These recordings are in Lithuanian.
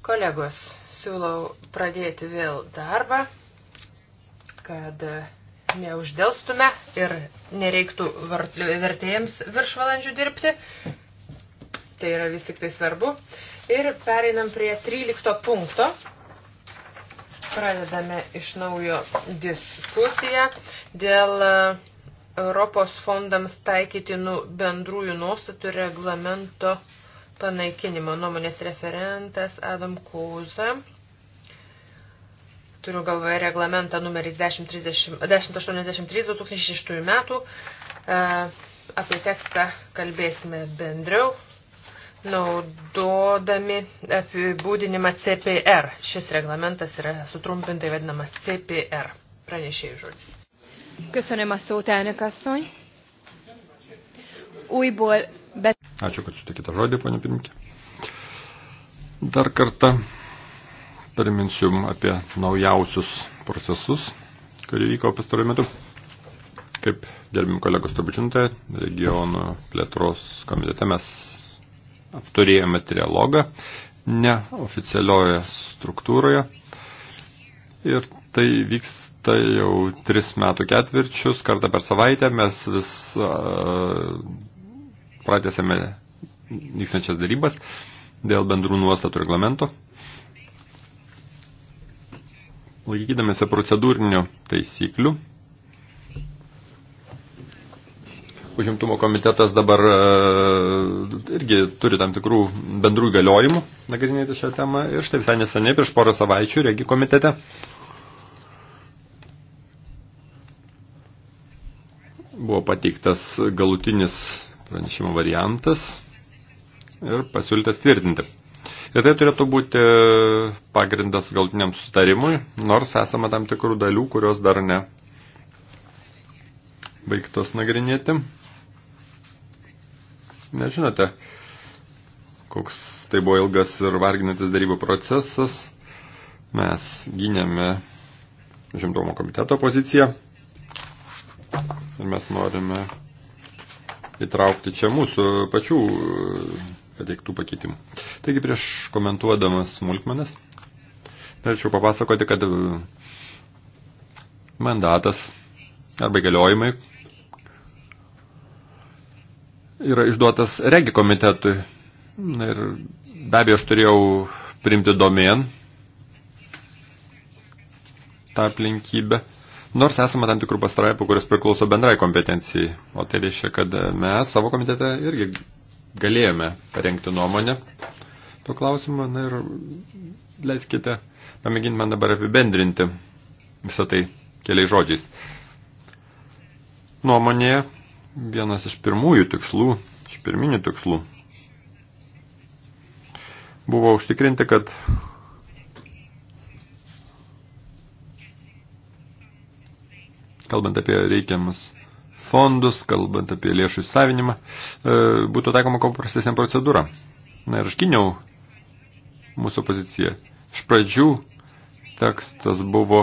Kolegos, siūlau pradėti vėl darbą, kad neuždėlstume ir nereiktų vertėjams viršvalandžių dirbti. Tai yra vis tik tai svarbu. Ir pereinam prie 13 punkto. Pradedame iš naujo diskusiją dėl e, Europos fondams taikytinų nu- bendrųjų nuostatų reglamento panaikinimo nuomonės referentas Adam Kūza. Turiu galvoje reglamentą numeris 1083-2006 metų. E, apie tekstą kalbėsime bendriau, naudodami apibūdinimą CPR. Šis reglamentas yra sutrumpintai vadinamas CPR. Pranešėjai žodis. Köszönöm a szót, elnök asszony. Újból bet... Ačiū, kad sutikite žodį, ponė pirmininkė. Dar kartą priminsiu jums apie naujausius procesus, kurie vyko pastaruoju metu. Kaip gerbim kolegos Tabučiuntė, regionų plėtros komitete mes apturėjome trialogą neoficialioje struktūroje. Ir tai vyksta jau tris metų ketvirčius, kartą per savaitę mes vis uh, pratėsėme vykstančias darybas dėl bendrų nuostatų reglamento. Laikydamėse procedūrinių taisyklių, užimtumo komitetas dabar e, irgi turi tam tikrų bendrų galiojimų nagrinėti šią temą. Ir štai visai neseniai, prieš porą savaičių, regi komitete buvo pateiktas galutinis pranešimo variantas ir pasiūlytas tvirtinti. Ir tai turėtų būti pagrindas galtiniam sutarimui, nors esama tam tikrų dalių, kurios dar ne baigtos nagrinėti. Nežinote, koks tai buvo ilgas ir varginantis darybų procesas. Mes gynėme žimtumo komiteto poziciją ir mes norime įtraukti čia mūsų pačių e, pateiktų pakeitimų. Taigi prieš komentuodamas smulkmenas, norėčiau papasakoti, kad e, mandatas arba įgaliojimai yra išduotas regi komitetui. Na ir be abejo, aš turėjau priimti domėn tą aplinkybę nors esame tam tikrų pastraipų, kurios priklauso bendrai kompetencijai. O tai reiškia, kad mes savo komitete irgi galėjome parengti nuomonę to klausimo. Na ir leiskite, pamėginti man dabar apibendrinti visą tai keliais žodžiais. Nuomonėje vienas iš pirmųjų tikslų, iš pirminių tikslų, buvo užtikrinti, kad kalbant apie reikiamus fondus, kalbant apie lėšų įsavinimą, e, būtų taikoma paprastesnė procedūra. Na ir aš gyniau mūsų poziciją. Iš pradžių tekstas buvo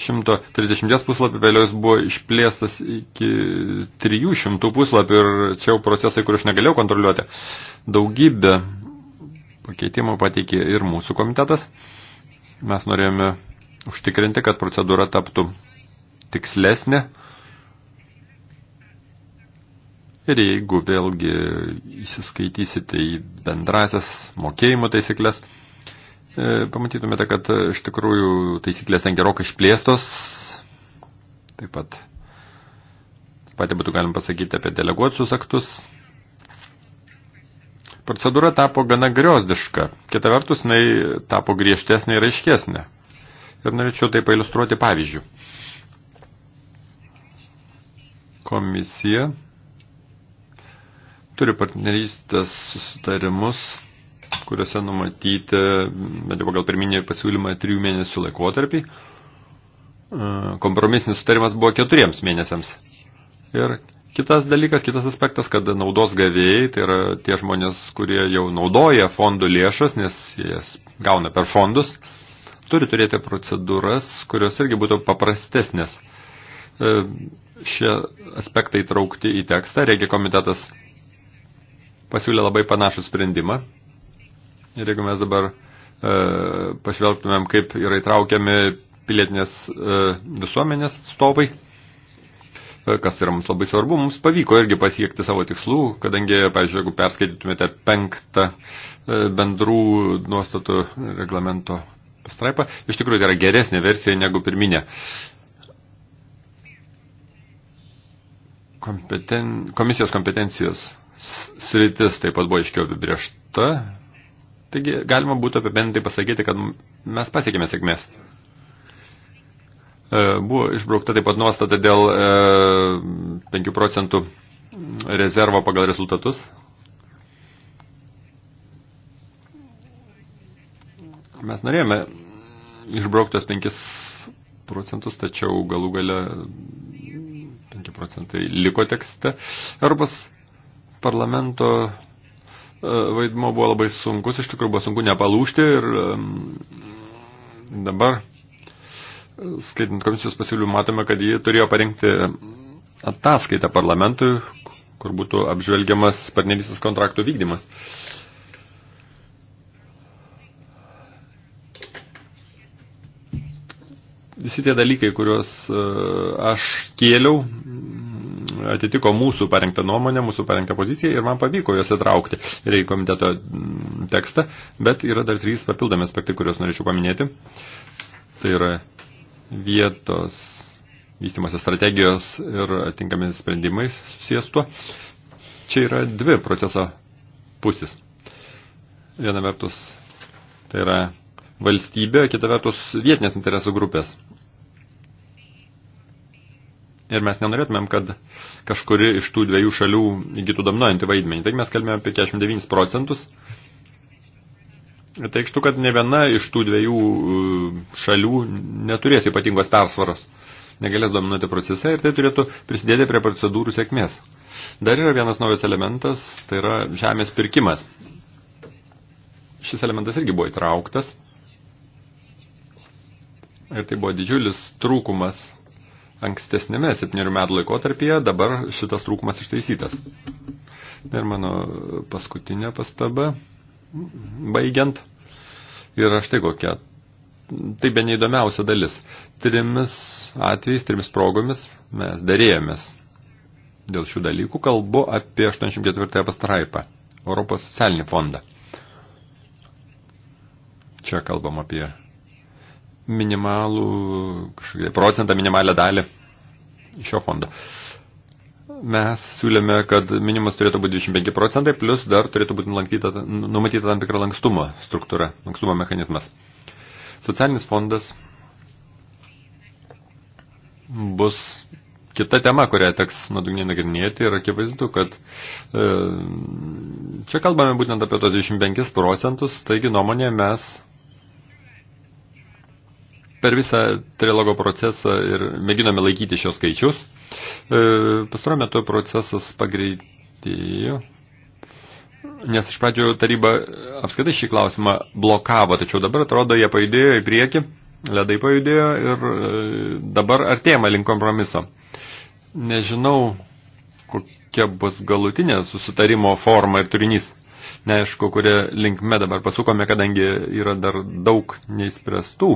130 puslapį, vėliau jis buvo išplėstas iki 300 puslapį ir čia jau procesai, kur aš negalėjau kontroliuoti. Daugybė pakeitimų pateikė ir mūsų komitetas. Mes norėjome užtikrinti, kad procedūra taptų tikslesnė. Ir jeigu vėlgi įsiskaitysite į bendrasias mokėjimo taisyklės, e, pamatytumėte, kad iš tikrųjų taisyklės ten gerokai išplėstos. Taip pat patį būtų galim pasakyti apie deleguotus aktus. Procedūra tapo gana griozdiška. Kita vertus, jinai tapo griežtesnė ir aiškesnė. Ir norėčiau tai pailustruoti pavyzdžių. Komisija turi partnerystės susitarimus, kuriuose numatyti, bet jau pagal pirminį pasiūlymą, trijų mėnesių laikotarpį. E, kompromisinis sutarimas buvo keturiems mėnesiams. Ir Kitas dalykas, kitas aspektas, kad naudos gavėjai, tai yra tie žmonės, kurie jau naudoja fondų lėšas, nes jas gauna per fondus, turi turėti procedūras, kurios irgi būtų paprastesnės. E, šie aspektai traukti į tekstą. Regi komitetas pasiūlė labai panašų sprendimą. Ir jeigu mes dabar e, pažvelgtumėm, kaip yra įtraukiami pilietinės e, visuomenės atstovai, e, kas yra mums labai svarbu, mums pavyko irgi pasiekti savo tikslų, kadangi, pavyzdžiui, jeigu perskaitytumėte penktą e, bendrų nuostatų reglamento pastraipą, iš tikrųjų tai yra geresnė versija negu pirminė. E, kompeten, komisijos kompetencijos sritis taip pat buvo aiškiau apibriešta. Taigi galima būtų apibendrintai pasakyti, kad mes pasiekėme sėkmės. E, buvo išbraukta taip pat nuostata dėl 5 e, procentų rezervo pagal rezultatus. Mes norėjome išbrauktos 5 procentus, tačiau galų gale procentai liko tekste. Europos parlamento e, vaidmo buvo labai sunkus, iš tikrųjų buvo sunku nepalūšti ir e, dabar, skaitant komisijos pasiūlymą, matome, kad jie turėjo parengti ataskaitą parlamentui, kur būtų apžvelgiamas partnerystės kontrakto vykdymas. Uh, Visi tie dalykai, kuriuos e, aš kėliau, atitiko mūsų parengtą nuomonę, mūsų parengtą poziciją ir man pavyko juos įtraukti ir į komiteto tekstą, bet yra dar trys papildomi aspektai, kuriuos norėčiau paminėti. Tai yra vietos vystimosi strategijos ir atinkami sprendimai susijęs tuo. Čia yra dvi proceso pusės. Viena vertus, tai yra valstybė, kita vertus vietinės interesų grupės. Ir mes nenorėtumėm, kad kažkuri iš tų dviejų šalių įgytų dominuojantį vaidmenį. Taigi mes kalbėjome apie 49 procentus. Tai reikštų, kad ne viena iš tų dviejų uh, šalių neturės ypatingos persvaros, negalės dominuoti procese ir tai turėtų prisidėti prie procedūrų sėkmės. Dar yra vienas naujas elementas, tai yra žemės pirkimas. Šis elementas irgi buvo įtrauktas Ir tai buvo didžiulis trūkumas ankstesnėme septyniarių metų laikotarpyje, dabar šitas trūkumas ištaisytas. Ir mano paskutinė pastaba, baigiant, yra štai kokia. Tai be neįdomiausia dalis. Trimis atvejais, trimis progomis mes darėjomės dėl šių dalykų. Kalbu apie 84 pastraipą, Europos socialinį fondą. Čia kalbam apie minimalų, kažkokį procentą, minimalę dalį šio fondo. Mes siūlėme, kad minimas turėtų būti 25 procentai, plus dar turėtų būti nulankyta, numatyta tam tikra lankstumo struktūra, lankstumo mechanizmas. Socialinis fondas bus kita tema, kurią teks nuodugniai nagrinėti ir akivaizdu, kad e, čia kalbame būtent apie tos 25 procentus, taigi nuomonė mes per visą trilogo procesą ir mėginome laikyti šios skaičius. E, pastaruoju metu procesas pagreitėjo, nes iš pradžio taryba apskaitai šį klausimą blokavo, tačiau dabar atrodo jie pajudėjo į priekį, ledai pajudėjo ir e, dabar artėjama link kompromiso. Nežinau, kokia bus galutinė susitarimo forma ir turinys neaišku, kurie linkme dabar pasukome, kadangi yra dar daug neįspręstų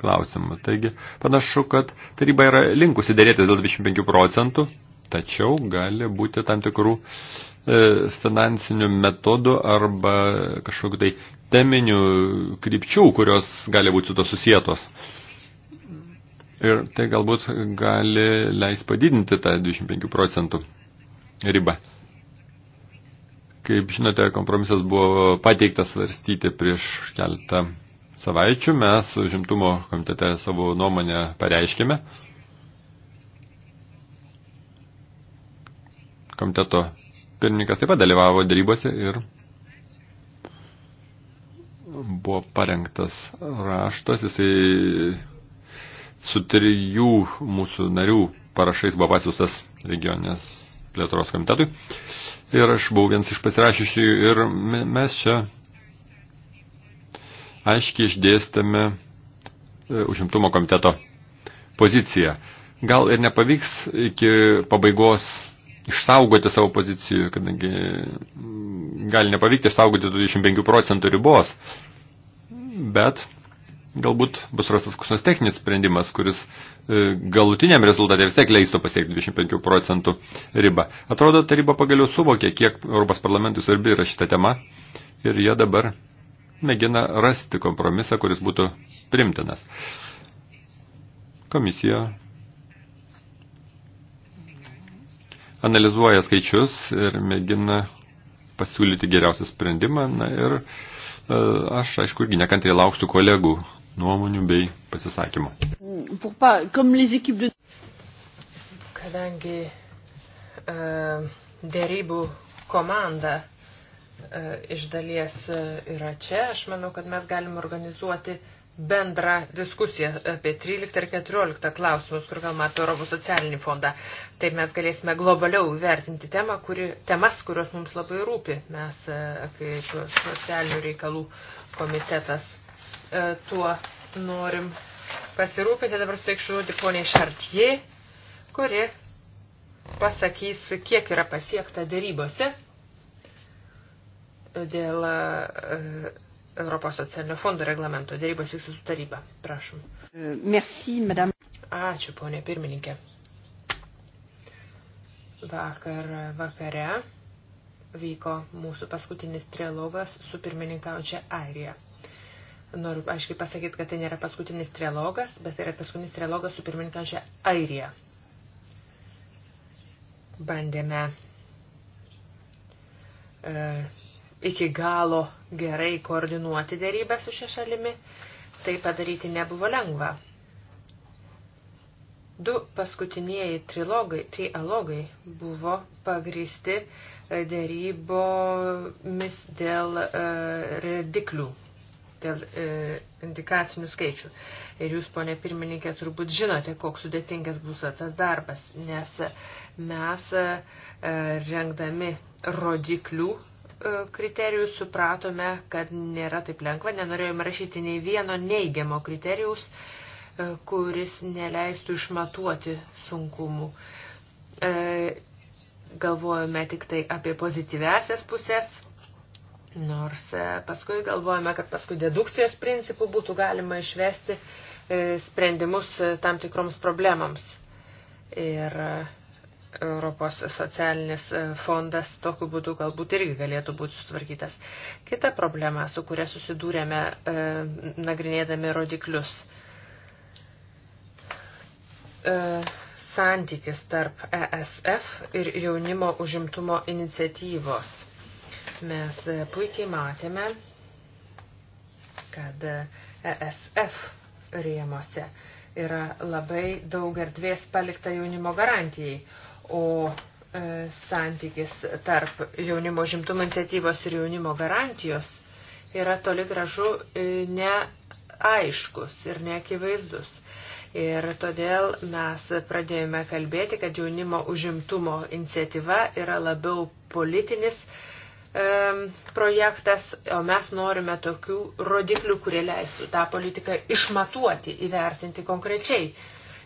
klausimų. Taigi panašu, kad taryba yra linkusi dėrėtis dėl 25 procentų, tačiau gali būti tam tikrų e, finansinių metodų arba kažkokiu tai teminių krypčių, kurios gali būti su to susijėtos. Ir tai galbūt gali leis padidinti tą 25 procentų ribą. Kaip žinote, kompromisas buvo pateiktas svarstyti prieš keletą savaičių. Mes žimtumo komitete savo nuomonę pareiškėme. Komiteto pirmininkas taip pat dalyvavo darybose ir buvo parengtas raštas. Jisai su trijų mūsų narių parašais buvo pasiūstas regionės plėtros komitetui. Ir aš buvau vienas iš pasirašyšių ir mes čia aiškiai išdėstėme e, užimtumo komiteto poziciją. Gal ir nepavyks iki pabaigos išsaugoti savo pozicijų, kadangi gali nepavykti išsaugoti 25 procentų ribos, bet galbūt bus rastas koks nors techninis sprendimas, kuris e, galutiniam rezultate vis tiek leistų pasiekti 25 procentų ribą. Atrodo, taryba pagaliau suvokė, kiek Europos parlamentui svarbi yra šita tema ir jie dabar mėgina rasti kompromisą, kuris būtų primtinas. Komisija analizuoja skaičius ir mėgina pasiūlyti geriausią sprendimą. Na, ir e, aš, aišku, irgi nekantriai lauksiu kolegų nuomonių bei pasisakymų. Kadangi uh, e, dėrybų komanda e, iš dalies e, yra čia. Aš manau, kad mes galim organizuoti bendrą diskusiją apie 13 ir 14 klausimus, kur galima apie Europos socialinį fondą. Taip mes galėsime globaliau vertinti temą, kuri, temas, kurios mums labai rūpi. Mes kaip socialinių reikalų komitetas E, tuo norim pasirūpinti. Dabar suteikšu žodį poniai Šartie, kuri pasakys, kiek yra pasiekta dėrybose dėl e, Europos socialinio fondo reglamento dėrybos vyksta su taryba. Prašom. E, merci, madame. Ačiū, ponė pirmininkė. Vakar vakare vyko mūsų paskutinis trilogas su pirmininkaujančia Airija. Noriu aiškiai pasakyti, kad tai nėra paskutinis trilogas, bet tai yra paskutinis trilogas su pirmininkančia Airija. Bandėme e, iki galo gerai koordinuoti dėrybę su šia šalimi. Tai padaryti nebuvo lengva. Du paskutinieji trilogai, trialogai buvo pagristi e, dėrybomis dėl e, rediklių dėl e, indikacinių skaičių. Ir jūs, ponė pirmininkė, turbūt žinote, koks sudėtingas bus tas darbas, nes mes e, rengdami rodiklių e, kriterijų supratome, kad nėra taip lengva, nenorėjome rašyti nei vieno neigiamo kriterijus, e, kuris neleistų išmatuoti sunkumų. E, galvojome tik tai apie pozityvesias pusės Nors e, paskui galvojame, kad paskui dedukcijos principų būtų galima išvesti e, sprendimus e, tam tikroms problemams. Ir Europos socialinis fondas tokiu būdu galbūt irgi galėtų būti sutvarkytas. Kita problema, su kuria susidūrėme nagrinėdami rodiklius. Santykis tarp ESF ir jaunimo užimtumo iniciatyvos mes puikiai matėme, kad ESF rėmose yra labai daug erdvės palikta jaunimo garantijai, o e, santykis tarp jaunimo žimtumo iniciatyvos ir jaunimo garantijos yra toli gražu e, neaiškus ir neakivaizdus. Ir todėl mes pradėjome kalbėti, kad jaunimo užimtumo iniciatyva yra labiau politinis, uh, projektas, o mes norime tokių rodiklių, kurie leistų tą politiką išmatuoti, įvertinti konkrečiai.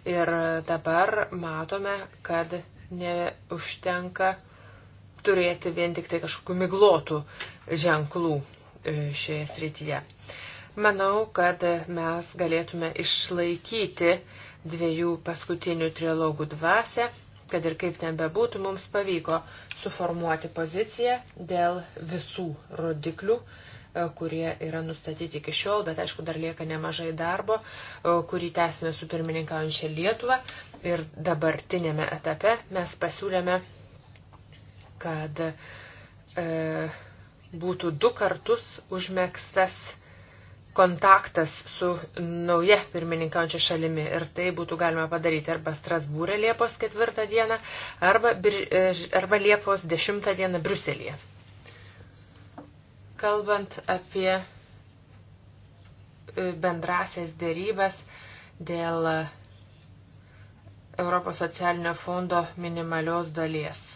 Ir dabar matome, kad neužtenka turėti vien tik tai kažkokių miglotų ženklų e, šioje srityje. Manau, kad mes galėtume išlaikyti dviejų paskutinių trilogų dvasę, kad ir kaip ten bebūtų, mums pavyko suformuoti poziciją dėl visų rodiklių, e, kurie yra nustatyti iki šiol, bet aišku, dar lieka nemažai darbo, e, kurį tęsime su pirmininkaujančia Lietuva. Ir dabartinėme etape mes pasiūlėme, kad e, būtų du kartus užmėgstas e, kontaktas su nauja pirmininkaujančia šalimi ir tai būtų galima padaryti arba Strasbūrė Liepos 4 dieną arba, arba Liepos 10 dieną Bruselėje. Kalbant apie e, bendrasias dėrybas dėl Europos socialinio fondo minimalios dalies.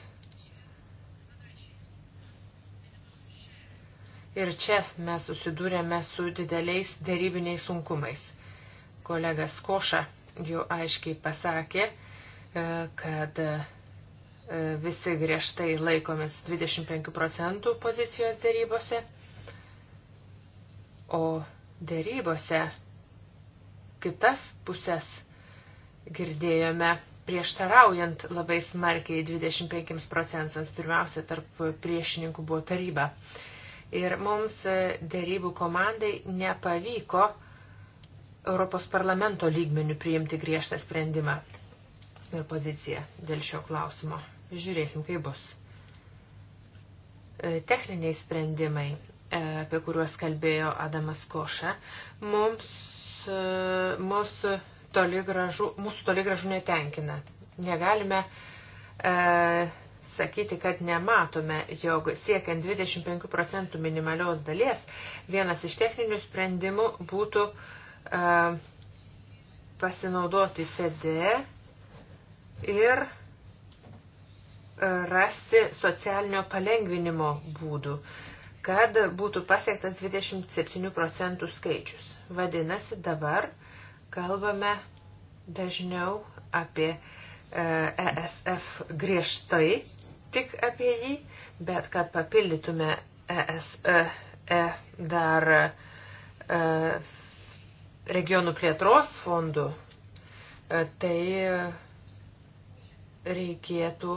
Ir čia mes susidūrėme su dideliais dėrybiniais sunkumais. Kolegas Koša jau aiškiai pasakė, e, kad e, visi griežtai laikomės 25 procentų pozicijos dėrybose, o dėrybose kitas pusės girdėjome prieštaraujant labai smarkiai 25 procentams. Pirmiausia, tarp priešininkų buvo taryba. Ir mums e, dėrybų komandai nepavyko Europos parlamento lygmenių priimti griežtą sprendimą ir poziciją dėl šio klausimo. Žiūrėsim, kaip bus. E, techniniai sprendimai, e, apie kuriuos kalbėjo Adamas Koša, mums, mus toli gražu, mūsų toli gražu netenkina. Negalime e, sakyti, kad nematome, jog siekiant 25 procentų minimalios dalies, vienas iš techninių sprendimų būtų e, pasinaudoti FEDE ir e, rasti socialinio palengvinimo būdų, kad būtų pasiektas 27 procentų skaičius. Vadinasi, dabar kalbame dažniau apie ESF e griežtai tik apie jį, bet kad papildytume ESE e, e dar e, regionų plėtros fondų, tai reikėtų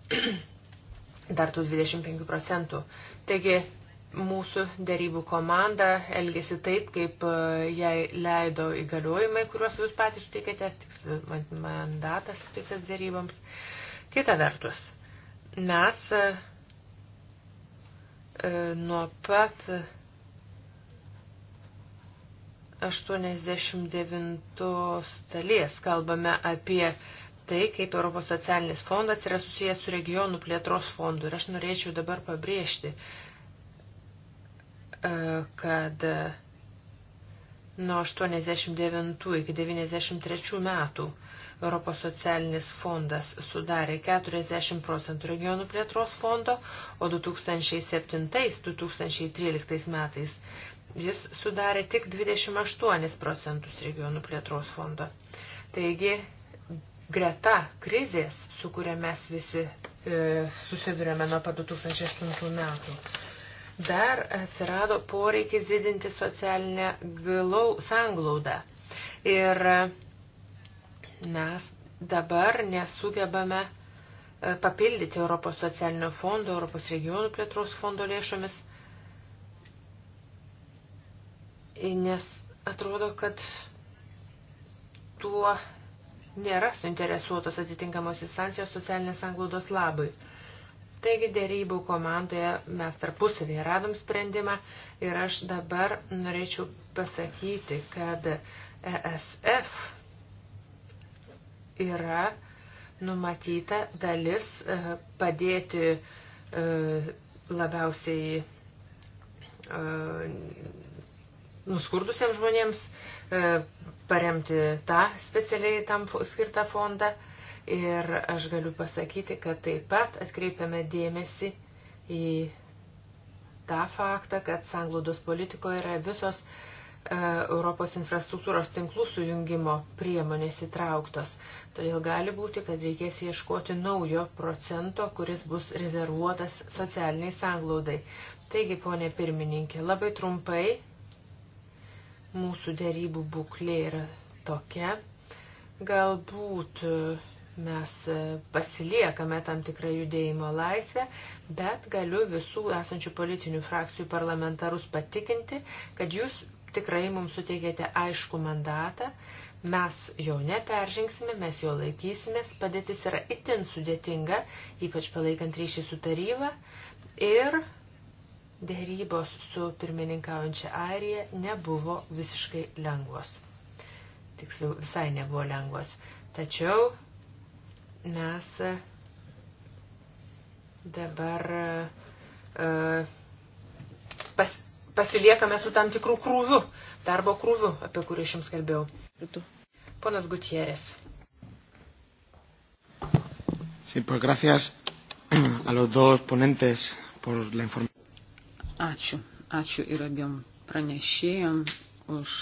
dar tų 25 procentų. Taigi mūsų dėrybų komanda elgėsi taip, kaip jai leido įgaliojimai, kuriuos jūs patys suteikėte, mandatas suteiktas dėryboms. Kita vertus, mes e, e, nuo pat 89 dalies kalbame apie tai, kaip Europos socialinis fondas yra susijęs su regionų plėtros fondu. Ir aš norėčiau dabar pabrėžti, e, kad nuo 89 iki 93 metų Europos socialinis fondas sudarė 40 procentų regionų plėtros fondo, o 2007-2013 metais jis sudarė tik 28 procentus regionų plėtros fondo. Taigi, greta krizės, su kuria mes visi e, susidurėme nuo pat 2008 metų, dar atsirado poreikis didinti socialinę glau, sanglaudą. Ir e, Mes dabar nesugebame e, papildyti Europos socialinio fondo, Europos regionų plėtros fondo lėšomis, nes atrodo, kad tuo nėra suinteresuotos atitinkamos instancijos socialinės anglaudos labai. Taigi dėrybų komandoje mes tarpusavėje radom sprendimą ir aš dabar norėčiau pasakyti, kad ESF yra numatyta dalis e, padėti e, labiausiai e, nuskurdusiems žmonėms, paremti tą specialiai tam skirtą fondą. Ir aš galiu pasakyti, kad taip pat atkreipiame dėmesį į tą faktą, kad sanglaudos politikoje yra visos uh, E, Europos infrastruktūros tinklų sujungimo priemonės įtrauktos. Todėl gali būti, kad reikės ieškoti naujo procento, kuris bus rezervuotas socialiniai sanglaudai. Taigi, ponė pirmininkė, labai trumpai mūsų dėrybų būklė yra tokia. Galbūt e, mes e, pasiliekame tam tikrą judėjimo laisvę, bet galiu visų esančių politinių frakcijų parlamentarus patikinti, kad jūs tikrai mums suteikėte aišku mandatą, mes jo neperžingsime, mes jo laikysimės, padėtis yra itin sudėtinga, ypač palaikant ryšį su taryba ir dėrybos su pirmininkaujančia Airija nebuvo visiškai lengvos. Tiksliau, visai nebuvo lengvos. Tačiau mes e, dabar uh, pas, pasiliekame su tam tikrų krūvių, darbo krūvių, apie kurį aš jums kalbėjau. Ponas Gutierės. Sí, pues gracias a los dos ponentes por la información. Ačiū. Ačiū ir abiem pranešėjom už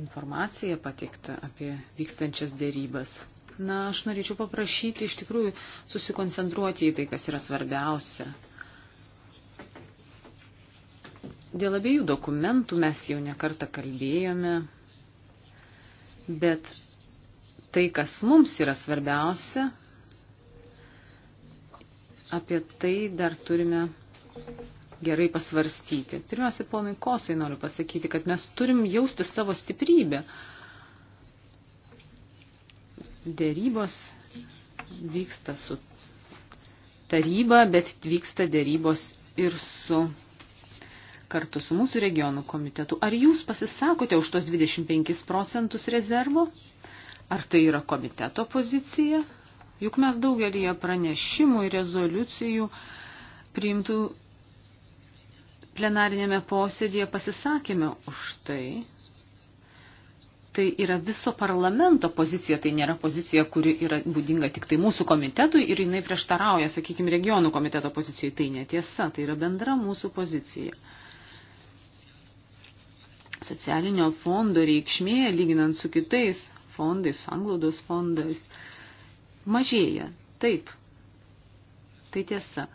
informaciją pateiktą apie vykstančias dėrybas. Na, aš norėčiau paprašyti iš tikrųjų susikoncentruoti į tai, kas yra svarbiausia. Dėl abiejų dokumentų mes jau nekartą kalbėjome, bet tai, kas mums yra svarbiausia, apie tai dar turime gerai pasvarstyti. Pirmiausia, ponui Kosai noriu pasakyti, kad mes turim jausti savo stiprybę. Dėrybos vyksta su taryba, bet vyksta dėrybos ir su kartu su mūsų regionų komitetu. Ar jūs pasisakote už tos 25 procentus rezervo? Ar tai yra komiteto pozicija? Juk mes daugelį pranešimų ir rezoliucijų priimtų plenarinėme posėdėje pasisakėme už tai. Tai yra viso parlamento pozicija, tai nėra pozicija, kuri yra būdinga tik tai mūsų komitetui ir jinai prieštarauja, sakykime, regionų komiteto pozicijai. Tai netiesa, tai yra bendra mūsų pozicija. Socialinio fondo reikšmė, lyginant su kitais fondais, su anglaudos fondais, mažėja. Taip, tai tiesa.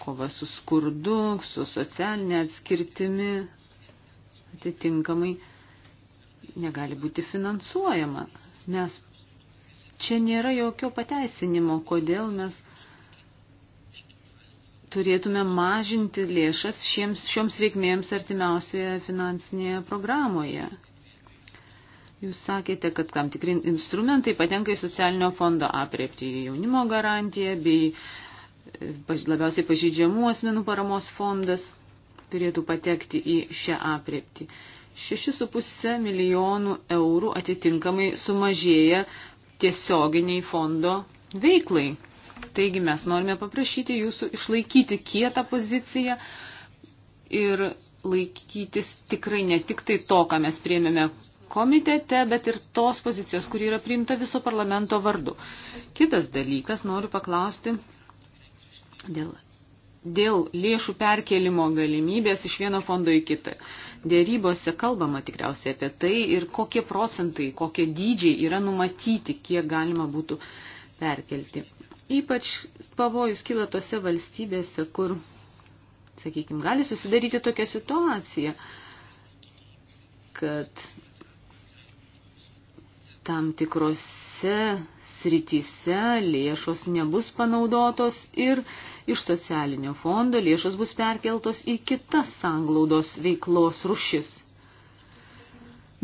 Kova su skurdu, su socialinė atskirtimi atitinkamai negali būti finansuojama, nes čia nėra jokio pateisinimo, kodėl mes turėtume mažinti lėšas šiems, šioms reikmėms artimiausioje finansinėje programoje. Jūs sakėte, kad tam tikri instrumentai patenka į socialinio fondo apriepti jaunimo garantiją bei e, labiausiai pažydžiamų asmenų paramos fondas turėtų patekti į šią apriepti. 6,5 milijonų eurų atitinkamai sumažėja tiesioginiai fondo veiklai Taigi mes norime paprašyti jūsų išlaikyti kietą poziciją ir laikytis tikrai ne tik tai to, ką mes priėmėme komitete, bet ir tos pozicijos, kuri yra priimta viso parlamento vardu. Kitas dalykas, noriu paklausti dėl, dėl lėšų perkelimo galimybės iš vieno fondo į kitą. Dėrybose kalbama tikriausiai apie tai ir kokie procentai, kokie dydžiai yra numatyti, kiek galima būtų perkelti. Ypač pavojus kyla tose valstybėse, kur, sakykime, gali susidaryti tokia situacija, kad tam tikrose srityse lėšos nebus panaudotos ir iš socialinio fondo lėšos bus perkeltos į kitas sanglaudos veiklos rušis.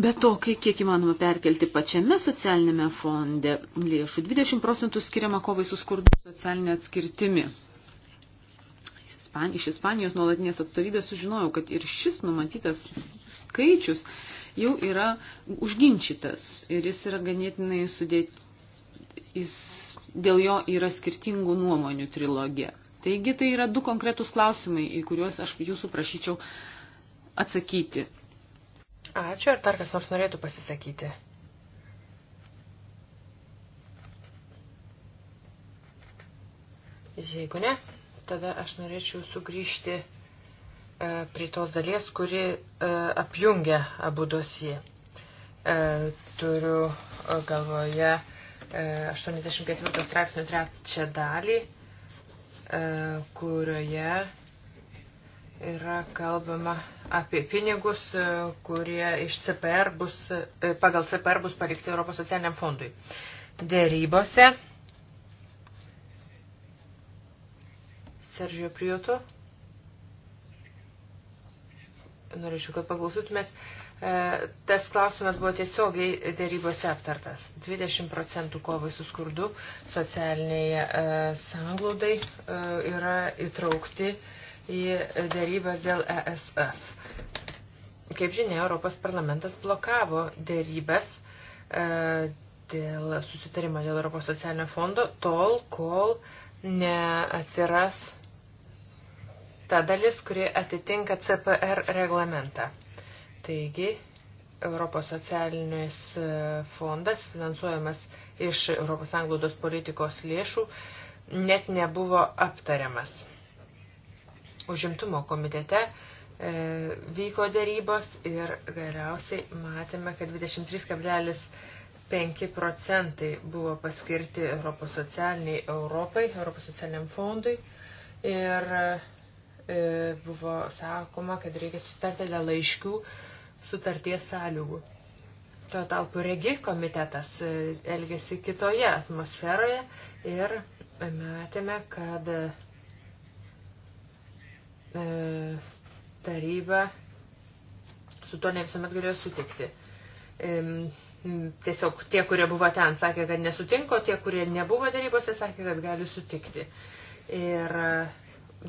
Bet to, kai kiek įmanoma perkelti pačiame socialinėme fonde lėšų, 20 procentų skiriama kovai su skurdu socialinė atskirtimi. Iš Ispanijos nuolatinės atstovybės sužinojau, kad ir šis numatytas skaičius jau yra užginčytas ir jis yra ganėtinai sudėti, jis dėl jo yra skirtingų nuomonių trilogija. Taigi tai yra du konkretūs klausimai, į kuriuos aš jūsų prašyčiau atsakyti. Ačiū. Ar dar kas nors norėtų pasisakyti? Jeigu ne, tada aš norėčiau sugrįžti e, prie tos dalies, kuri e, apjungia abu dosijai. E, turiu e, galvoje e, 84 straipsnių trečią dalį, e, kurioje yra kalbama apie pinigus, e, kurie iš CPR bus, e, pagal CPR bus palikti Europos socialiniam fondui. Dėrybose. Seržio Prioto. Norėčiau, kad paklausytumėt. E, tas klausimas buvo tiesiogiai dėrybose aptartas. 20 procentų kovai su skurdu socialiniai sanglaudai yra įtraukti į dėrybas dėl ESF. Kaip žinia, Europos parlamentas blokavo dėrybas e, dėl susitarimo dėl Europos socialinio fondo tol, kol neatsiras ta dalis, kuri atitinka CPR reglamentą. Taigi, Europos socialinis e, fondas, finansuojamas iš Europos anglaudos politikos lėšų, net nebuvo aptariamas. Užimtumo komitete uh, E, vyko dėrybos ir galiausiai matėme, kad 23,5 procentai buvo paskirti Europos socialiniai Europai, Europos socialiniam fondui ir e, buvo sakoma, kad reikia sutarti dėl aiškių sutarties sąlygų. Tuo tarpu regi komitetas e, elgėsi kitoje atmosferoje ir matėme, kad taryba su to ne visuomet galėjo sutikti. Tiesiog tie, kurie buvo ten, sakė, kad nesutinko, tie, kurie nebuvo darybose, sakė, kad gali sutikti. Ir e,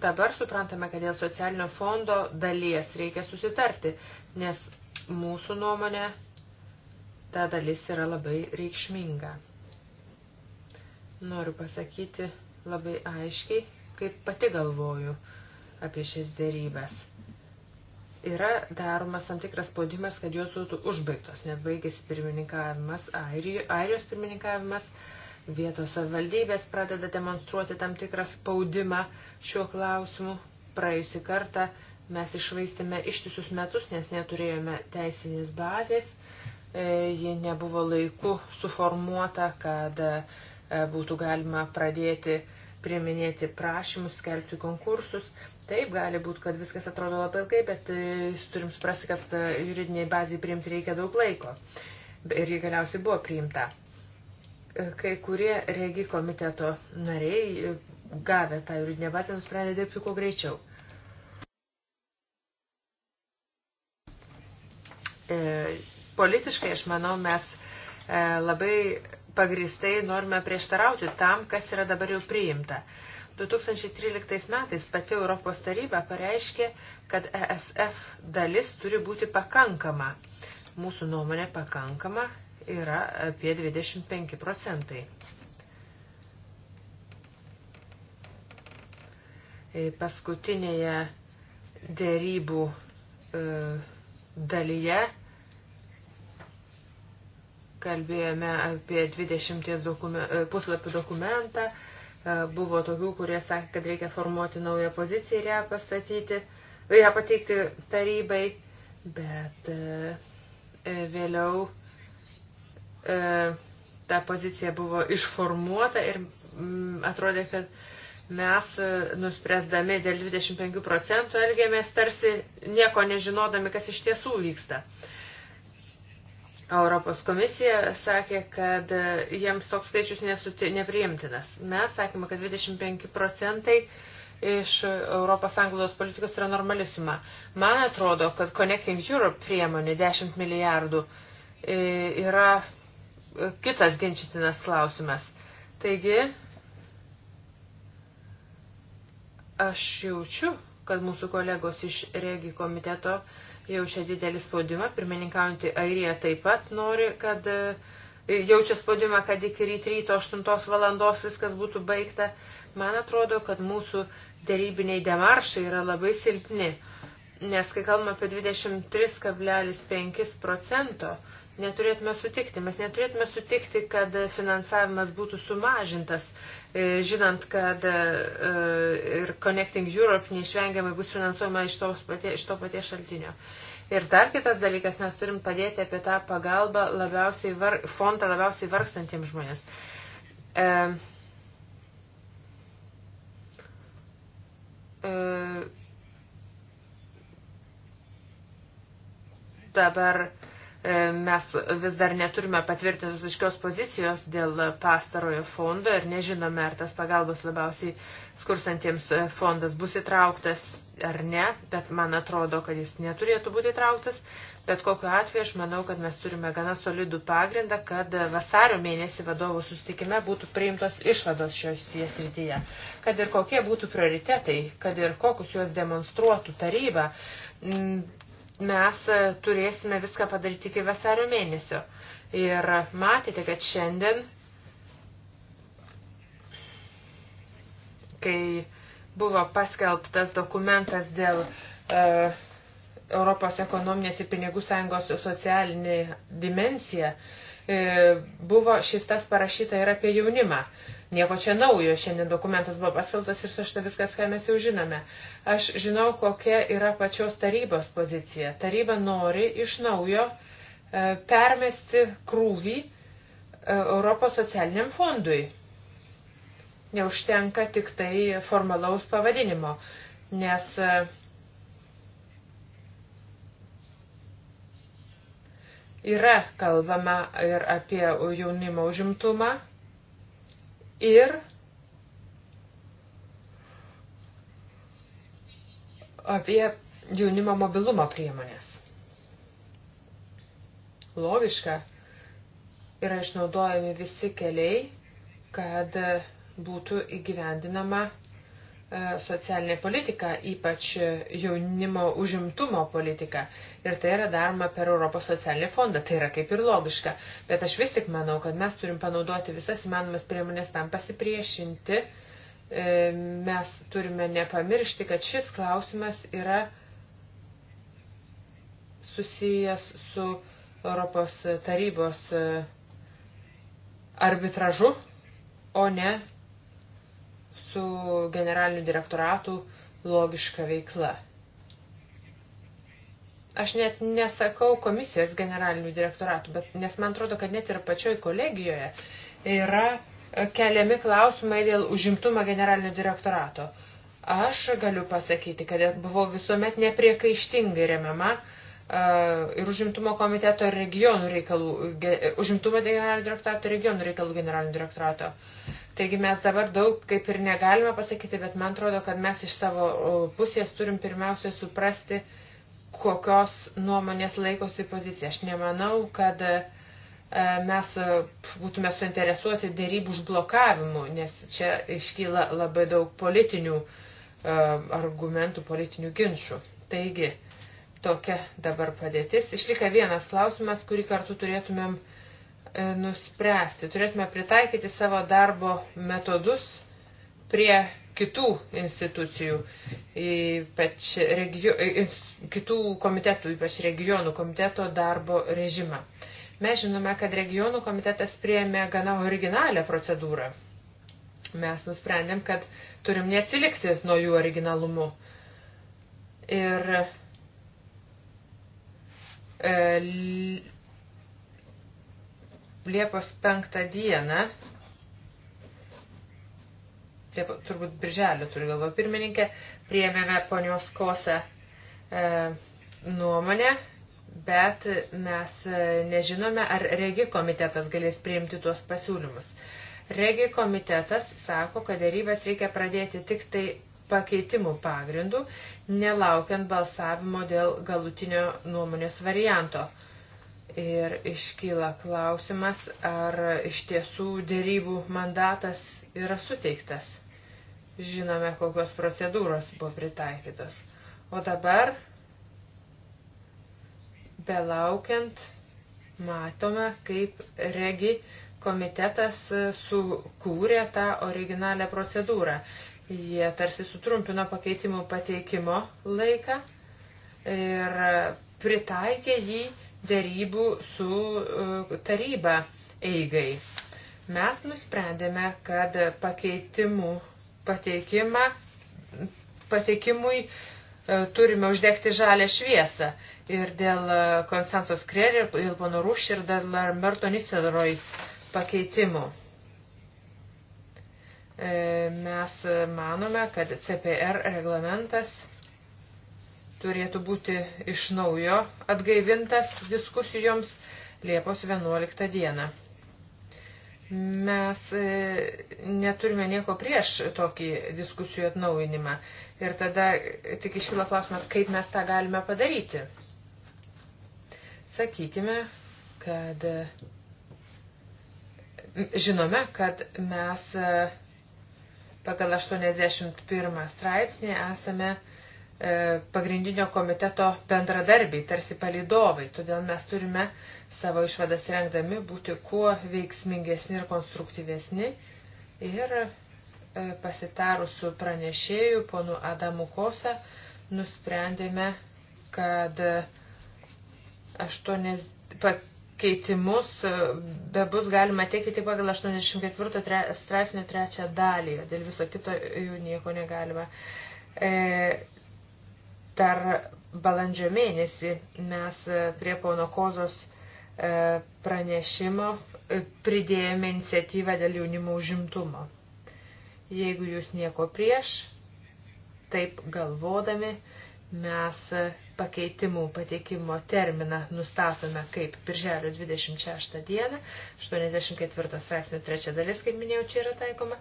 dabar suprantame, kad dėl socialinio fondo dalies reikia susitarti, nes mūsų nuomonė ta dalis yra labai reikšminga. Noriu pasakyti labai aiškiai, kaip pati galvoju apie šias dėrybas yra daromas tam tikras spaudimas, kad jos būtų užbaigtos, net baigėsi pirmininkavimas, Airijos pirmininkavimas, vietos savivaldybės pradeda demonstruoti tam tikrą spaudimą šiuo klausimu. Praėjusį kartą mes išvaistėme ištisus metus, nes neturėjome teisinės bazės, e, ji nebuvo laiku suformuota, kad e, būtų galima pradėti priminėti prašymus, skelbti konkursus. Taip, gali būti, kad viskas atrodo labai ilgai, bet e, turim suprasti, kad e, juridiniai bazai priimti reikia daug laiko. Ir jį galiausiai buvo priimta. E, kai kurie regi komiteto nariai gavę tą juridinę bazę nusprendė dirbti kuo greičiau. Politiškai, aš manau, mes labai pagristai norime prieštarauti tam, kas yra dabar jau priimta. 2013 metais pati Europos taryba pareiškė, kad ESF dalis turi būti pakankama. Mūsų nuomonė pakankama yra apie 25 procentai. E, paskutinėje dėrybų e, dalyje kalbėjome apie 20 dokumen, e, puslapių dokumentą, E, buvo tokių, kurie sakė, kad reikia formuoti naują poziciją ir ją pastatyti, ją pateikti tarybai, bet e, e, vėliau ta pozicija buvo išformuota ir mm, atrodė, kad mes nuspręsdami dėl 25 procentų elgėmės tarsi nieko nežinodami, kas iš tiesų vyksta. Europos komisija sakė, kad e, jiems toks skaičius nesuti, nepriimtinas. Mes sakėme, kad 25 procentai iš Europos Sąjungos politikos yra normali suma. Man atrodo, kad Connecting Europe priemonė 10 milijardų e, yra e, kitas ginčytinas klausimas. Taigi, aš jaučiu, kad mūsų kolegos iš regi komiteto uh, jaučia didelį spaudimą, pirmininkaujantį Airiją taip pat nori, kad e, jaučia spaudimą, kad iki ryt ryto 8 valandos viskas būtų baigta. Man atrodo, kad mūsų dėrybiniai demaršai yra labai silpni, nes kai kalbame apie 23,5 procento, neturėtume sutikti. Mes neturėtume sutikti, kad finansavimas būtų sumažintas, e, žinant, kad e, ir Connecting Europe neišvengiamai bus finansuojama iš, patie, iš to paties šaltinio. Ir dar kitas dalykas, mes turim padėti apie tą pagalbą labiausiai var, fondą labiausiai vargstantiems žmonės. E, e, dabar e, E, mes vis dar neturime patvirtintos aiškios pozicijos dėl pastarojo fondo ir nežinome, ar tas pagalbos labiausiai skursantiems e, fondas bus įtrauktas ar ne, bet man atrodo, kad jis neturėtų būti įtrauktas. Bet kokiu atveju aš manau, kad mes turime gana solidų pagrindą, kad vasario mėnesį vadovų susitikime būtų priimtos išvados šioje srityje. Kad ir kokie būtų prioritetai, kad ir kokius juos demonstruotų taryba, mes e, turėsime viską padaryti iki vasario mėnesio. Ir matėte, kad šiandien, kai buvo paskelbtas dokumentas dėl uh, Europos ekonominės ir pinigų sąjungos socialinė dimensija, uh, buvo šis tas parašyta ir apie jaunimą. Uh, Nieko čia naujo, šiandien dokumentas buvo paskeltas ir sušta viskas, ką mes jau žinome. Aš žinau, kokia yra pačios tarybos pozicija. Taryba nori iš naujo e, permesti krūvį e, Europos socialiniam fondui. Neužtenka tik tai formalaus pavadinimo, nes e, yra kalbama ir apie jaunimo užimtumą ir apie jaunimo mobilumo priemonės. Logiška yra išnaudojami visi keliai, kad būtų įgyvendinama E, socialinė politika, ypač jaunimo užimtumo politika. Ir tai yra daroma per Europos socialinį fondą. Tai yra kaip ir logiška. Bet aš vis tik manau, kad mes turim panaudoti visas įmanomas priemonės tam pasipriešinti. E, mes turime nepamiršti, kad šis klausimas yra susijęs su Europos tarybos e, arbitražu, o ne su generaliniu direktoratu logiška veikla. Aš net nesakau komisijos generalinių direktoratų, bet, nes man atrodo, kad net ir pačioj kolegijoje yra keliami klausimai dėl užimtumo generalinio direktorato. Aš galiu pasakyti, kad buvau visuomet nepriekaištingai remiama ir užimtumo komiteto regionų reikalų, užimtumo generalinio direktorato, regionų reikalų generalinio direktorato. Uh, Taigi mes dabar daug kaip ir negalime pasakyti, bet man atrodo, kad mes iš savo pusės turim pirmiausia suprasti, kokios nuomonės laikosi pozicija. Aš nemanau, kad e, mes e, būtume suinteresuoti dėrybų užblokavimu, nes čia iškyla labai daug politinių e, argumentų, politinių ginčių. Taigi, tokia dabar padėtis. Išlika vienas klausimas, kurį kartu turėtumėm E, nuspręsti. Turėtume pritaikyti savo darbo metodus prie kitų institucijų, ypač regio, e, kitų komitetų, ypač regionų komiteto darbo režimą. Mes žinome, kad regionų komitetas prieėmė gana originalią procedūrą. Mes nusprendėm, kad turim neatsilikti nuo jų originalumu. Ir e, Liepos penktą dieną, Liepo, turbūt birželio turi galvo pirmininkė, priėmėme ponios kosą e, nuomonę, bet mes e, nežinome, ar regi komitetas galės priimti tuos pasiūlymus. Regi komitetas sako, kad dėrybas reikia pradėti tik tai pakeitimų pagrindų, nelaukiant balsavimo dėl galutinio nuomonės varianto. E, Ir iškyla klausimas, ar iš tiesų dėrybų mandatas yra suteiktas. Žinome, kokios procedūros buvo pritaikytas. O dabar, belaukiant, matome, kaip regi komitetas sukūrė tą originalią procedūrą. Jie tarsi sutrumpino pakeitimų pateikimo laiką ir pritaikė jį dėrybų su e, taryba eigai. Mes nusprendėme, kad pakeitimų pateikimą, pateikimui e, turime uždegti žalę šviesą. Ir dėl e, Konstantos Krėri, dėl Pono Rūš ir dėl Merto Nisedroj pakeitimų. Mes manome, kad CPR reglamentas turėtų būti iš naujo atgaivintas diskusijoms Liepos 11 dieną. Mes e, neturime nieko prieš tokį diskusijų atnaujinimą. Ir tada tik iškyla klausimas, kaip mes tą galime padaryti. Sakykime, kad žinome, kad mes e, pagal 81 straipsnį esame uh, E, pagrindinio komiteto bendradarbiai, tarsi palidovai. Todėl mes turime savo išvadas rengdami būti kuo veiksmingesni ir konstruktyvesni. Ir e, pasitarus su pranešėju, ponu Adamu Kosa, nusprendėme, kad aštuonės pakeitimus e, be bus galima teikti tik pagal 84 tre, straipsnio trečią dalį, dėl viso kito jų nieko negalima. E, Dar balandžio mėnesį mes e, prie pono Kozos e, pranešimo e, pridėjome iniciatyvą dėl jaunimo užimtumo. Jeigu jūs nieko prieš, taip galvodami, mes pakeitimų pateikimo terminą nustatome kaip birželio 26 dieną, 84 straipsnio 3 dalis, kaip minėjau, čia yra taikoma.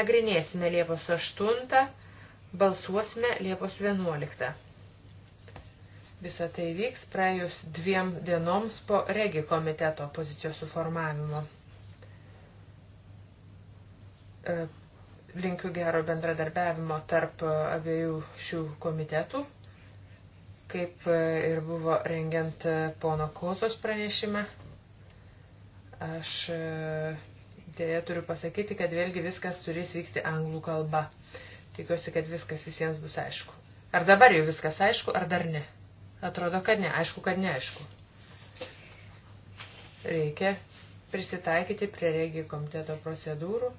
Nagrinėsime Liepos 8, balsuosime Liepos 11. Visą tai vyks praėjus dviem dienoms po regi komiteto pozicijos suformavimo. E, linkiu gero bendradarbiavimo tarp abiejų šių komitetų, kaip ir buvo rengiant pono Kozos pranešimą. Aš e, dėja turiu pasakyti, kad vėlgi viskas turės vykti anglų kalba. Tikiuosi, kad viskas visiems bus aišku. Ar dabar jau viskas aišku, ar dar ne? Atrodo, kad ne. Aišku, kad neaišku. Reikia prisitaikyti prie regijų komiteto procedūrų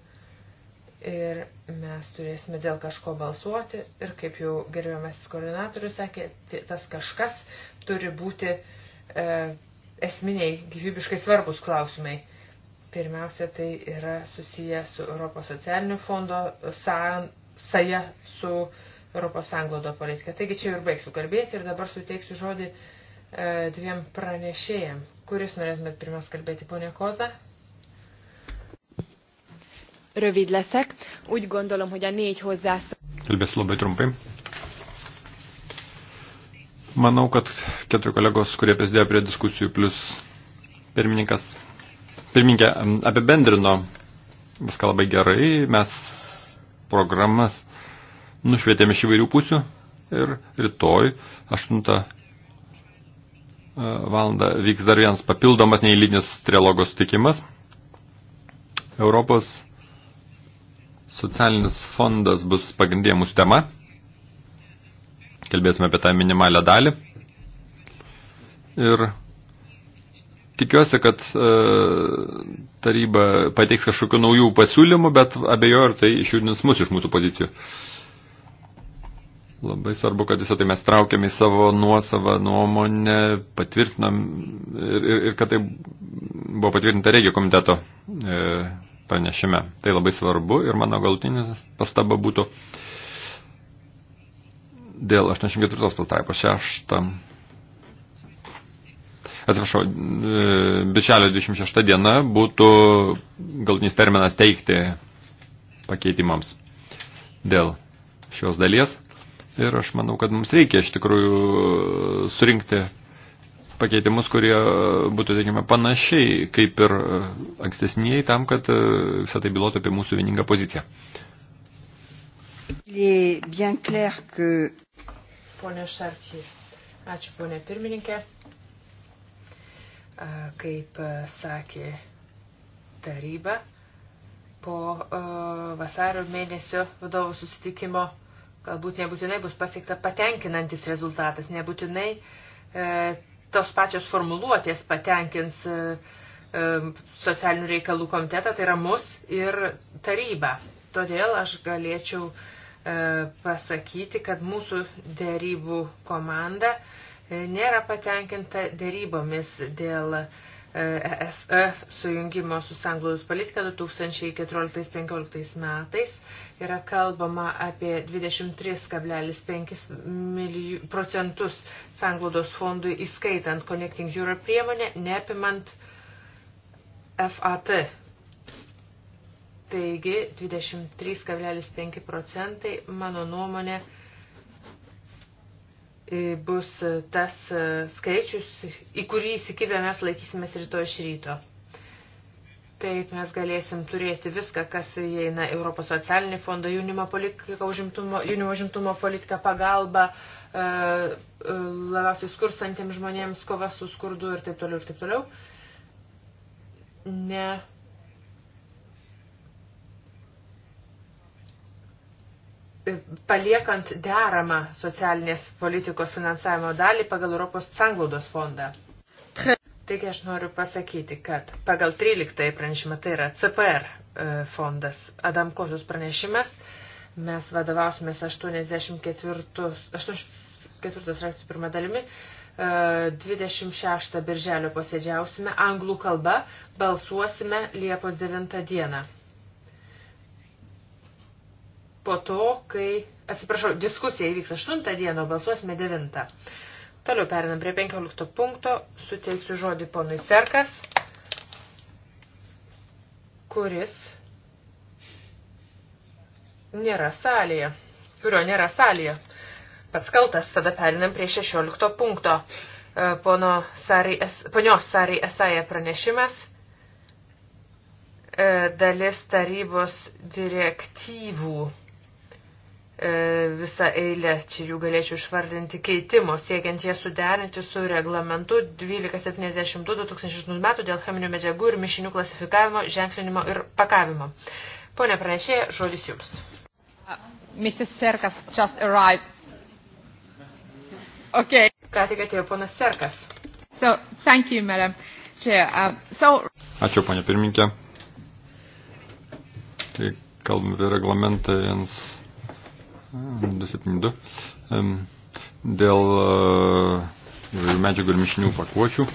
ir mes turėsime dėl kažko balsuoti ir kaip jau gerbiamasis koordinatorius sakė, tas kažkas turi būti e, esminiai gyvybiškai svarbus klausimai. Pirmiausia, tai yra susiję su Europos socialiniu fondo sąja, sa, su Europos sanglodo politika. Taigi čia ir baigsiu kalbėti ir dabar suteiksiu žodį e, dviem pranešėjam. Kuris norėtumėt pirmas kalbėti, ponė Koza? Rövid leszek. Úgy gondolom, hogy a négy hozzászó... Kalbės labai trumpai. Manau, kad keturi kolegos, kurie prisidėjo prie diskusijų, plus pirmininkas, pirmininkė apibendrino viską labai gerai. Mes programas nušvietėme iš įvairių pusių ir rytoj 8 e, valandą vyks dar vienas papildomas neįlydinis trilogos sutikimas. Europos socialinis fondas bus pagrindė mūsų tema. Kalbėsime apie tą minimalią dalį. Ir tikiuosi, kad e, taryba pateiks kažkokių naujų pasiūlymų, bet abejoju, ar tai išjudins mus iš mūsų pozicijų. E, Labai svarbu, kad visą tai mes traukiam į savo nuosavą nuomonę, patvirtinam ir, ir, ir kad tai buvo patvirtinta regio komiteto e, pranešime. Tai labai svarbu ir mano galutinis pastaba būtų dėl 84 pastraipos 6. Atsiprašau, e, bičelio 26 diena būtų galutinis terminas teikti pakeitimams dėl šios dalies Ir aš manau, kad mums reikia iš tikrųjų e, surinkti pakeitimus, kurie būtų, teikime, panašiai kaip ir e, ankstesniai, tam, kad e, visą tai bylotų apie mūsų vieningą poziciją. Pone Šarčiai, ačiū pone pirmininkė. Kaip sakė taryba, po vasario mėnesio vadovų susitikimo Galbūt nebūtinai bus pasiekta patenkinantis rezultatas, nebūtinai e, tos pačios formuluotės patenkins e, e, socialinių reikalų komitetą, tai yra mus ir tarybą. Todėl aš galėčiau e, pasakyti, kad mūsų dėrybų komanda e, nėra patenkinta dėrybomis dėl e, ESF sujungimo su sanglūdus politika 2014-2015 metais yra kalbama apie 23,5 procentus sanglūdos fondui įskaitant Connecting Europe priemonę, neapimant FAT. Taigi 23,5 procentai, mano nuomonė, E, bus tas e, skaičius, į kurį įsikibę mes laikysimės rytoj iš ryto. Taip mes galėsim turėti viską, kas įeina Europos socialinį fondą, jaunimo politiką, užimtumo, jaunimo užimtumo politiką, pagalbą e, e labiausiai skurstantiems žmonėms, kova su skurdu ir taip toliau ir taip toliau. Ne paliekant deramą socialinės politikos finansavimo dalį pagal Europos sanglaudos fondą. Taigi aš noriu pasakyti, kad pagal 13 pranešimą, tai yra CPR e, fondas Adamkosius pranešimas, mes vadovausimės 84, 84 straipsnių pirmą dalimi, 26 e, birželio posėdžiausime anglų kalba, balsuosime Liepos 9 dieną po to, kai, atsiprašau, diskusija įvyks 8 dieną, balsuosime 9. Toliau perinam prie 15 punkto, suteiksiu žodį ponui Serkas, kuris nėra salėje, kurio nėra salėje. Pats kaltas, tada perinam prie 16 punkto. E, pono Sari, ponios Sarai Esaja pranešimas e, dalis tarybos direktyvų E, visą eilę, čia jų galėčiau išvardinti, keitimo, siekiant jas suderinti su reglamentu 1272-2008 metų dėl cheminių medžiagų ir mišinių klasifikavimo, ženklinimo ir pakavimo. Pone pranešėja, žodis jums. Uh, Mr. Serkas just arrived. Okay. Ką tik atėjo ponas Serkas. So, thank you, madam. Čia, uh, so... Ačiū, ponė pirminkė. Tai kalbame apie reglamentą 1 272 dėl medžiagų ir mišinių pakuočių.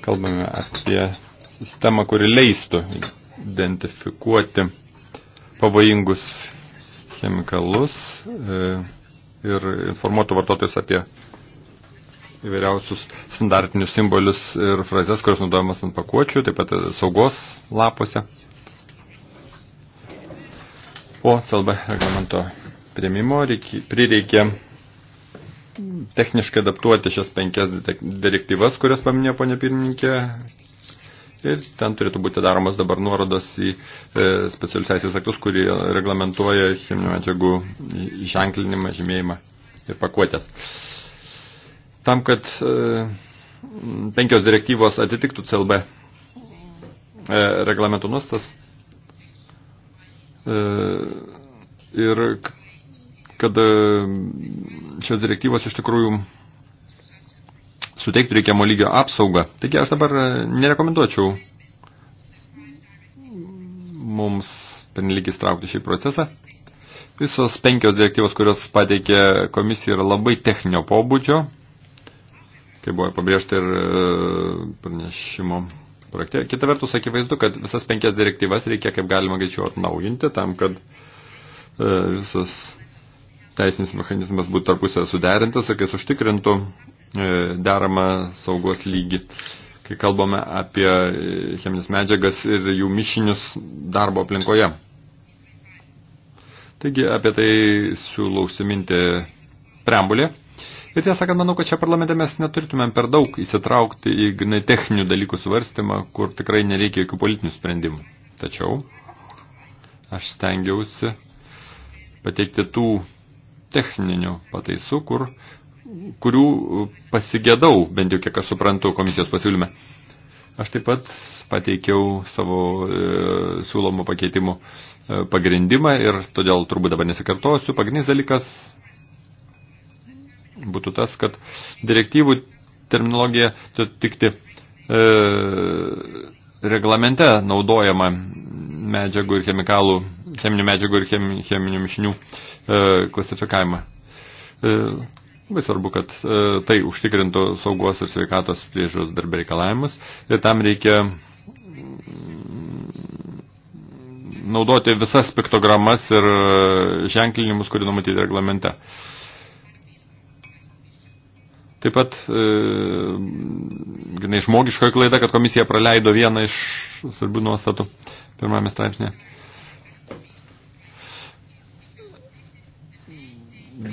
Kalbame apie sistemą, kuri leistų identifikuoti pavojingus chemikalus ir informuotų vartotojus apie įvairiausius standartinius simbolius ir frazes, kurios naudojamas ant pakuočių, taip pat saugos lapuose. Po CLB reglamento prieimimo prireikė techniškai adaptuoti šias penkias direktyvas, kurias paminėjo ponė pirmininkė. Ir ten turėtų būti daromas dabar nuorodas į e, specialius teisės aktus, kurie reglamentuoja cheminių medžiagų ženklinimą, žymėjimą ir pakuotės. E, tam, kad e, penkios direktyvos atitiktų CLB e, reglamento nuostas e, ir kad šios direktyvos iš tikrųjų suteiktų reikiamo lygio apsaugą. Taigi aš dabar nerekomenduočiau mums pernelyg įstraukti šį procesą. Visos penkios direktyvos, kurios pateikė komisija, yra labai techninio pobūdžio, kaip buvo pabrėžta ir e, pranešimo projekte. Kita vertus, akivaizdu, kad visas penkias direktyvas reikia kaip galima greičiau atnaujinti tam, kad e, visas teisinis mechanizmas būtų tarpusę suderintas, kad jis užtikrintų e, deramą saugos lygį. Kai kalbame apie cheminės medžiagas ir jų mišinius darbo aplinkoje. Taigi apie tai siūlau užsiminti preambulė. Ir tiesą sakant, manau, kad čia parlamente mes neturėtumėm per daug įsitraukti į techninių dalykų svarstymą, kur tikrai nereikia jokių politinių sprendimų. Tačiau aš stengiausi pateikti tų techninių pataisų, kur, kurių pasigėdau, bent jau kiek aš suprantu komisijos pasiūlyme. Aš taip pat pateikiau savo e, siūlomų pakeitimų e, pagrindimą ir todėl turbūt dabar nesikartosiu. Pagrindinis dalykas būtų tas, kad direktyvų terminologija turėtų tikti e, reglamente naudojama medžiagų ir chemikalų, cheminių medžiagų ir chem, cheminių mišinių e, klasifikavimą. E, Labai svarbu, kad e, tai užtikrintų saugos ir sveikatos priežiūros darbė reikalavimus ir tam reikia mm, naudoti visas piktogramas ir e, ženklinimus, kurį numatyti reglamente. E, Taip pat, e, grinai, žmogiškoji klaida, kad komisija praleido vieną iš svarbių nuostatų pirmame straipsnėje.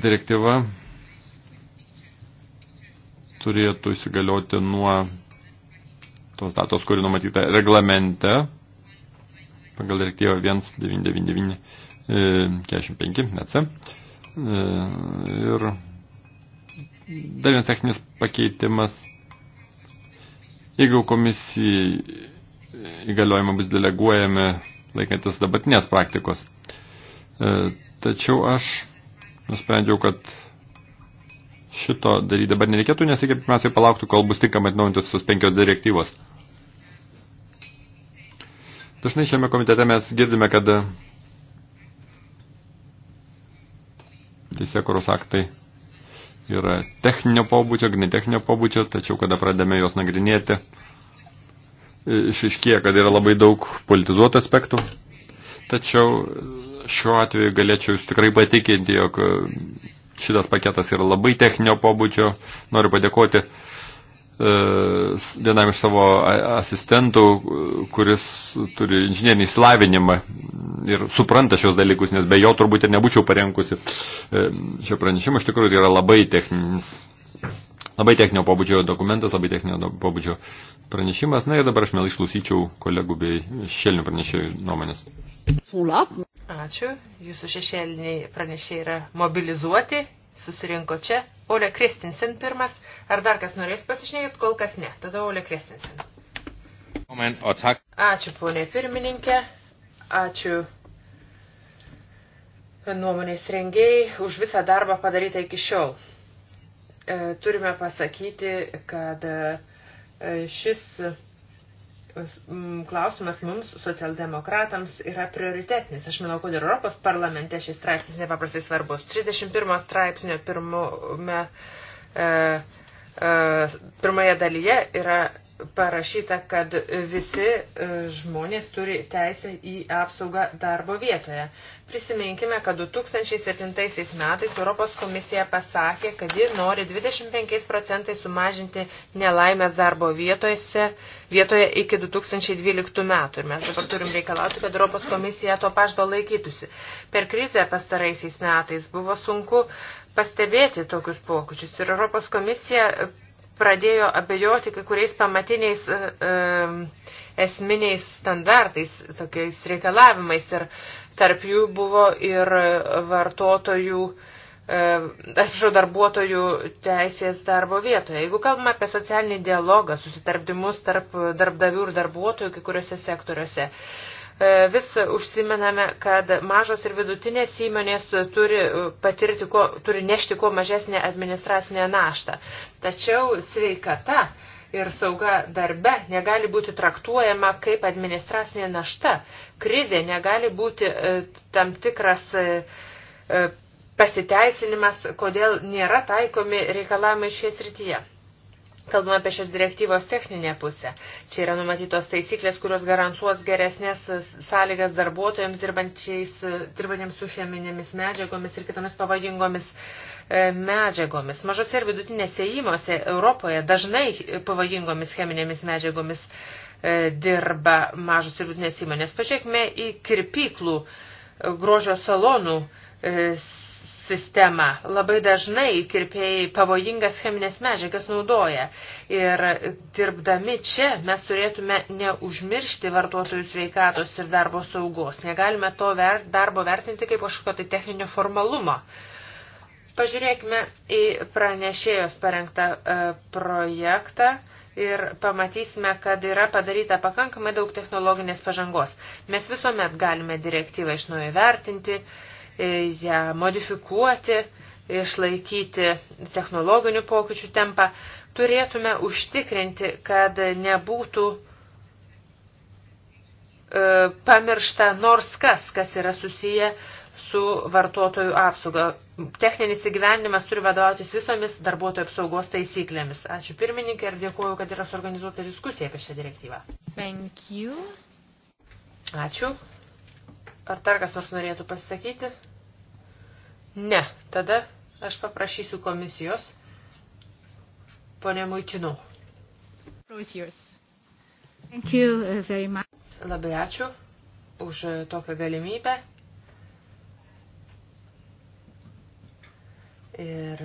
Direktyva turėtų įsigalioti nuo tos datos, kuri numatyta reglamente pagal direktyvą 1999 45 EC. Ir Dar vienas techninis pakeitimas. Jeigu komisijai įgaliojimą bus deleguojami laikantis dabartinės praktikos. E, tačiau aš nusprendžiau, kad šito daryti dabar nereikėtų, nes reikia pirmiausiai palaukti, kol bus tinkamai atnaujintos visos penkios direktyvos. Dažnai šiame komitete mes girdime, kad teisėkuros aktai yra techninio pobūdžio, gnetechninio pobūdžio, tačiau kada pradame juos nagrinėti, išiškėja, kad yra labai daug politizuotų aspektų. Tačiau e, šiuo atveju galėčiau jūs tikrai patikinti, jog e, šitas paketas yra labai techninio pobūdžio. Noriu padėkoti uh, E, vienam iš savo asistentų, kuris turi inžinierinį įsilavinimą ir supranta šios dalykus, nes be jo turbūt ir nebūčiau parengusi e, šio pranešimo. Iš tikrųjų, tai yra labai techninis, labai techninio pobūdžio dokumentas, labai techninio pobūdžio pranešimas. Na ir dabar aš mielai išklausyčiau kolegų bei šelnių pranešėjų nuomonės. Ačiū. Jūsų šešėliniai pranešiai yra mobilizuoti, susirinko čia. Ole Kristinsen pirmas. Ar dar kas norės pasišnekėti? Kol kas ne. Tada Ole Kristinsen. Ačiū, ponė pirmininkė. Ačiū nuomonės rengėjai už visą darbą padarytą iki šiol. E, turime pasakyti, kad e, šis klausimas mums, socialdemokratams, yra prioritetinis. Aš manau, kad ir Europos parlamente šis straipsnis nepaprastai svarbus. 31 straipsnio pirmame, e, e, pirmoje dalyje yra parašyta, kad visi e, žmonės turi teisę į apsaugą darbo vietoje. Prisiminkime, kad 2007 metais Europos komisija pasakė, kad ji nori 25 procentai sumažinti nelaimės darbo vietoje, vietoje iki 2012 metų. Ir mes dabar turim reikalauti, kad Europos komisija to pažado laikytųsi. Per krizę pastaraisiais metais buvo sunku pastebėti tokius pokyčius. Ir Europos komisija pradėjo abejoti kai kuriais pamatiniais e, e, esminiais standartais, tokiais reikalavimais ir tarp jų buvo ir vartotojų, e, atsiprašau, darbuotojų teisės darbo vietoje. Jeigu kalbame apie socialinį dialogą, susitarpdimus tarp darbdavių ir darbuotojų kai kuriuose sektoriuose, e, E, vis užsiminame, kad mažos ir vidutinės įmonės turi, patirti, ko, turi nešti kuo mažesnę administracinę naštą. Tačiau sveikata ir sauga darbe negali būti traktuojama kaip administracinė našta. Krizė negali būti e, tam tikras e, pasiteisinimas, kodėl nėra taikomi reikalavimai šioje srityje. Kalbame apie šios direktyvos techninę pusę. Čia yra numatytos taisyklės, kurios garantuos geresnės sąlygas darbuotojams dirbantiems su cheminėmis medžiagomis ir kitomis pavojingomis e, medžiagomis. Mažose ir vidutinėse įmose Europoje dažnai pavojingomis cheminėmis medžiagomis e, dirba mažos ir vidutinės įmonės. Pažiūrėkime į kirpyklų e, grožio salonų sistemą. Labai dažnai kirpėjai pavojingas cheminės medžiagas naudoja. Ir dirbdami čia mes turėtume neužmiršti vartotojų sveikatos ir darbo saugos. Negalime to ver, darbo vertinti kaip kažkokio tai techninio formalumo. Pažiūrėkime į pranešėjos parengtą e, projektą ir pamatysime, kad yra padaryta pakankamai daug technologinės pažangos. Mes visuomet galime direktyvą iš naujo vertinti. E, E, ją modifikuoti, išlaikyti technologinių pokyčių tempą, turėtume užtikrinti, kad nebūtų e, pamiršta nors kas, kas yra susiję su vartotojų apsauga. Techninis įgyvenimas turi vadovautis visomis darbuotojų apsaugos taisyklėmis. Ačiū pirmininkai ir dėkuoju, kad yra suorganizuota diskusija apie šią direktyvą. Thank you. Ačiū. Ar dar kas nors norėtų pasisakyti? Ne, tada aš paprašysiu komisijos. Pone Muitinu. Uh, Labai ačiū už tokią galimybę. Ir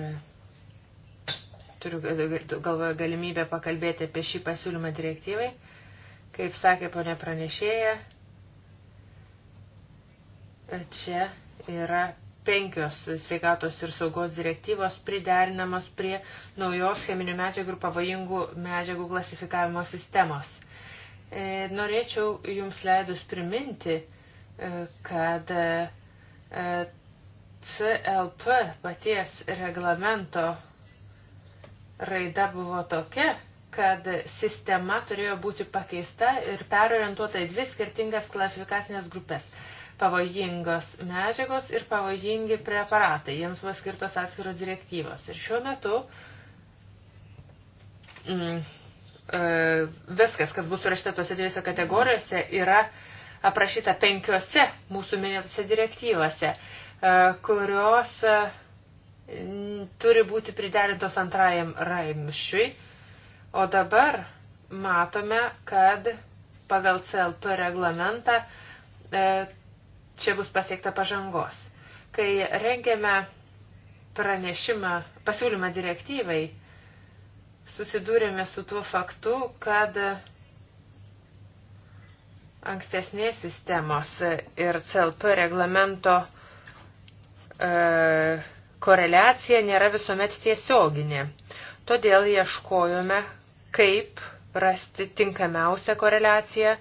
turiu galvoje galimybę pakalbėti apie šį pasiūlymą direktyvai. Kaip sakė ponė pranešėja, čia yra penkios sveikatos ir saugos direktyvos priderinamos prie naujos cheminių medžiagų ir pavojingų medžiagų klasifikavimo sistemos. E, norėčiau Jums leidus priminti, e, kad e, CLP paties reglamento raida buvo tokia, kad sistema turėjo būti pakeista ir perorientuota į dvi skirtingas klasifikacinės grupės pavojingos medžiagos ir pavojingi preparatai. Jiems buvo skirtos atskiros direktyvos. Ir šiuo metu mm, e, viskas, kas bus surašyta tose dviejose kategorijose, yra aprašyta penkiose mūsų minėtose direktyvose, e, kurios e, turi būti priderintos antrajam raimšiui. O dabar matome, kad pagal CLP reglamentą e, čia bus pasiekta pažangos. Kai rengėme pranešimą, pasiūlymą direktyvai, susidūrėme su tuo faktu, kad ankstesnės sistemos ir CLP reglamento e, koreliacija nėra visuomet tiesioginė. Todėl ieškojome, kaip rasti tinkamiausią koreliaciją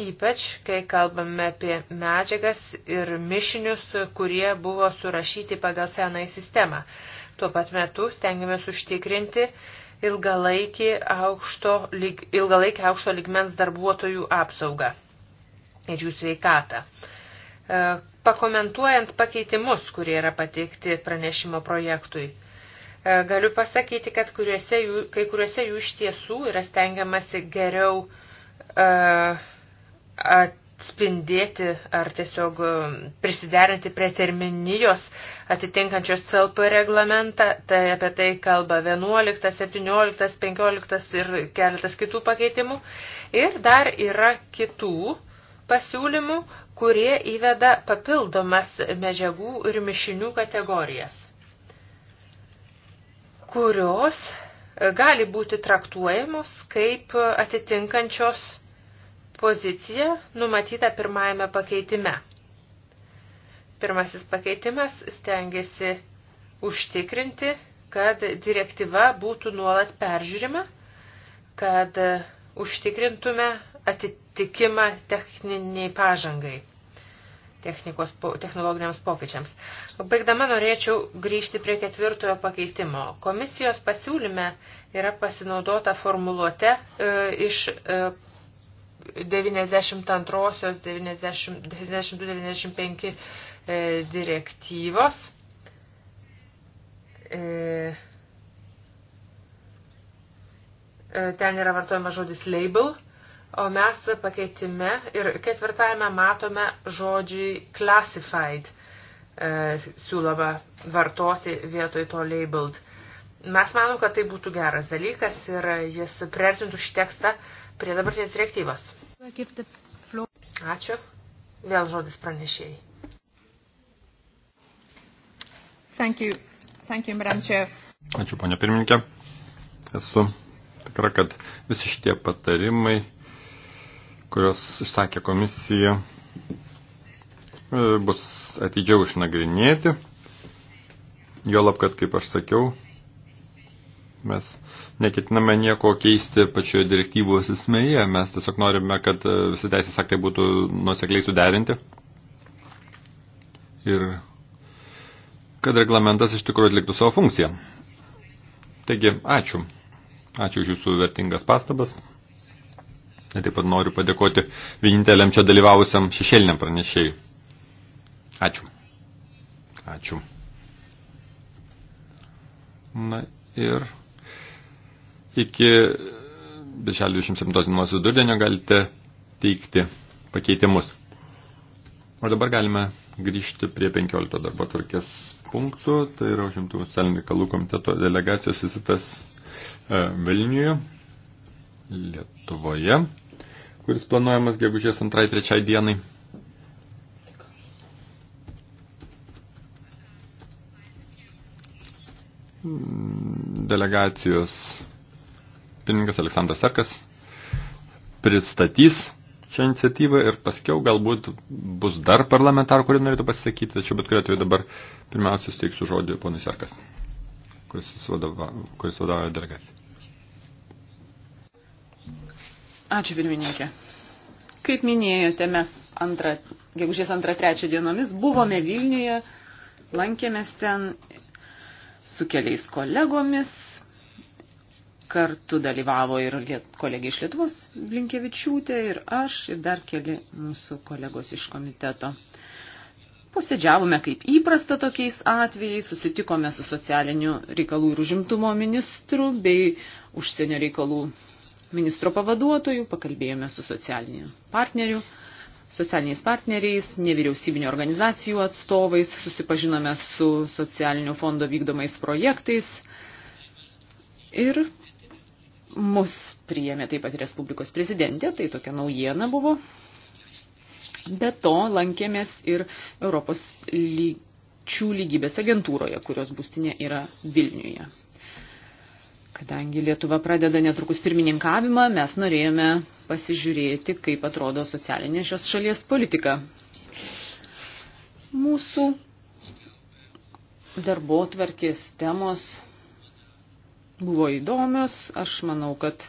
Ypač, kai kalbame apie medžiagas ir mišinius, kurie buvo surašyti pagal senąją sistemą. Tuo pat metu stengiamės užtikrinti ilgalaikį aukšto, lyg, ilgalaikį aukšto ligmens darbuotojų apsaugą ir jų sveikatą. E, pakomentuojant pakeitimus, kurie yra pateikti pranešimo projektui, e, galiu pasakyti, kad kuriuose jų, kai kuriuose jų iš tiesų yra stengiamasi geriau uh, atspindėti ar tiesiog um, prisiderinti prie terminijos atitinkančios CLP reglamentą. Tai apie tai kalba 11, 17, 15 ir keletas kitų pakeitimų. Ir dar yra kitų pasiūlymų, kurie įveda papildomas medžiagų ir mišinių kategorijas, kurios gali būti traktuojamos kaip atitinkančios pozicija numatyta pirmajame pakeitime. Pirmasis pakeitimas stengiasi užtikrinti, kad direktyva būtų nuolat peržiūrima, kad užtikrintume atitikimą techniniai pažangai, technikos, technologiniams pokyčiams. Baigdama norėčiau grįžti prie ketvirtojo pakeitimo. Komisijos pasiūlyme yra pasinaudota formuluote e, iš e, 92-95 e, direktyvos. E, e, ten yra vartojama žodis label, o mes pakeitime ir ketvirtajame matome žodžiai classified siūloma vartoti vietoj to labeled. Mes manom, kad tai būtų geras dalykas ir jis priartintų šį tekstą uh, prie dabartinės direktyvos. Ačiū. Vėl žodis pranešėjai. Thank you. Thank you, Madam Chair. Ačiū, ponia pirmininkė. Esu tikra, kad visi šitie patarimai, kurios išsakė komisija, e, bus atidžiau išnagrinėti. Jolab, kad, kaip aš sakiau, Mes neketiname nieko keisti pačioje direktyvos esmėje, mes tiesiog norime, kad e, visi teisės aktai būtų nusekliai suderinti. Ir kad reglamentas iš tikrųjų atliktų savo funkciją. Taigi, ačiū. Ačiū už jūsų vertingas pastabas. Ir taip pat noriu padėkoti vieninteliam čia dalyvavusiam šešėliniam pranešėjui. Ačiū. Ačiū. Na ir Iki birželio 27 dienos vidurdienio galite teikti pakeitimus. O dabar galime grįžti prie 15 darbo tvarkės punktų, tai yra užimtų socialinių reikalų komiteto delegacijos visitas e, Vilniuje, Lietuvoje, kuris planuojamas gegužės 2-3 dienai. Delegacijos pirmininkas Aleksandras Serkas pristatys šią iniciatyvą ir paskiau galbūt bus dar parlamentarų, kurie norėtų pasisakyti, tačiau bet kuriuo atveju dabar pirmiausia suteiksiu žodį ponui Serkas, kuris vadovauja delegaciją. Ačiū pirmininkė. Kaip minėjote, mes antrą, gegužės antrą, trečią dienomis buvome Vilniuje, lankėmės ten su keliais kolegomis, Kartu dalyvavo ir kolegė iš Lietuvos Blinkevičiūtė ir aš ir dar keli mūsų kolegos iš komiteto. Posėdžiavome kaip įprasta tokiais atvejais, susitikome su socialiniu reikalų ir užimtumo ministru bei užsienio reikalų ministro pavaduotojų, pakalbėjome su socialiniu partneriu socialiniais partneriais, nevyriausybinio organizacijų atstovais, susipažinome su socialinio fondo vykdomais projektais ir Mus priėmė taip pat Respublikos prezidentė, tai tokia naujiena buvo. Be to lankėmės ir Europos lyčių lygybės agentūroje, kurios būstinė yra Vilniuje. Kadangi Lietuva pradeda netrukus pirmininkavimą, mes norėjome pasižiūrėti, kaip atrodo socialinė šios šalies politika. Mūsų darbo tvarkės temos buvo įdomios. Aš manau, kad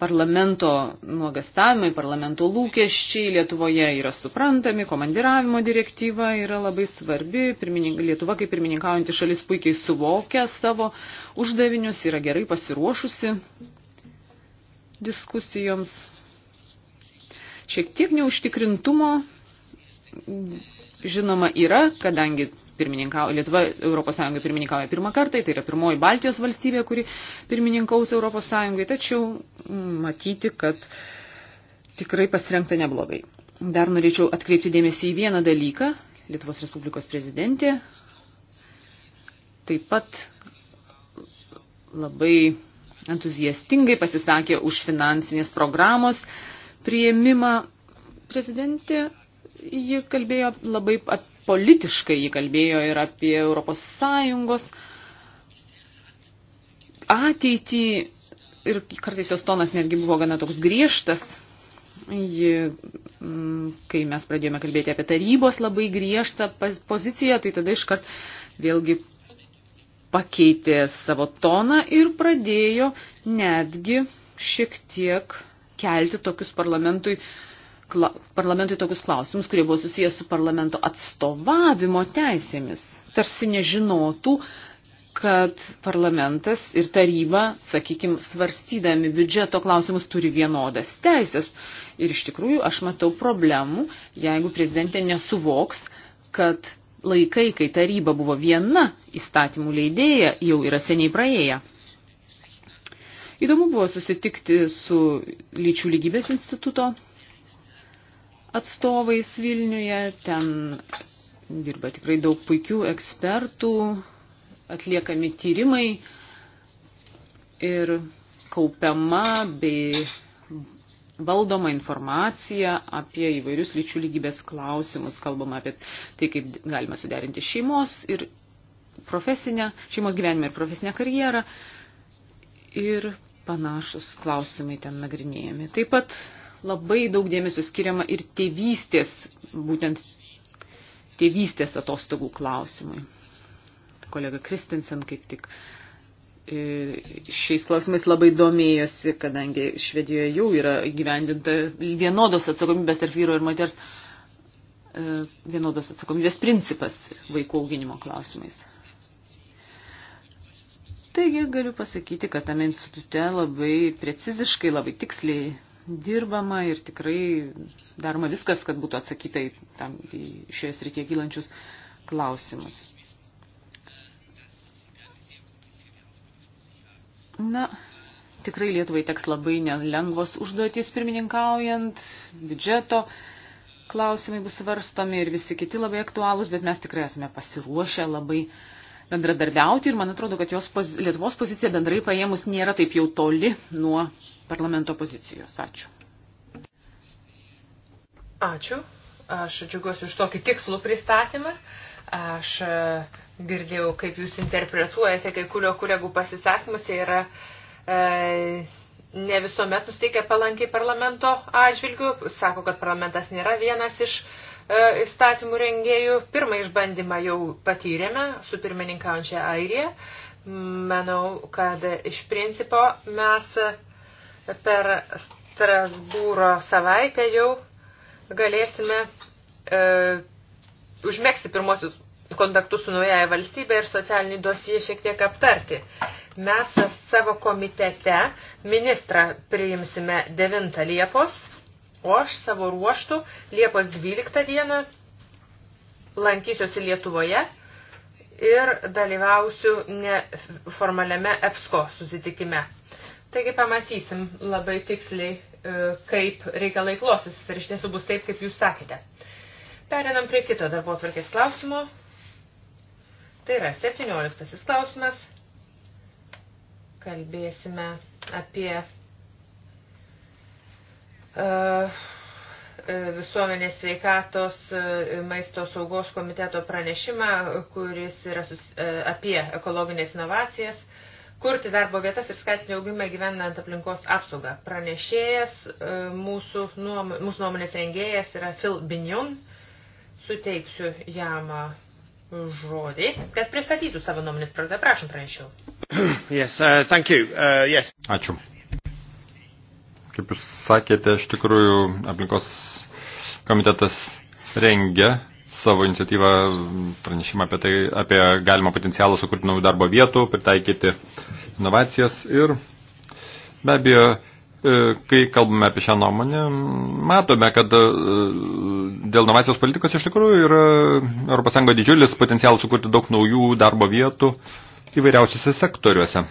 parlamento nuogastavimai, parlamento lūkesčiai Lietuvoje yra suprantami, komandiravimo direktyva yra labai svarbi, Pirmininka, Lietuva kaip pirmininkaujanti šalis puikiai suvokia savo uždavinius, yra gerai pasiruošusi diskusijoms. Šiek tiek neužtikrintumo žinoma yra, kadangi pirmininkauja, Lietuva Europos Sąjungai pirmininkauja pirmą kartą, tai yra pirmoji Baltijos valstybė, kuri pirmininkaus Europos Sąjungai, tačiau mm, matyti, kad tikrai pasirengta neblogai. Dar norėčiau atkreipti dėmesį į vieną dalyką. Lietuvos Respublikos prezidentė taip pat labai entuziastingai pasisakė už finansinės programos prieimimą. Prezidentė ji kalbėjo labai politiškai, ji kalbėjo ir apie Europos Sąjungos ateitį ir kartais jos tonas netgi buvo gana toks griežtas. Ji, mm, kai mes pradėjome kalbėti apie tarybos labai griežtą poziciją, tai tada iškart vėlgi pakeitė savo toną ir pradėjo netgi šiek tiek kelti tokius parlamentui uh, parlamentui tokius klausimus, kurie buvo susijęs su parlamento atstovavimo teisėmis. Tarsi nežinotų, kad parlamentas ir taryba, sakykime, svarstydami biudžeto klausimus turi vienodas teisės. Ir iš tikrųjų aš matau problemų, jeigu prezidentė nesuvoks, kad laikai, kai taryba buvo viena įstatymų leidėja, jau yra seniai praėję. Įdomu buvo susitikti su lyčių lygybės instituto atstovais Vilniuje, ten dirba tikrai daug puikių ekspertų, atliekami tyrimai ir kaupiama bei valdoma informacija apie įvairius lyčių lygybės klausimus, kalbama apie tai, kaip galima suderinti šeimos ir profesinę, šeimos gyvenimą ir profesinę karjerą. Ir panašus klausimai ten nagrinėjami. Taip pat labai daug dėmesio skiriama ir tėvystės, būtent tėvystės atostogų klausimui. Kolega Kristinsen kaip tik e, šiais klausimais labai domėjosi, kadangi Švedijoje jau yra gyvendinta vienodos atsakomybės tarp vyro ir moters e, vienodos atsakomybės principas vaikų auginimo klausimais. Taigi galiu pasakyti, kad tame institute labai preciziškai, labai tiksliai dirbama ir tikrai daroma viskas, kad būtų atsakyta į, tam, į šioje srityje gylančius klausimus. Na, tikrai Lietuvai teks labai nelengvos užduotis pirmininkaujant, biudžeto klausimai bus svarstomi ir visi kiti labai aktualūs, bet mes tikrai esame pasiruošę labai bendradarbiauti ir man atrodo, kad jos, Lietuvos pozicija bendrai paėmus nėra taip jau toli nuo parlamento pozicijos. Ačiū. Ačiū. Aš džiugiuosi už tokį tikslų pristatymą. Aš e, girdėjau, kaip jūs interpretuojate kai kurio kolegų pasisakymus. Jie yra e, ne visuomet nusteikia palankiai parlamento atžvilgių. Sako, kad parlamentas nėra vienas iš e, įstatymų rengėjų. Pirmą išbandymą jau patyrėme su pirmininkaujančia Airija. Manau, kad iš principo mes per Strasbūro savaitę jau galėsime e, užmėgsti pirmosius kontaktus su naujaja valstybė ir socialinį dosiją šiek tiek aptarti. Mes savo komitete ministrą priimsime 9 Liepos, o aš savo ruoštų Liepos 12 dieną lankysiuosi Lietuvoje ir dalyvausiu neformaliame EPSCO susitikime. Taigi pamatysim labai tiksliai, e, kaip reikalai klosis ir iš tiesų bus taip, kaip jūs sakėte. Perinam prie kito darbo tvarkės klausimo. Tai yra 17 klausimas. Kalbėsime apie uh, visuomenės sveikatos maisto saugos komiteto pranešimą, kuris yra sus, apie ekologinės inovacijas kurti darbo vietas ir skatinti augimą gyvenant aplinkos apsaugą. Pranešėjas, e, mūsų, nuom, mūsų nuomonės rengėjas yra Phil Binion. Suteiksiu jam e, žodį, kad pristatytų savo nuomonės projektą. Prašom, pranešiau. Yes, uh, thank you. Uh, yes. Ačiū. Kaip jūs sakėte, iš tikrųjų aplinkos komitetas rengia savo iniciatyvą pranešimą apie tai, apie galimą potencialą sukurti naujų darbo vietų, pritaikyti inovacijas ir be abejo, e, kai kalbame apie šią nuomonę, matome, kad e, dėl inovacijos politikos iš tikrųjų yra ES didžiulis potencialas sukurti daug naujų darbo vietų įvairiausiose sektoriuose.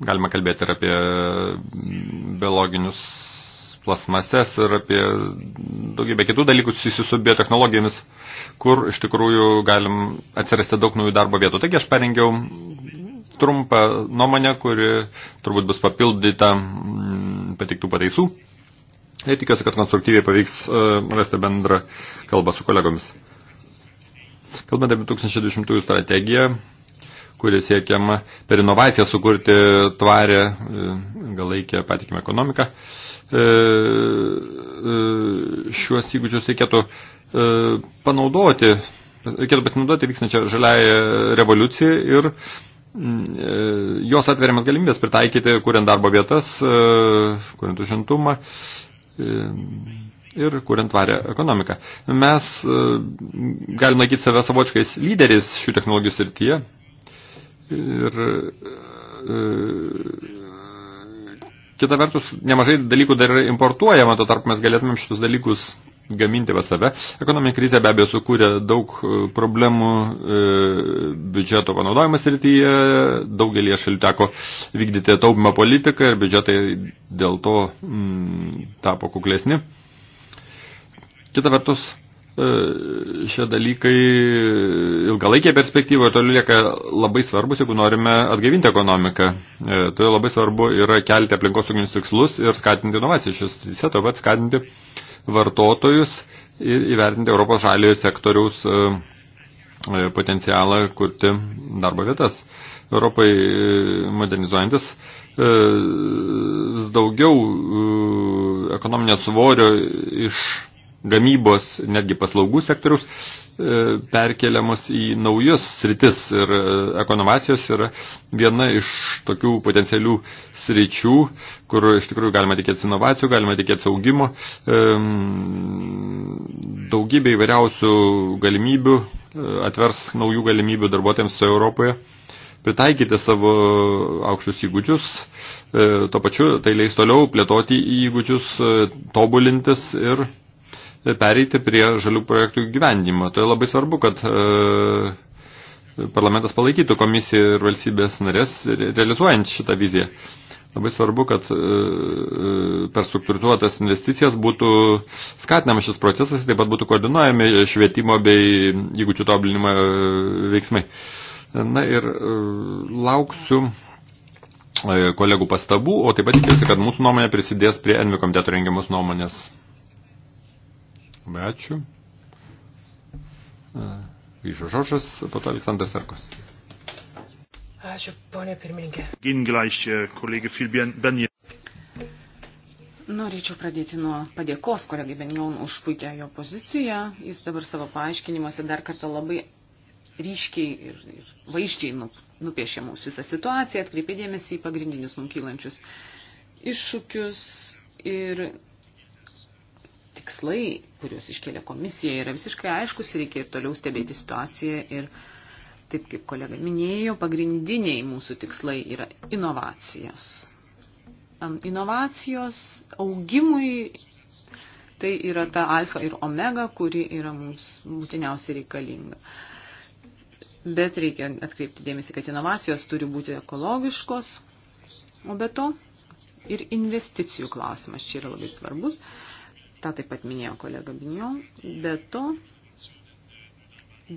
Galima kalbėti ir apie biologinius plasmases ir apie daugybę kitų dalykų susijusių su biotechnologijomis, kur iš tikrųjų galim atsirasti daug naujų darbo vietų. Taigi aš parengiau trumpą nuomonę, kuri turbūt bus papildyta mm, patiktų pataisų. Ir tikiuosi, kad konstruktyviai pavyks e, rasti bendrą kalbą su kolegomis. Kalbant apie 2020 strategiją, kuri siekiama per inovaciją sukurti tvarę e, galaikę patikimą ekonomiką. E, e, šiuos įgūdžius reikėtų e, panaudoti, reikėtų pasinaudoti vykstančią žaliąją revoliuciją ir jos atveriamas galimybės pritaikyti, kuriant darbo vietas, kuriant užimtumą ir kuriant tvarę ekonomiką. Mes galim laikyti save savočkais lyderis šių technologijų srityje ir Kita vertus, nemažai dalykų dar yra importuojama, to tarp mes galėtumėm šitus dalykus gaminti pas save. Ekonominė krizė be abejo sukūrė daug e, problemų e, biudžeto panaudojimo srityje, daugelie šalių teko vykdyti taupimo politiką ir biudžetai dėl to mm, tapo kuklesni. Kita vertus, E, šie dalykai ilgalaikėje perspektyvoje toliau lieka labai svarbus, jeigu norime atgaivinti ekonomiką. E, todėl labai svarbu yra kelti aplinkosauginius tikslus ir skatinti inovacijas šios srityse, taip pat skatinti vartotojus ir įvertinti Europos žaliojo sektoriaus e, potencialą kurti darbo vietas. Europai modernizuojantis vis daugiau ekonominio svorio iš gamybos, netgi paslaugų sektoriaus e, perkeliamos į naujus sritis ir e, ekonomacijos yra viena iš tokių potencialių sričių, kur iš tikrųjų galima tikėtis inovacijų, galima tikėtis augimo, e, daugybė įvairiausių galimybių atvers naujų galimybių darbuotojams Europoje pritaikyti savo aukštus įgūdžius, tuo pačiu tai leis toliau plėtoti įgūdžius, tobulintis ir pereiti prie žalių projektų gyvendimo. Tai labai svarbu, kad e, parlamentas palaikytų komisiją ir valstybės narės realizuojant šitą viziją. Labai svarbu, kad e, e, per struktūrizuotas investicijas būtų skatinamas šis procesas, taip pat būtų koordinuojami švietimo bei įgūdžių tobulinimo veiksmai. Na ir lauksiu kolegų pastabų, o taip pat tikiuosi, kad mūsų nuomonė prisidės prie Envi komiteto rengiamos nuomonės. Labai ačiū. E, grįžo Žoržas, po to Aleksandras Sarkos. Ačiū, ponė pirmininkė. Ginglašė, kolegė Filbien Benjen. Norėčiau pradėti nuo padėkos kolegai Benjon už puikią jo poziciją. Jis dabar savo paaiškinimuose dar kartą labai ryškiai ir, ir vaizdžiai nu, nupiešė mums visą situaciją, atkreipė dėmesį į pagrindinius mums kylančius iššūkius ir tikslai, kuriuos iškėlė komisija, yra visiškai aiškus, reikia ir toliau stebėti situaciją ir, taip kaip kolega minėjo, pagrindiniai mūsų tikslai yra inovacijos. Inovacijos augimui tai yra ta alfa ir omega, kuri yra mums būtiniausiai reikalinga. Bet reikia atkreipti dėmesį, kad inovacijos turi būti ekologiškos, o be to ir investicijų klausimas čia yra labai svarbus. Ta taip pat minėjo kolega Binjon. Be to,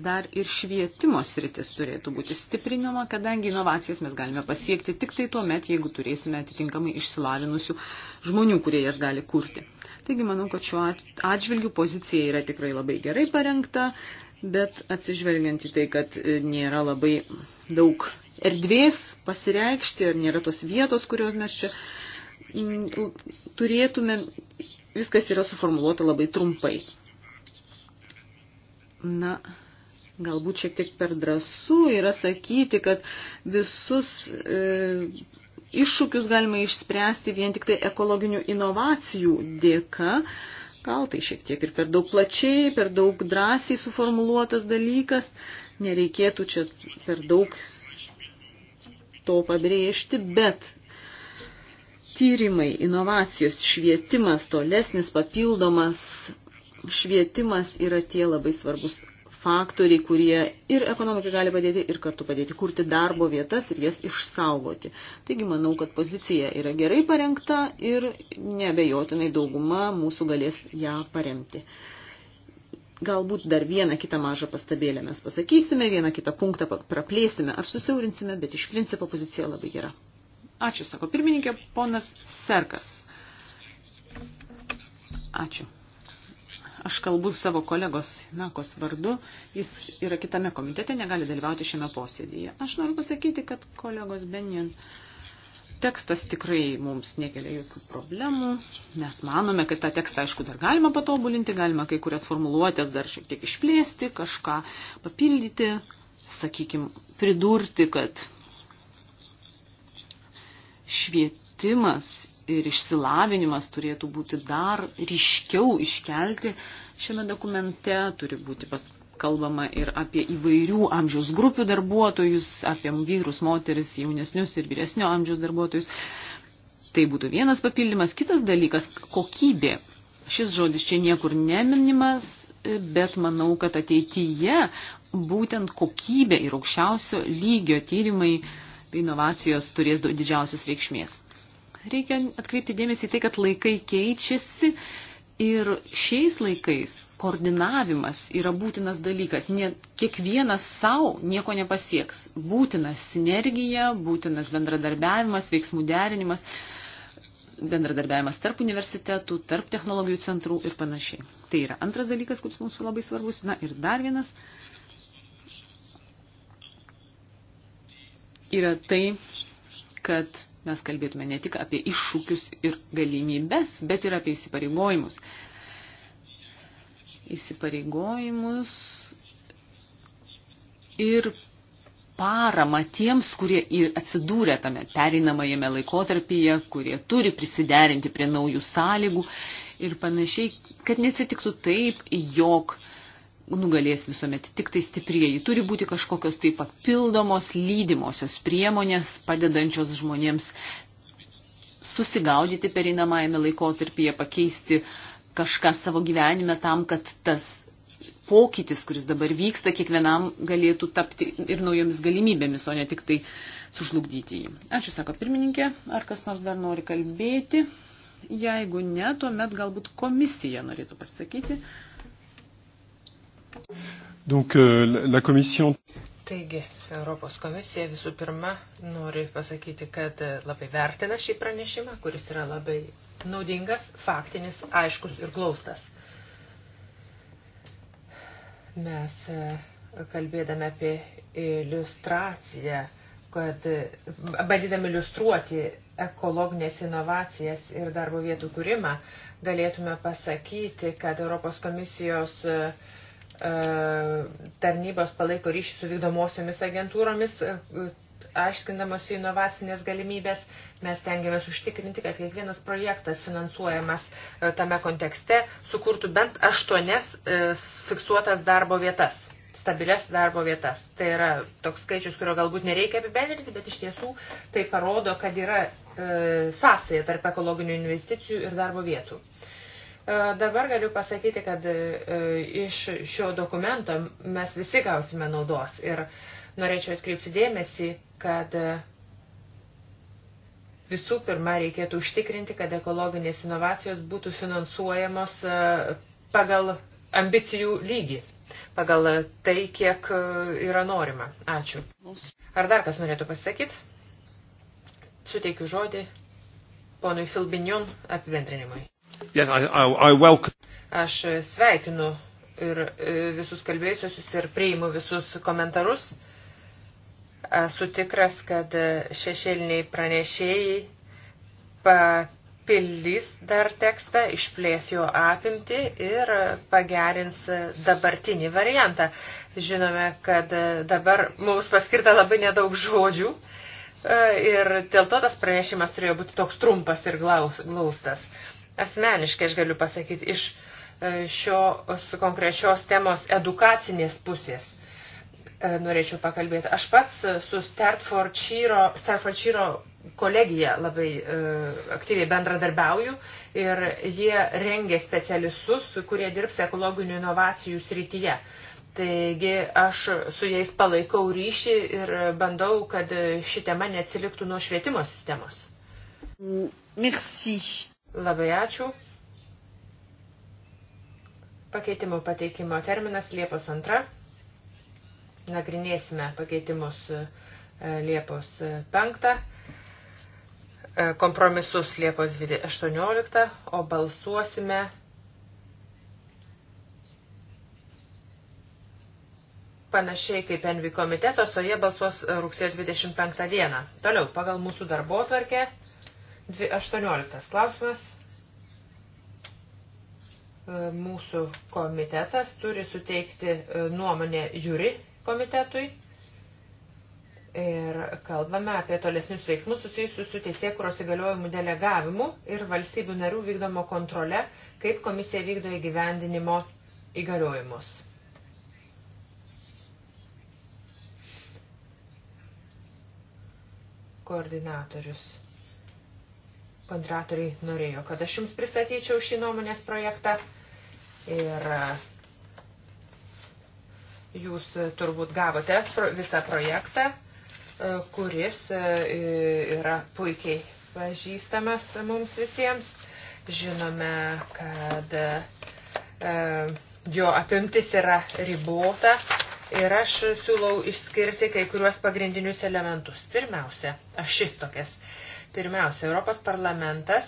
dar ir švietimo sritis turėtų būti stiprinama, kadangi inovacijas mes galime pasiekti tik tai tuo met, jeigu turėsime atitinkamai išsilavinusių žmonių, kurie jas gali kurti. Taigi manau, kad šiuo atžvilgiu pozicija yra tikrai labai gerai parengta, bet atsižvelgiant į tai, kad e, nėra labai daug erdvės pasireikšti, ar nėra tos vietos, kurios mes čia mm, turėtume viskas yra suformuoluota labai trumpai. Na, galbūt šiek tiek per drąsų yra sakyti, kad visus e, iššūkius galima išspręsti vien tik tai ekologinių inovacijų dėka. Gal tai šiek tiek ir per daug plačiai, per daug drąsiai suformuluotas dalykas. Nereikėtų čia per daug to pabrėžti, bet tyrimai, inovacijos, švietimas, tolesnis papildomas švietimas yra tie labai svarbus faktoriai, kurie ir ekonomikai gali padėti, ir kartu padėti kurti darbo vietas ir jas išsaugoti. Taigi manau, kad pozicija yra gerai parengta ir nebejotinai dauguma mūsų galės ją paremti. Galbūt dar vieną kitą mažą pastabėlę mes pasakysime, vieną kitą punktą praplėsime ar susiaurinsime, bet iš principo pozicija labai gera. Ačiū, sako pirmininkė, ponas Serkas. Ačiū. Aš kalbu savo kolegos Nakos vardu, jis yra kitame komitete, negali dalyvauti šiame posėdėje. Aš noriu pasakyti, kad kolegos Benjen tekstas tikrai mums nekelia jokių problemų. Mes manome, kad tą tekstą, aišku, dar galima patobulinti, galima kai kurias formuluotės dar šiek tiek išplėsti, kažką papildyti, sakykime, pridurti, kad švietimas ir išsilavinimas turėtų būti dar ryškiau iškelti šiame dokumente, turi būti pas, kalbama ir apie įvairių amžiaus grupių darbuotojus, apie vyrus, moteris, jaunesnius ir vyresnio amžiaus darbuotojus. Tai būtų vienas papildymas. Kitas dalykas - kokybė. Šis žodis čia niekur neminimas, bet manau, kad ateityje būtent kokybė ir aukščiausio lygio tyrimai uh, inovacijos turės didžiausios reikšmės. Reikia atkreipti dėmesį tai, kad laikai keičiasi ir šiais laikais koordinavimas yra būtinas dalykas. Ne, kiekvienas savo nieko nepasieks. Būtinas sinergija, būtinas bendradarbiavimas, veiksmų derinimas, bendradarbiavimas tarp universitetų, tarp technologijų centrų ir panašiai. Tai yra antras dalykas, kuris mums labai svarbus. Na ir dar vienas. Uh, yra tai, kad mes kalbėtume ne tik apie iššūkius ir galimybes, bet ir apie įsipareigojimus. Įsipareigojimus ir paramą tiems, kurie atsidūrė tame pereinamajame laikotarpyje, kurie turi prisiderinti prie naujų sąlygų ir panašiai, kad neatsitiktų taip, jog uh, nugalės visuomet tik tai stiprieji. Turi būti kažkokios tai papildomos lydimosios priemonės, padedančios žmonėms susigaudyti pereinamajame laikotarpyje, pakeisti kažką savo gyvenime tam, kad tas pokytis, kuris dabar vyksta, kiekvienam galėtų tapti ir naujomis galimybėmis, o ne tik tai sužlugdyti jį. Ačiū, sako pirmininkė. Ar kas nors dar nori kalbėti? Jeigu ne, tuomet galbūt komisija norėtų pasakyti. Donc, euh, la commission... Taigi, Europos komisija visų pirma nori pasakyti, kad e, labai vertina šį pranešimą, kuris yra labai naudingas, faktinis, aiškus ir glaustas. Mes e, kalbėdami apie iliustraciją, kad e, bandydami iliustruoti ekologinės inovacijas ir darbo vietų kūrimą, galėtume pasakyti, kad Europos komisijos uh, E, tarnybos palaiko ryšį su vykdomosiomis agentūromis, e, aiškindamos inovacinės galimybės. Mes tengiamės užtikrinti, kad kiekvienas projektas finansuojamas e, tame kontekste sukurtų bent aštuonias fiksuotas darbo vietas stabilias darbo vietas. Tai yra toks skaičius, kurio galbūt nereikia apibendrinti, bet iš tiesų tai parodo, kad yra e, sąsaja tarp ekologinių investicijų ir darbo vietų. E, E, dabar galiu pasakyti, kad e, iš šio dokumento mes visi gausime naudos ir norėčiau atkreipti dėmesį, kad e, visų pirma reikėtų užtikrinti, kad ekologinės inovacijos būtų finansuojamos pagal ambicijų lygį, pagal tai, kiek yra norima. Ačiū. Ar dar kas norėtų pasakyti? Suteikiu žodį ponui Filbinion apibendrinimui. Yes, I, I, I welcome. Aš sveikinu ir e, visus kalbėjusius ir priimu visus komentarus. Esu tikras, kad šešėliniai pranešėjai papildys dar tekstą, išplės jo apimti ir pagerins dabartinį variantą. Žinome, kad dabar mums paskirta labai nedaug žodžių e, ir dėl to tas pranešimas turėjo būti toks trumpas ir glaustas. Glaus, asmeniškai aš galiu pasakyti iš e, šios konkrečios temos edukacinės pusės e, norėčiau pakalbėti. Aš pats su Startfordshire, Startfordshire kolegija labai e, aktyviai bendradarbiauju ir jie rengia specialistus, kurie dirbs ekologinių inovacijų srityje. Taigi aš su jais palaikau ryšį ir bandau, kad ši tema neatsiliktų nuo švietimo sistemos. Merci. Labai ačiū. Pakeitimo pateikimo terminas Liepos 2. Nagrinėsime pakeitimus e, Liepos 5, e, e, kompromisus Liepos 18, o balsuosime panašiai kaip Envi komiteto, o jie balsuos rugsėjo 25 dieną. Toliau, pagal mūsų darbo tvarkę 18 klausimas. E, mūsų komitetas turi suteikti e, nuomonę žiūri komitetui ir kalbame apie tolesnius veiksmus susijusius su teisėkuros įgaliojimų delegavimu ir valstybių narių vykdomo kontrole, kaip komisija vykdo įgyvendinimo įgaliojimus. Koordinatorius kontratoriai norėjo, kad aš jums pristatyčiau šį nuomonės projektą. Ir e, jūs e, turbūt gavote visą projektą, e, kuris yra puikiai pažįstamas mums visiems. Žinome, kad jo apimtis yra ribota ir aš siūlau išskirti kai kuriuos pagrindinius elementus. Pirmiausia, ašis tokias Pirmiausia, Europos parlamentas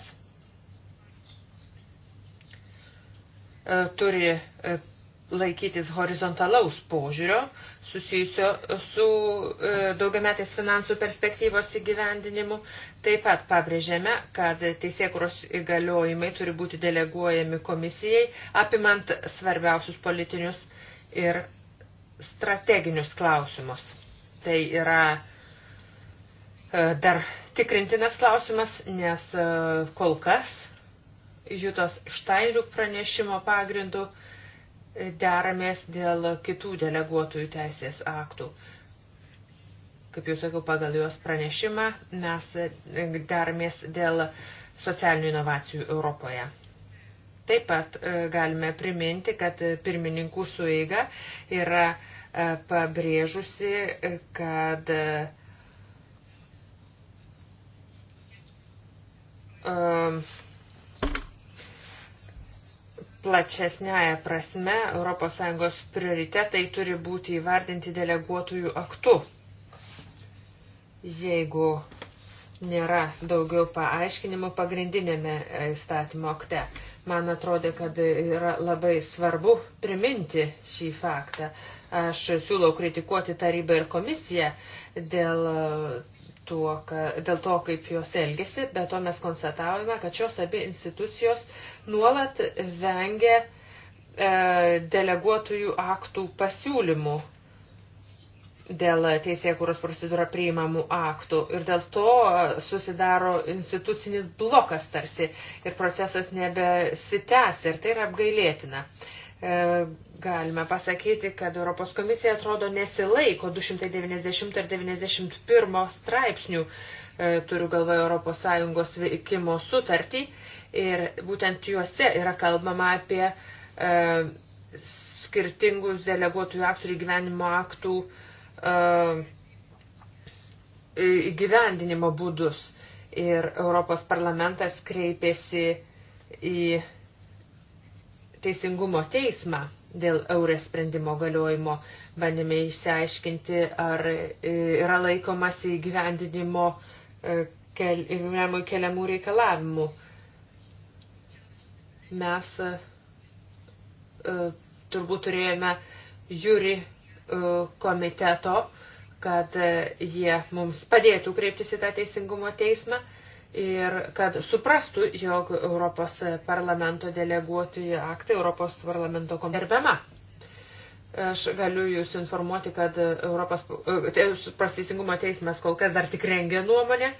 e, turi e, laikytis horizontalaus požiūrio susijusio su e, daugiametės finansų perspektyvos įgyvendinimu. Taip pat pabrėžėme, kad teisėkuros įgaliojimai turi būti deleguojami komisijai, apimant svarbiausius politinius ir strateginius klausimus. Tai yra dar tikrintinas klausimas, nes e, kol kas Jutos Štairių pranešimo pagrindų e, deramės dėl kitų deleguotojų teisės aktų. Kaip jau sakiau, pagal jos pranešimą mes e, deramės dėl socialinių inovacijų Europoje. Taip pat galime priminti, kad pirmininkų sueiga yra pabrėžusi, kad um, plačesnėje prasme ES prioritetai turi būti įvardinti deleguotųjų aktu. Jeigu nėra daugiau paaiškinimų pagrindinėme įstatymo akte. Man atrodė, kad yra labai svarbu priminti šį faktą. Aš siūlau kritikuoti tarybą ir komisiją dėl tuo, ka, dėl to, kaip jos elgesi, bet to mes konstatavome, kad šios abi institucijos nuolat vengia e, deleguotųjų aktų pasiūlymų dėl teisėkūros procedūra priimamų aktų ir dėl to e, susidaro institucinis blokas tarsi ir procesas nebesitęs ir tai yra apgailėtina. E, E, galime pasakyti, kad Europos komisija atrodo nesilaiko 290 ir 91 straipsnių, e, turiu galvoje ES veikimo sutartį, ir būtent juose yra kalbama apie e, skirtingus deleguotųjų aktų ir gyvenimo aktų įgyvendinimo būdus. Ir Europos parlamentas kreipėsi į teisingumo teismą dėl eurės sprendimo galiojimo. Bandėme išsiaiškinti, ar e, yra laikomasi įgyvendinimo e, keliamų, keliamų reikalavimų. Mes e, turbūt turėjome jūri komiteto, kad jie mums padėtų kreiptis į tą teisingumo teismą ir kad suprastų, jog Europos parlamento deleguoti aktai Europos parlamento komiterbema. Aš galiu Jūs informuoti, kad Europos e, prasteisingumo teismas kol kas dar tik rengia nuomonę,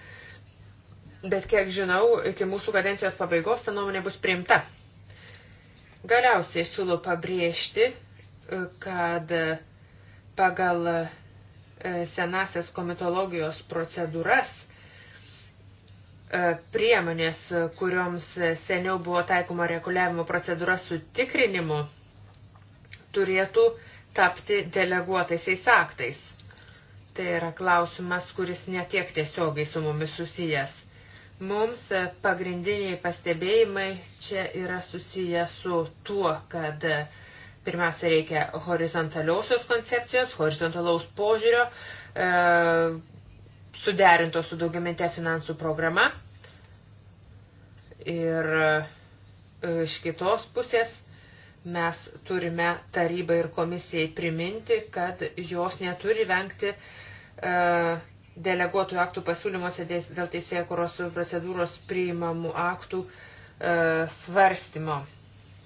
bet kiek žinau, iki mūsų kadencijos pabaigos ta nuomonė bus priimta. Galiausiai siūlau pabrėžti, e, kad pagal e, senasias komitologijos procedūras – E, priemonės, kurioms seniau buvo taikoma reguliavimo procedūra su tikrinimu, turėtų tapti deleguotaisiais aktais. Tai yra klausimas, kuris netiek tiesiogiai su mumis susijęs. Mums pagrindiniai pastebėjimai čia yra susiję su tuo, kad pirmiausia reikia horizontaliosios koncepcijos, horizontalaus požiūrio, e, suderinto su daugiametė finansų programa. Ir e, iš kitos pusės mes turime tarybai ir komisijai priminti, kad jos neturi vengti e, deleguotų aktų pasiūlymuose dėl teisėjų kuros procedūros priimamų aktų e, svarstymo.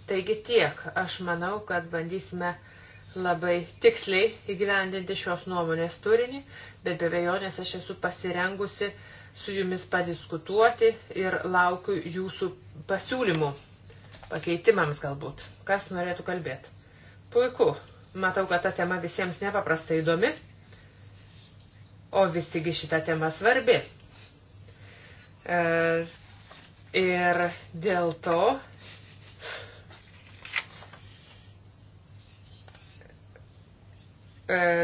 Taigi tiek, aš manau, kad bandysime e, labai tiksliai įgyvendinti šios nuomonės turinį, bet be vėjonės aš esu pasirengusi su jumis padiskutuoti ir laukiu jūsų pasiūlymų, pakeitimams galbūt, kas norėtų kalbėti. Puiku, matau, kad ta tema visiems nepaprastai įdomi, o vis tikgi šita tema svarbi. E, ir dėl to E,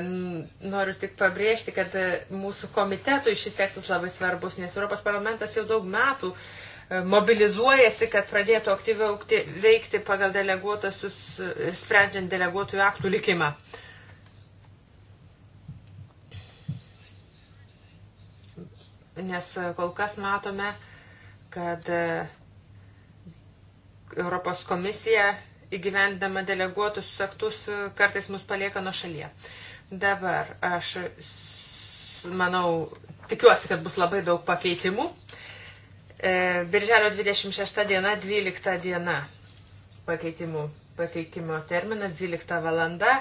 noriu tik pabrėžti, kad e, mūsų komitetui šis tekstas labai svarbus, nes Europos parlamentas jau daug metų e, mobilizuojasi, kad pradėtų aktyviau veikti pagal deleguotasius, sprendžiant deleguotųjų aktų likimą. Nes kol kas matome, kad Europos komisija įgyvendama deleguotus aktus e, kartais mus palieka nuo šalyje. Dabar aš manau, tikiuosi, kad bus labai daug pakeitimų. E, Birželio 26 diena, 12 diena pakeitimų pateikimo terminas, 12 valanda.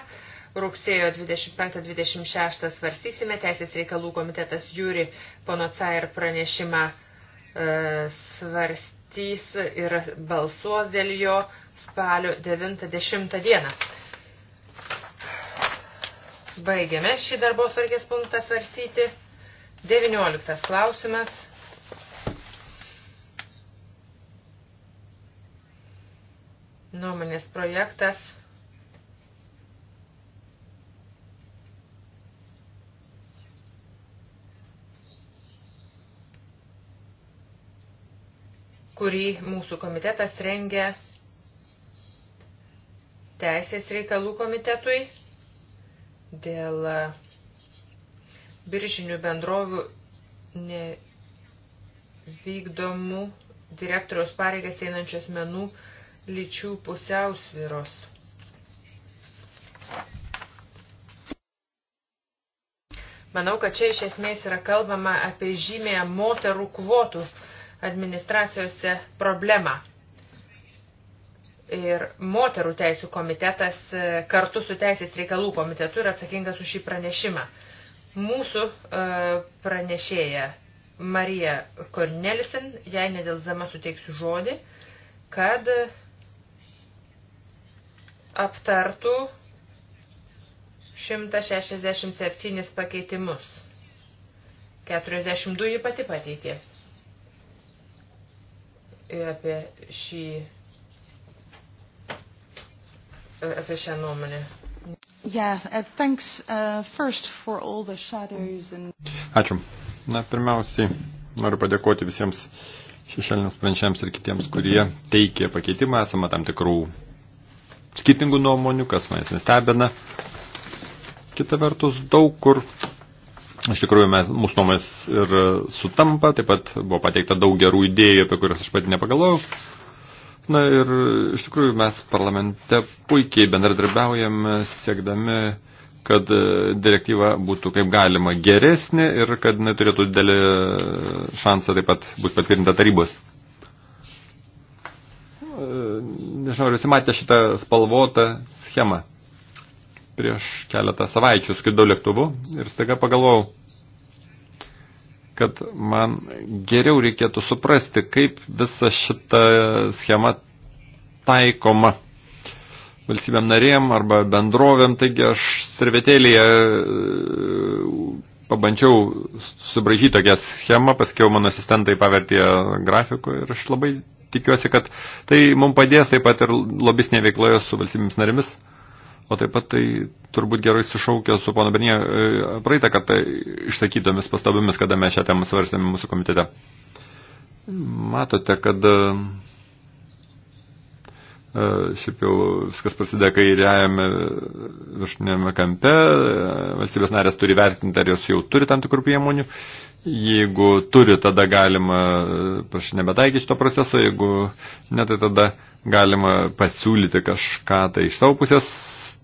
Rugsėjo 25-26 svarstysime Teisės reikalų komitetas Jūri Ponocair pranešimą e, svarstys ir balsuos dėl jo spalio 9-10 dieną. Baigiame šį darbo svarkės punktą svarstyti. 19 klausimas. Nuomonės projektas. kurį mūsų komitetas rengia Teisės reikalų komitetui dėl biržinių bendrovių nevykdomų direktoriaus pareigas einančios menų lyčių pusiausviros. Manau, kad čia iš esmės yra kalbama apie žymę moterų kvotų administracijose problemą ir moterų teisų komitetas e, kartu su teisės reikalų komitetu yra atsakingas už šį pranešimą. Mūsų e, pranešėja Marija Kornelisen, jai nedėlzama suteiksiu žodį, kad aptartų 167 pakeitimus. 42 ji pati pateikė. Ir apie šį E, apie šią nuomonę. Yeah, uh, thanks, uh, first for all the shadows and... Ačiū. Na, pirmiausiai noriu padėkoti visiems šešėliniams pranešėms ir kitiems, kurie teikė pakeitimą, esama tam tikrų skirtingų nuomonių, kas manęs nestebina. Kita vertus, daug kur iš tikrųjų mes, mūsų nuomonės ir sutampa, taip pat buvo pateikta daug gerų idėjų, apie kurias aš pati nepagalvojau. Na ir iš tikrųjų mes parlamente puikiai bendradarbiaujame siekdami, kad e, direktyva būtų kaip galima geresnė ir kad neturėtų didelį e, šansą taip pat būti patvirtinta tarybos. E, nežinau, ar visi matė šitą spalvotą schemą prieš keletą savaičių skridau lėktuvu ir staiga pagalvojau, kad man geriau reikėtų suprasti, kaip visa šita schema taikoma valstybėm narėm arba bendrovėm. Taigi aš servetėlėje e, pabandžiau subražyti tokią schemą, paskiau mano asistentai pavertė grafikų ir aš labai tikiuosi, kad tai mums padės taip pat ir lobisnė veikloje su valstybėmis narėmis o taip pat tai turbūt gerai sušaukė su pono Bernė e, praeitą kartą išsakytomis pastabomis, kada mes šią temą svarstėme mūsų komitete. Matote, kad e, e, šiaip jau viskas prasideda kairiajame viršinėme kampe, valstybės narės turi vertinti, ar jos jau turi tam tikrų priemonių. Jeigu turi, tada galima prašyti nebetaikyti šito proceso, jeigu ne, tai tada galima pasiūlyti kažką tai iš savo pusės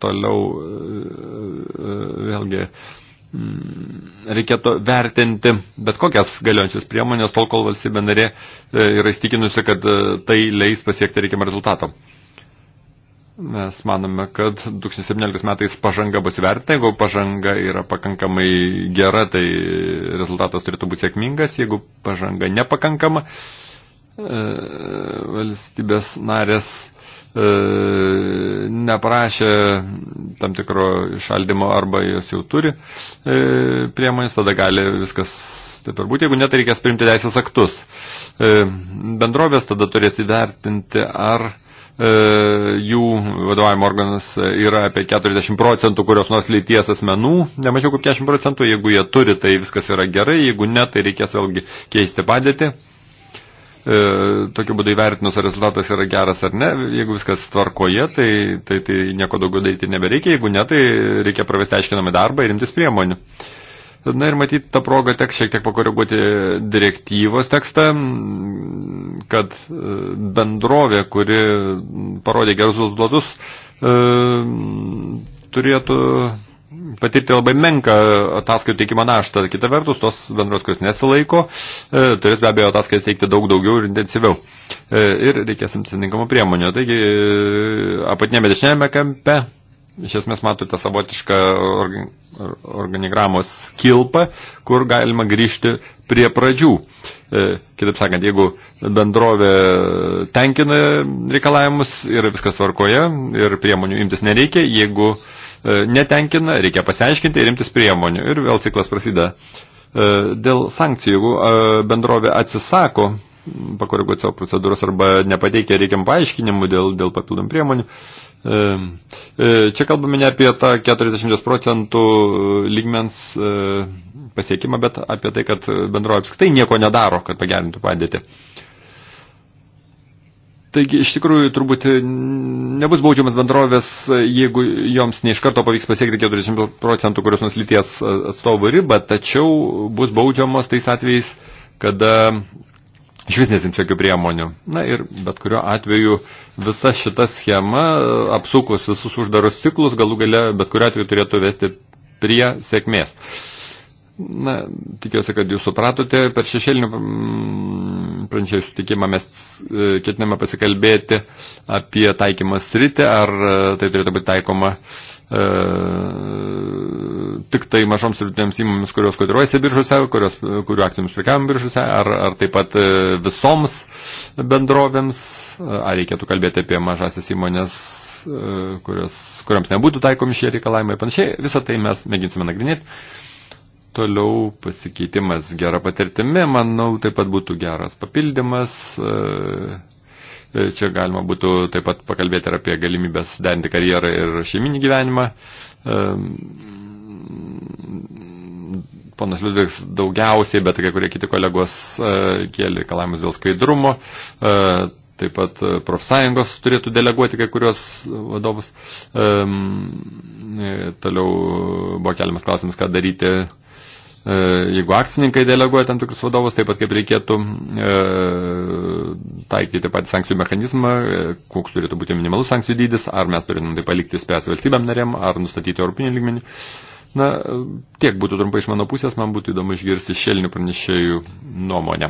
toliau e, e, vėlgi mm, reikėtų vertinti bet kokias galiojančias priemonės, tol kol valstybė narė e, yra įstikinusi, kad tai leis pasiekti reikiamą rezultatą. Mes manome, kad 2017 metais pažanga bus vertinta, jeigu pažanga yra pakankamai gera, tai rezultatas turėtų būti sėkmingas, jeigu pažanga nepakankama, valstybės narės E, neprašė tam tikro šaldymo arba jos jau turi e, priemonės, tada gali viskas taip ir būti, jeigu net tai reikės priimti teisės aktus. E, bendrovės tada turės įvertinti, ar jų vadovavimo organas yra apie 40 procentų kurios nors lyties asmenų, nemažiau kaip 40 procentų, jeigu jie turi, tai viskas yra gerai, jeigu ne, tai reikės vėlgi keisti padėtį. E, tokiu būdu įvertinus, ar rezultatas yra geras ar ne. Jeigu viskas tvarkoje, tai, tai, tai nieko daugiau daryti nebereikia, jeigu ne, tai reikia pravesti aiškinamą darbą ir imtis priemonių. Na ir matyti tą progą teks šiek tiek pakoreguoti direktyvos tekstą, kad e, bendrovė, kuri parodė gerus rezultatus, e, turėtų patirti labai menką ataskaitų teikimo naštą. Kita vertus, tos bendros, kurios nesilaiko, e, turės be abejo ataskaitas teikti daug daugiau ir intensyviau. E, ir reikės amtisinkamų priemonių. Taigi, e, apatinėme dešinėme kampe, iš esmės matote savotišką organigramos kilpą, kur galima grįžti prie pradžių. E, kitaip sakant, jeigu bendrovė tenkina reikalavimus ir viskas tvarkoje ir priemonių imtis nereikia, jeigu e, E, netenkina, reikia pasiaiškinti ir imtis priemonių. Ir vėl ciklas prasideda. E, dėl sankcijų, jeigu e, bendrovė atsisako pakoreguoti savo procedūros arba nepateikia reikiam paaiškinimų dėl, dėl papildomų priemonių. Čia kalbame ne apie tą 40 procentų lygmens pasiekimą, bet apie tai, kad bendrovė apskritai nieko nedaro, kad pagerintų padėtį. Taigi, iš tikrųjų, turbūt nebus baudžiamas bendrovės, jeigu joms neiš karto pavyks pasiekti 40 procentų kurios nors lyties atstovų ribą, tačiau bus baudžiamos tais atvejais, kada iš vis nesims jokių priemonių. Na ir bet kuriuo atveju visa šita schema, apsukus visus uždarus ciklus, galų gale bet kuriuo atveju turėtų vesti prie sėkmės. Uh, Na, tikiuosi, kad jūs supratote, per šešėlinį mm, pranešėjų sutikimą mes e, ketiname pasikalbėti apie taikymą sritį, ar e, tai turėtų būti taikoma e, tik tai mažoms sritinėms įmonėms, kurios kodiruojasi biržuose, kurios, kurių akcijoms prikavim biržuose, ar, ar taip pat e, visoms bendrovėms, ar reikėtų kalbėti apie mažasis įmonės kurios, kuriams nebūtų taikomi šie reikalavimai ir panašiai, visą tai mes mėginsime nagrinėti. Toliau pasikeitimas gera patirtimi, manau, taip pat būtų geras papildymas. E, e, čia galima būtų taip pat pakalbėti ir apie galimybę suderinti karjerą ir šeiminį gyvenimą. E, ponas Liudvigs daugiausiai, bet kai kurie kiti kolegos kėlė reikalavimus dėl skaidrumo. Taip pat profsąjungos turėtų deleguoti kai kurios vadovus. Toliau buvo keliamas klausimas, ką daryti E, jeigu akcininkai deleguoja tam tikrus vadovus, taip pat kaip reikėtų e, taikyti patį sankcijų mechanizmą, e, koks turėtų būti minimalus sankcijų dydis, ar mes turėtume tai palikti spės valstybėm narėm, ar nustatyti europinį lygmenį. Na, tiek būtų trumpai iš mano pusės, man būtų įdomu išgirsti šelnių pranešėjų nuomonę.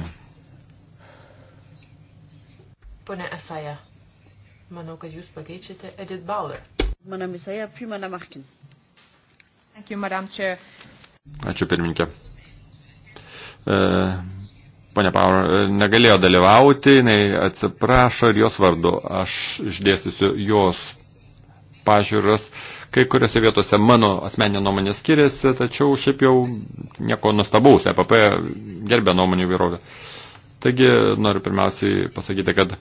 Pone Esaja, manau, kad jūs pakeičiate Edith Bauer. Madame Esaja, puis Madame Arkin. Thank you, Madame Chair. Ačiū pirminkė. E, Pane Paur e, negalėjo dalyvauti, jinai atsiprašo ir jos vardu. Aš išdėstysiu jos pažiūras. Kai kuriuose vietose mano asmeninė nuomonė skiriasi, tačiau šiaip jau nieko nustabaus, EPP gerbė nuomonių vyrovę. Taigi noriu pirmiausiai pasakyti, kad e,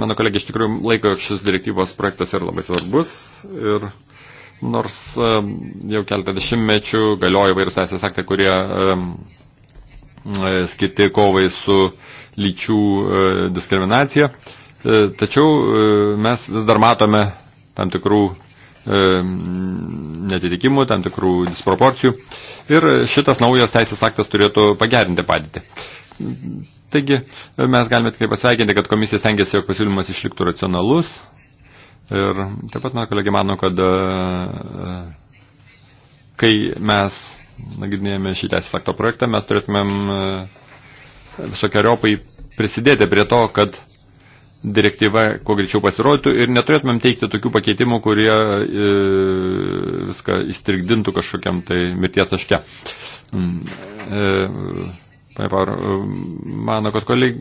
mano kolegė iš tikrųjų laiko, jog šis direktyvos projektas yra labai svarbus ir e, nors jau keltą dešimtmečių galioja vairūs teisės aktai, kurie e, skirti kovai su lyčių e, diskriminacija. E, tačiau mes vis dar matome tam tikrų netitikimų, tam tikrų disproporcijų. Ir šitas naujas teisės aktas turėtų pagerinti padėtį. Taigi mes galime tikrai pasveikinti, kad komisija stengiasi, jog pasiūlymas išliktų racionalus, Ir taip pat mano kolegė mano, kad e, e, kai mes nagrinėjame šį teisės akto projektą, mes turėtumėm e, visokiojopai prisidėti prie to, kad direktyva kuo greičiau pasirodytų ir neturėtumėm teikti tokių pakeitimų, kurie e, viską įstrigdintų kažkokiam tai mirties taške. Mm, e, Pane Paur, mano, kad, koleg,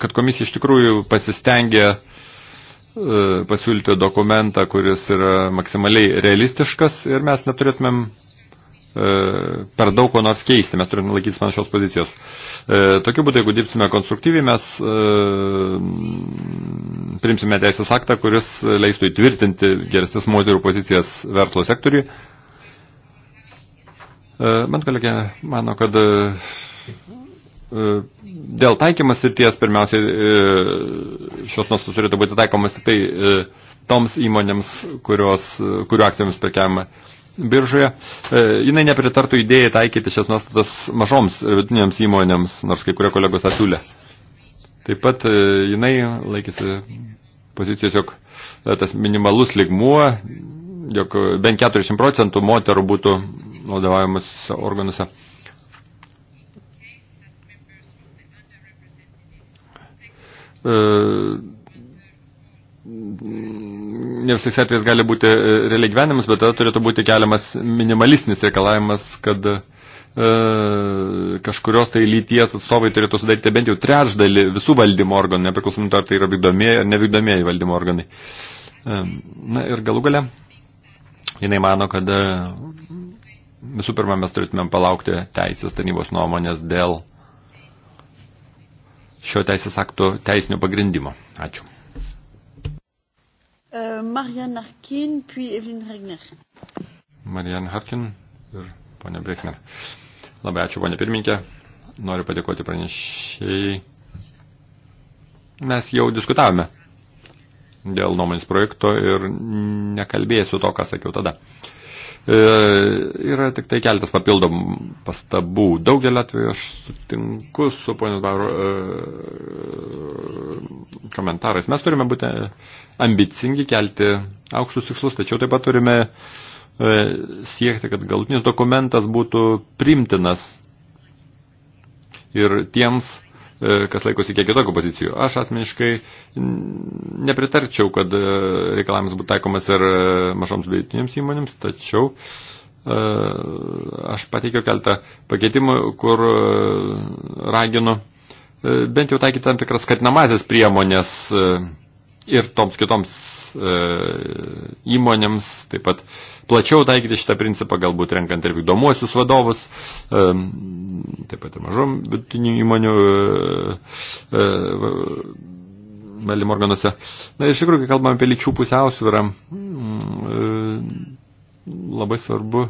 kad komisija iš tikrųjų pasistengė E, pasiūlyti dokumentą, kuris yra maksimaliai realistiškas ir mes neturėtumėm e, per daug ko nors keisti, mes turime laikytis panašios pozicijos. E, tokiu būdu, jeigu dirbsime konstruktyviai, mes primsime teisės aktą, kuris leistų įtvirtinti geresnės moterų pozicijas verslo sektoriui. Man kolegė mano, kad E, dėl taikymas ir ties pirmiausiai e, šios nuostatos turėtų būti taikomas tik tai e, toms įmonėms, kurios, kurių akcijomis prekiavama biržoje. Jinai nepritartų idėjai taikyti šias nuostatas mažoms ir vidutinėms įmonėms, nors kai kurie kolegos atsiūlė. Taip pat jinai laikėsi pozicijos, jog tas minimalus ligmuo, jog bent 40 procentų moterų būtų vadovaujamas organuose. E, ne visais atvejais gali būti e, realiai gyvenimas, bet tada turėtų būti keliamas minimalistinis reikalavimas, kad e, kažkurios tai lyties atstovai turėtų sudaryti bent jau trečdalį visų valdymo organų, nepriklausomai to, ar tai yra vykdomieji ar nevykdomieji valdymo organai. E, na ir galų gale, jinai mano, kad e, visų pirma mes turėtumėm palaukti teisės tarnybos nuomonės dėl šio teisės akto teisinio pagrindimo. Ačiū. Uh, Marian Harkin, puis Evelyn Regner. Marian Harkin ir ponia Brechner. Labai ačiū, ponia pirminkė. Noriu padėkoti pranešėjai. Mes jau diskutavome dėl nuomonės projekto ir nekalbėsiu to, ką sakiau tada. Uh, E, yra tik tai keletas papildom pastabų. Daugelį atveju aš sutinku su ponios Baro e, komentarais. Mes turime būti ambicingi, kelti aukštus tikslus, tačiau taip pat turime e, siekti, kad galutinis dokumentas būtų primtinas ir tiems, E, kas laikosi kiek kitokių pozicijų. Aš asmeniškai nepritarčiau, kad e, reikalavimas būtų taikomas ir e, mažoms vidutinėms įmonėms, tačiau aš pateikiau keltą pakeitimų, kur raginu bent jau taikyti tam tikras skatinamasias priemonės ir toms kitoms e, įmonėms, taip pat plačiau taikyti šitą principą, galbūt renkant ir vykdomuosius vadovus, e, taip pat ir mažom vidutinių įmonių e, e, valdymo organuose. Na, iš tikrųjų, kai kalbame apie lyčių pusiausvyrą, mm, e, labai svarbu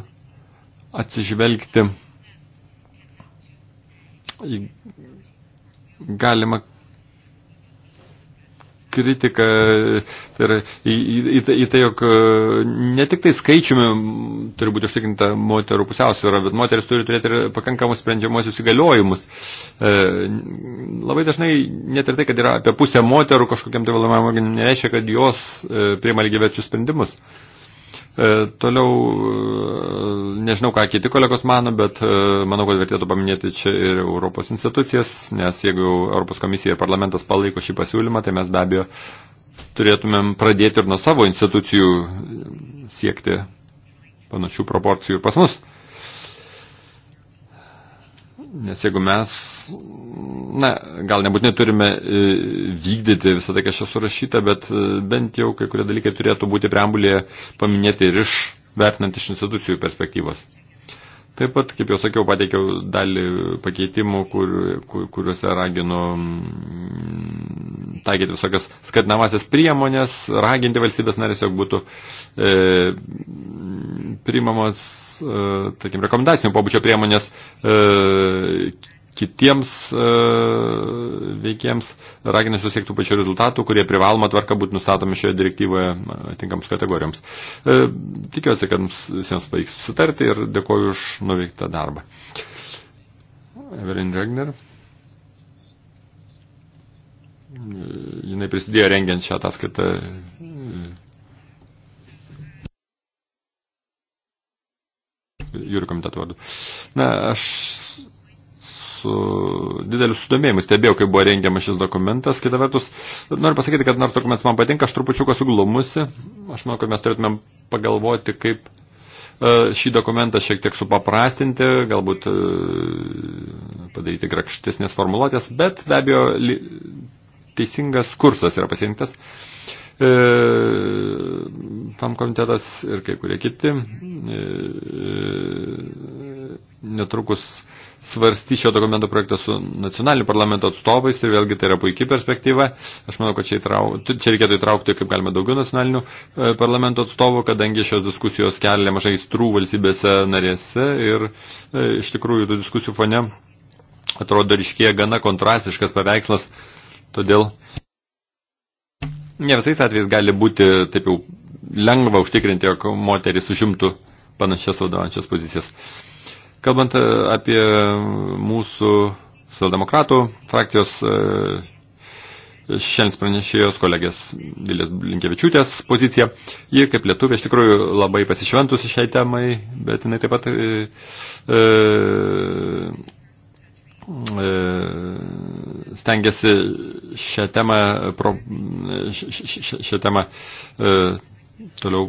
atsižvelgti į galimą kritiką, tai yra į, į, į tai, tai jog e, ne tik tai skaičiumi turi būti užtikrinta moterų pusiausvyrą, bet moteris turi turėti ir pakankamus sprendžiamosius įgaliojimus. E, labai dažnai net ir tai, kad yra apie pusę moterų kažkokiam tai valdomam nereiškia, kad jos e, priima lygiaverčius sprendimus. E, E, toliau, e, nežinau, ką kiti kolegos mano, bet e, manau, kad vertėtų paminėti čia ir Europos institucijas, nes jeigu Europos komisija ir parlamentas palaiko šį pasiūlymą, tai mes be abejo turėtumėm pradėti ir nuo savo institucijų siekti panašių proporcijų ir pas mus. Nes jeigu mes, na, gal nebūtinai turime e, vykdyti visą tai, kas čia surašyta, bet e, bent jau kai kurie dalykai turėtų būti preambulėje paminėti ir iš vertinant iš institucijų perspektyvos. Taip pat, kaip jau sakiau, pateikiau dalį pakeitimų, kur, kur, kuriuose raginu mm, taikyti visokias skatinamasias priemonės, raginti valstybės narės, jog būtų e, priimamas, e, tarkim, rekomendacinių pobūdžio priemonės e, kitiems e, veikiems, raginasi siekti pačių rezultatų, kurie privaloma tvarka būtų nustatomi šioje direktyvoje atinkams kategorijoms. E, tikiuosi, kad mums visiems pavyks susitarti ir dėkoju už nuveiktą darbą. Evelyn Regner. Jinai prisidėjo rengiant šią ataskaitą jūrų komiteto vardu. Na, aš su dideliu sudomėjimu stebėjau, kaip buvo rengiamas šis dokumentas. Kita vertus, noriu pasakyti, kad nors dokumentas man patinka, aš trupučiuką suglumusi. Aš manau, kad mes turėtumėm pagalvoti, kaip e, šį dokumentą šiek tiek supaprastinti, galbūt e, padaryti grakštesnės formuluotės, bet be abejo teisingas kursas yra pasirinktas. E, tam komitetas ir kai kurie kiti e, e netrukus svarsti šio dokumento projektą su nacionaliniu parlamento atstovais ir vėlgi tai yra puikia perspektyva. Aš manau, kad čia, įtrau, čia reikėtų įtraukti kaip galima daugiau nacionalinių e, parlamento atstovų, kadangi šios diskusijos kelia nemažai strų valstybėse narėse ir e, iš tikrųjų tų diskusijų fone atrodo ryškėja gana kontrastiškas paveikslas, todėl ne visais atvejais gali būti taip jau lengva užtikrinti, jog moteris užimtų panašias vadovančias pozicijas. Kalbant e, apie mūsų socialdemokratų frakcijos e, šiandien pranešėjos kolegės Vilės Linkevičiūtės poziciją, ji kaip lietuvė iš tikrųjų labai pasišventusi šiai temai, bet jinai taip pat e, e, e stengiasi šią temą, pro, š, š, š, šią temą e, toliau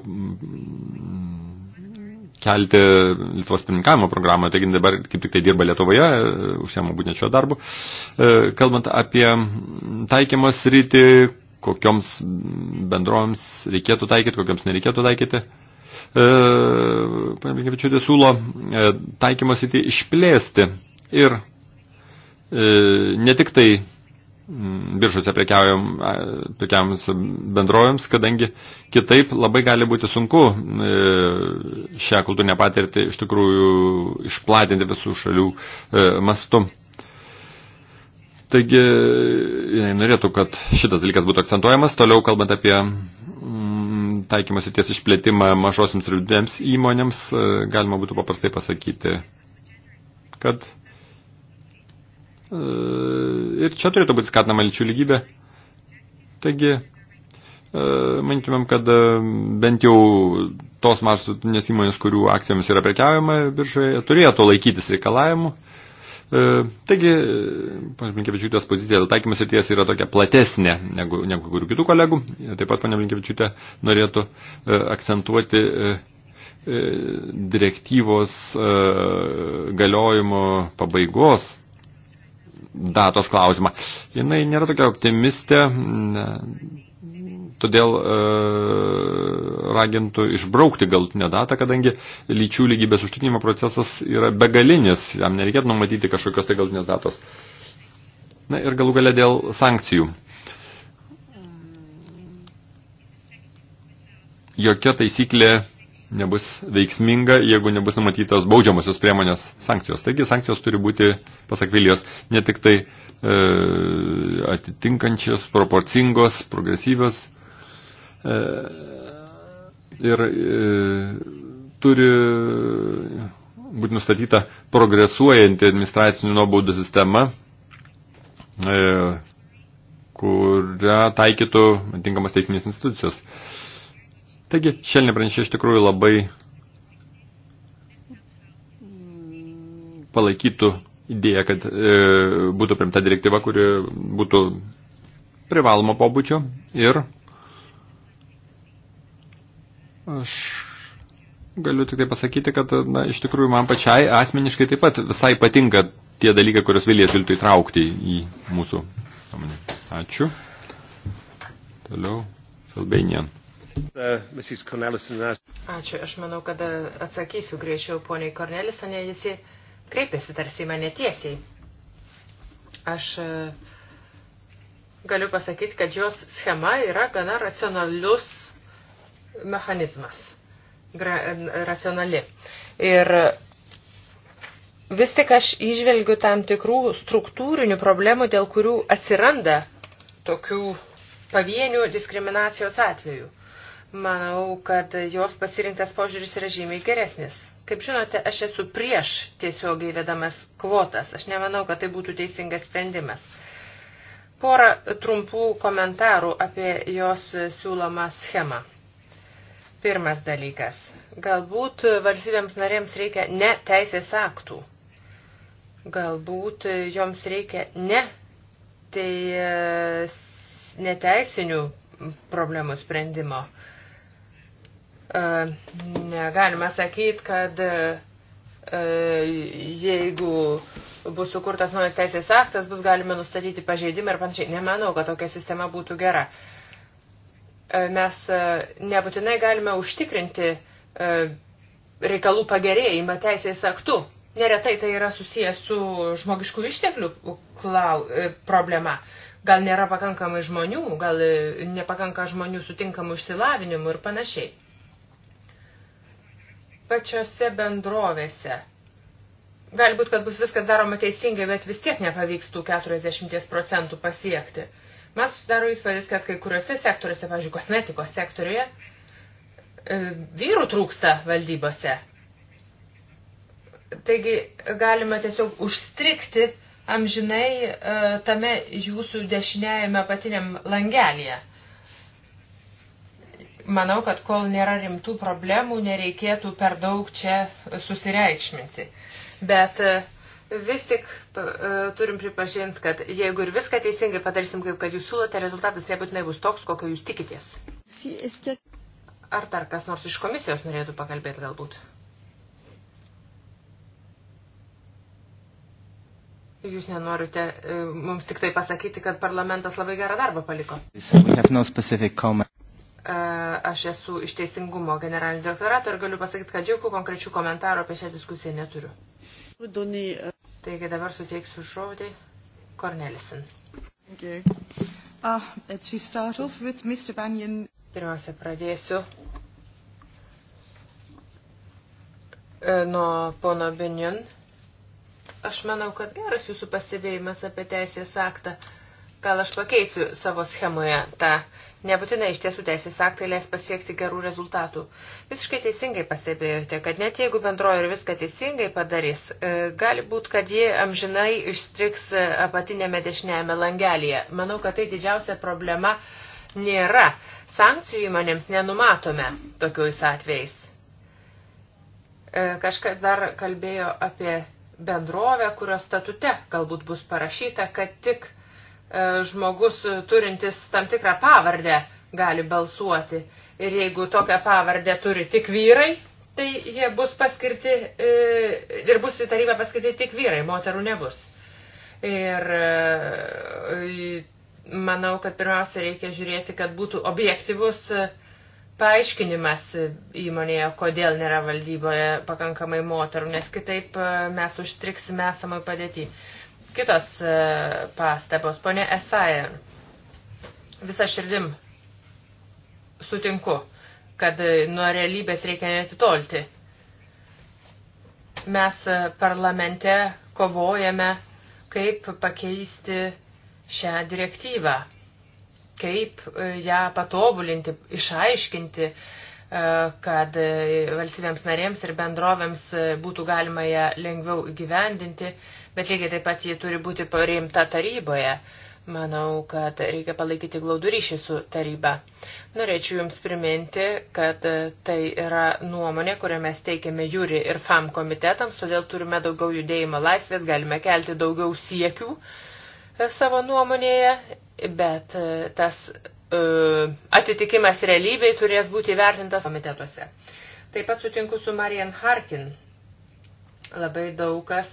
kelti Lietuvos pirmininkavimo programą, taigi dabar kaip tik tai dirba Lietuvoje, užsiema būtent šio darbu. E, kalbant apie taikymos rytį, kokioms bendrovėms reikėtų taikyti, kokioms nereikėtų taikyti. Pane Blinkevičiūtė siūlo e, taikymos įti išplėsti ir e, ne tik tai Mm, biržose prekiavimus bendrovėms, kadangi kitaip labai gali būti sunku e, šią kultūrinę patirtį iš tikrųjų išplatinti visų šalių e, mastu. Taigi, jei norėtų, kad šitas dalykas būtų akcentuojamas, toliau kalbant apie mm, taikymosi ties išplėtimą mažosiams ir vidutinėms įmonėms, e, galima būtų paprastai pasakyti, kad E, ir čia turėtų būti skatinama lyčių lygybė. Taigi, e, manytumėm, kad e, bent jau tos mažutinės įmonės, kurių akcijomis yra prekiaujama biržoje, turėtų laikytis reikalavimų. Taigi, ponia Blinkevičiūtės pozicija dėl taikymas ir ties yra tokia platesnė negu, negu kurių kitų kolegų. Taip pat ponia Blinkevičiūtė norėtų akcentuoti direktyvos galiojimo pabaigos datos klausimą. Jinai nėra tokia optimistė, todėl e, ragintų išbraukti galutinę datą, kadangi lyčių lygybės užtikrinimo procesas yra begalinis, jam nereikėtų numatyti kažkokios tai galutinės datos. Na ir galų gale dėl sankcijų. Jokia taisyklė nebus veiksminga, jeigu nebus numatytos baudžiamosios priemonės sankcijos. Taigi sankcijos turi būti, pasak Vilijos, ne tik tai e, atitinkančios, proporcingos, progresyvios e, ir e, turi būti nustatyta progresuojanti administracinių nuobaudų sistema, e, kurią taikytų tinkamas teisminės institucijos. E, Taigi, šelnė pranešė iš tikrųjų labai mm, palaikytų idėją, kad e, būtų primta direktyva, kuri būtų privaloma pobūdžio ir aš galiu tik tai pasakyti, kad na, iš tikrųjų man pačiai asmeniškai taip pat visai patinka tie dalykai, kuriuos Vilijas viltų įtraukti į mūsų nuomonę. Ačiū. Toliau. Albanian. Ačiū, aš manau, kad atsakysiu griežčiau poniai Kornelisonė, jis kreipėsi tarsi į mane tiesiai. Aš e, galiu pasakyti, kad jos schema yra gana racionalius mechanizmas. Gra, racionali. Ir vis tik aš išvelgiu tam tikrų struktūrinių problemų, dėl kurių atsiranda tokių pavienių diskriminacijos atvejų. Manau, kad jos pasirinktas požiūris yra žymiai geresnis. Kaip žinote, aš esu prieš tiesiogiai vedamas kvotas. Aš nemanau, kad tai būtų teisingas sprendimas. Porą trumpų komentarų apie jos siūlomą schemą. Pirmas dalykas. Galbūt valstybėms narėms reikia ne teisės aktų. Galbūt joms reikia ne, tai, ne teisinių problemų sprendimo. E, negalima sakyti, kad e, e, jeigu bus sukurtas naujas teisės aktas, bus galima nustatyti pažeidimą ir panašiai. Nemanau, kad tokia sistema būtų gera. Mes nebūtinai galime užtikrinti reikalų pagerėjimą teisės aktu. Neretai tai yra susijęs su žmogiškų išteklių klau, problema. Gal nėra pakankamai žmonių, gal nepakanka žmonių sutinkamų išsilavinimų ir panašiai pačiose bendrovėse. Gali būt, kad bus viskas daroma teisingai, bet vis tiek nepavyks tų 40 procentų pasiekti. Man susidaro įspūdis, kad kai kuriuose sektoriuose, pavyzdžiui, kosmetikos sektoriuje, e, vyrų trūksta valdybose. Taigi galima tiesiog užstrikti amžinai e, tame jūsų dešiniajame patiniam langelėje manau, kad kol nėra rimtų problemų, nereikėtų per daug čia susireikšminti. Bet e, vis tik e, turim pripažinti, kad jeigu ir viską teisingai padarysim, kaip kad jūs siūlote, rezultatas nebūtinai bus toks, kokio jūs tikitės. Ar dar kas nors iš komisijos norėtų pakalbėti galbūt? Jūs nenorite e, mums tik tai pasakyti, kad parlamentas labai gerą darbą paliko. So aš esu iš Teisingumo generalinio direktorato ir galiu pasakyti, kad jokių konkrečių komentarų apie šią diskusiją neturiu. Taigi dabar suteiksiu žodį Cornelison. Ah, Pirmiausia, pradėsiu e, nuo pono Binion. Aš manau, kad geras jūsų pastebėjimas apie teisės aktą. Uh, Gal aš pakeisiu savo schemoje tą. Nebūtinai iš tiesų teisės aktai leis pasiekti gerų rezultatų. Visiškai teisingai pastebėjote, kad net jeigu bendroji ir viską teisingai padarys, e, gali būti, kad ji amžinai išstriks e, apatinėme dešinėme langelėje. Manau, kad tai didžiausia problema nėra. Sankcijų įmonėms nenumatome tokiais atvejais. E, kažkas dar kalbėjo apie bendrovę, kurios statute galbūt bus parašyta, kad tik uh, E, žmogus turintis tam tikrą pavardę gali balsuoti. Ir jeigu tokią pavardę turi tik vyrai, tai jie bus paskirti e, ir bus į tarybą paskirti tik vyrai, moterų nebus. Ir e, manau, kad pirmiausia reikia žiūrėti, kad būtų objektivus paaiškinimas įmonėje, kodėl nėra valdyboje pakankamai moterų, nes kitaip mes užstriksime esamai padėti. Kitos e, pastabos, ponė Esair, visą širdim sutinku, kad nuo realybės reikia netitolti. Mes parlamente kovojame, kaip pakeisti šią direktyvą, kaip e, ją patobulinti, išaiškinti, e, kad valstybėms narėms ir bendrovėms būtų galima ją lengviau gyvendinti bet lygiai taip pat ji turi būti parimta taryboje. Manau, kad reikia palaikyti glaudų ryšį su taryba. Norėčiau Jums priminti, kad tai yra nuomonė, kurią mes teikiame jūri ir FAM komitetams, todėl turime daugiau judėjimo laisvės, galime kelti daugiau siekių savo nuomonėje, bet tas e, atitikimas realybei turės būti įvertintas komitetuose. Taip pat sutinku su Marian Harkin. Labai daug kas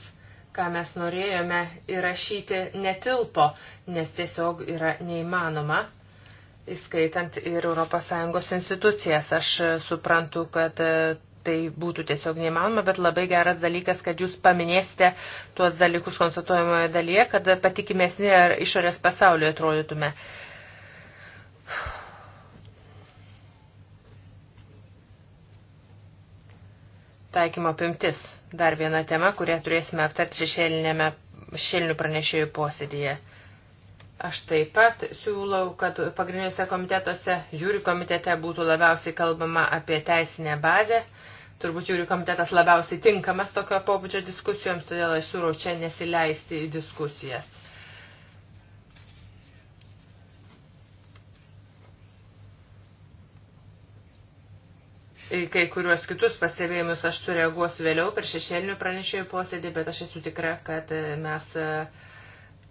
ką mes norėjome įrašyti, netilpo, nes tiesiog yra neįmanoma, įskaitant ir ES institucijas. Aš suprantu, kad e, tai būtų tiesiog neįmanoma, bet labai geras dalykas, kad jūs paminėsite tuos dalykus konstatuojamoje dalyje, kad patikimesnė ar išorės pasaulyje atrodytume. Taikymo apimtis. Dar viena tema, kurią turėsime aptarti šešėlinėme šešėlinių pranešėjų posėdėje. Aš taip pat siūlau, kad pagrindiniuose komitetuose, jūrių komitete būtų labiausiai kalbama apie teisinę bazę. Turbūt jūrių komitetas labiausiai tinkamas tokio pobūdžio diskusijoms, todėl aš siūlau čia nesileisti į diskusijas. kai kuriuos kitus pastebėjimus aš sureaguosiu vėliau per šešėlinių pranešėjų posėdį, bet aš esu tikra, kad e, mes e,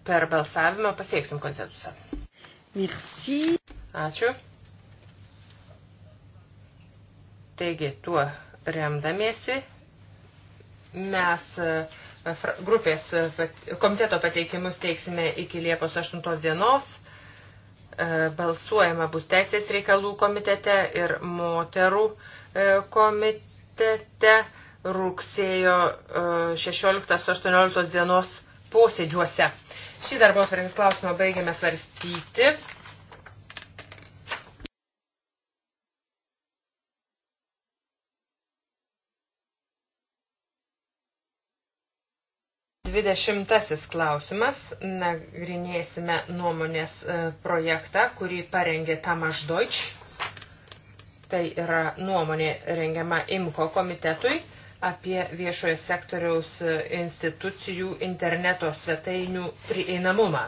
per balsavimą pasieksim konsensusą. Merci. Ačiū. Taigi, tuo remdamiesi mes e, grupės komiteto pateikimus teiksime iki Liepos 8 dienos. E, balsuojama bus teisės reikalų komitete ir moterų e, komitete rugsėjo 16-18 e, dienos posėdžiuose. Šį darbo atvarkės klausimą baigiame svarstyti. 20 klausimas. Nagrinėsime nuomonės e, projektą, kurį parengė Tamas Deutsch. Tai yra nuomonė rengiama IMKO komitetui apie viešojo sektoriaus e, institucijų interneto svetainių prieinamumą.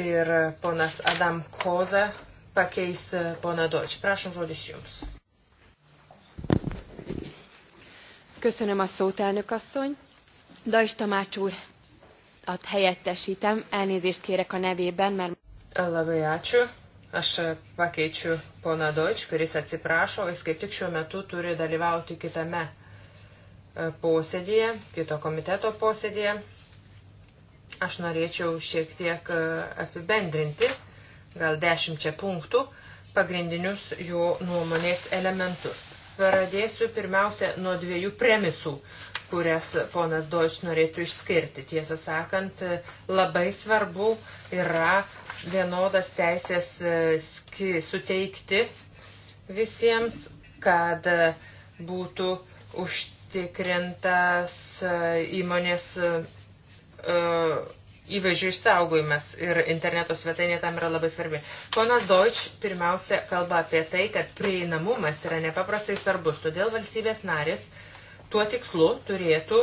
Ir ponas Adam Koza pakeis e, poną Deutsch. Prašom žodis jums. Köszönöm a szót, elnök asszony. Dajs Tamács úr, at helyettesítem, elnézést kérek a nevében, mert... Labai ačiū. Aš pakeičiu poną Deutsch, kuris atsiprašo, jis kaip tik šiuo metu turi dalyvauti kitame e, posėdėje, kito komiteto posėdėje. Aš norėčiau šiek tiek e, apibendrinti, gal dešimčia punktų, pagrindinius jo nuomonės elementus pradėsiu pirmiausia nuo dviejų premisų, kurias ponas Doč norėtų išskirti. Tiesą sakant, labai svarbu yra vienodas teisės e, suteikti visiems, kad būtų užtikrintas e, įmonės e, įvaizdžių išsaugojimas ir interneto svetainė tam yra labai svarbi. Ponas Deutsch pirmiausia kalba apie tai, kad prieinamumas yra nepaprastai svarbus, todėl valstybės narės tuo tikslu turėtų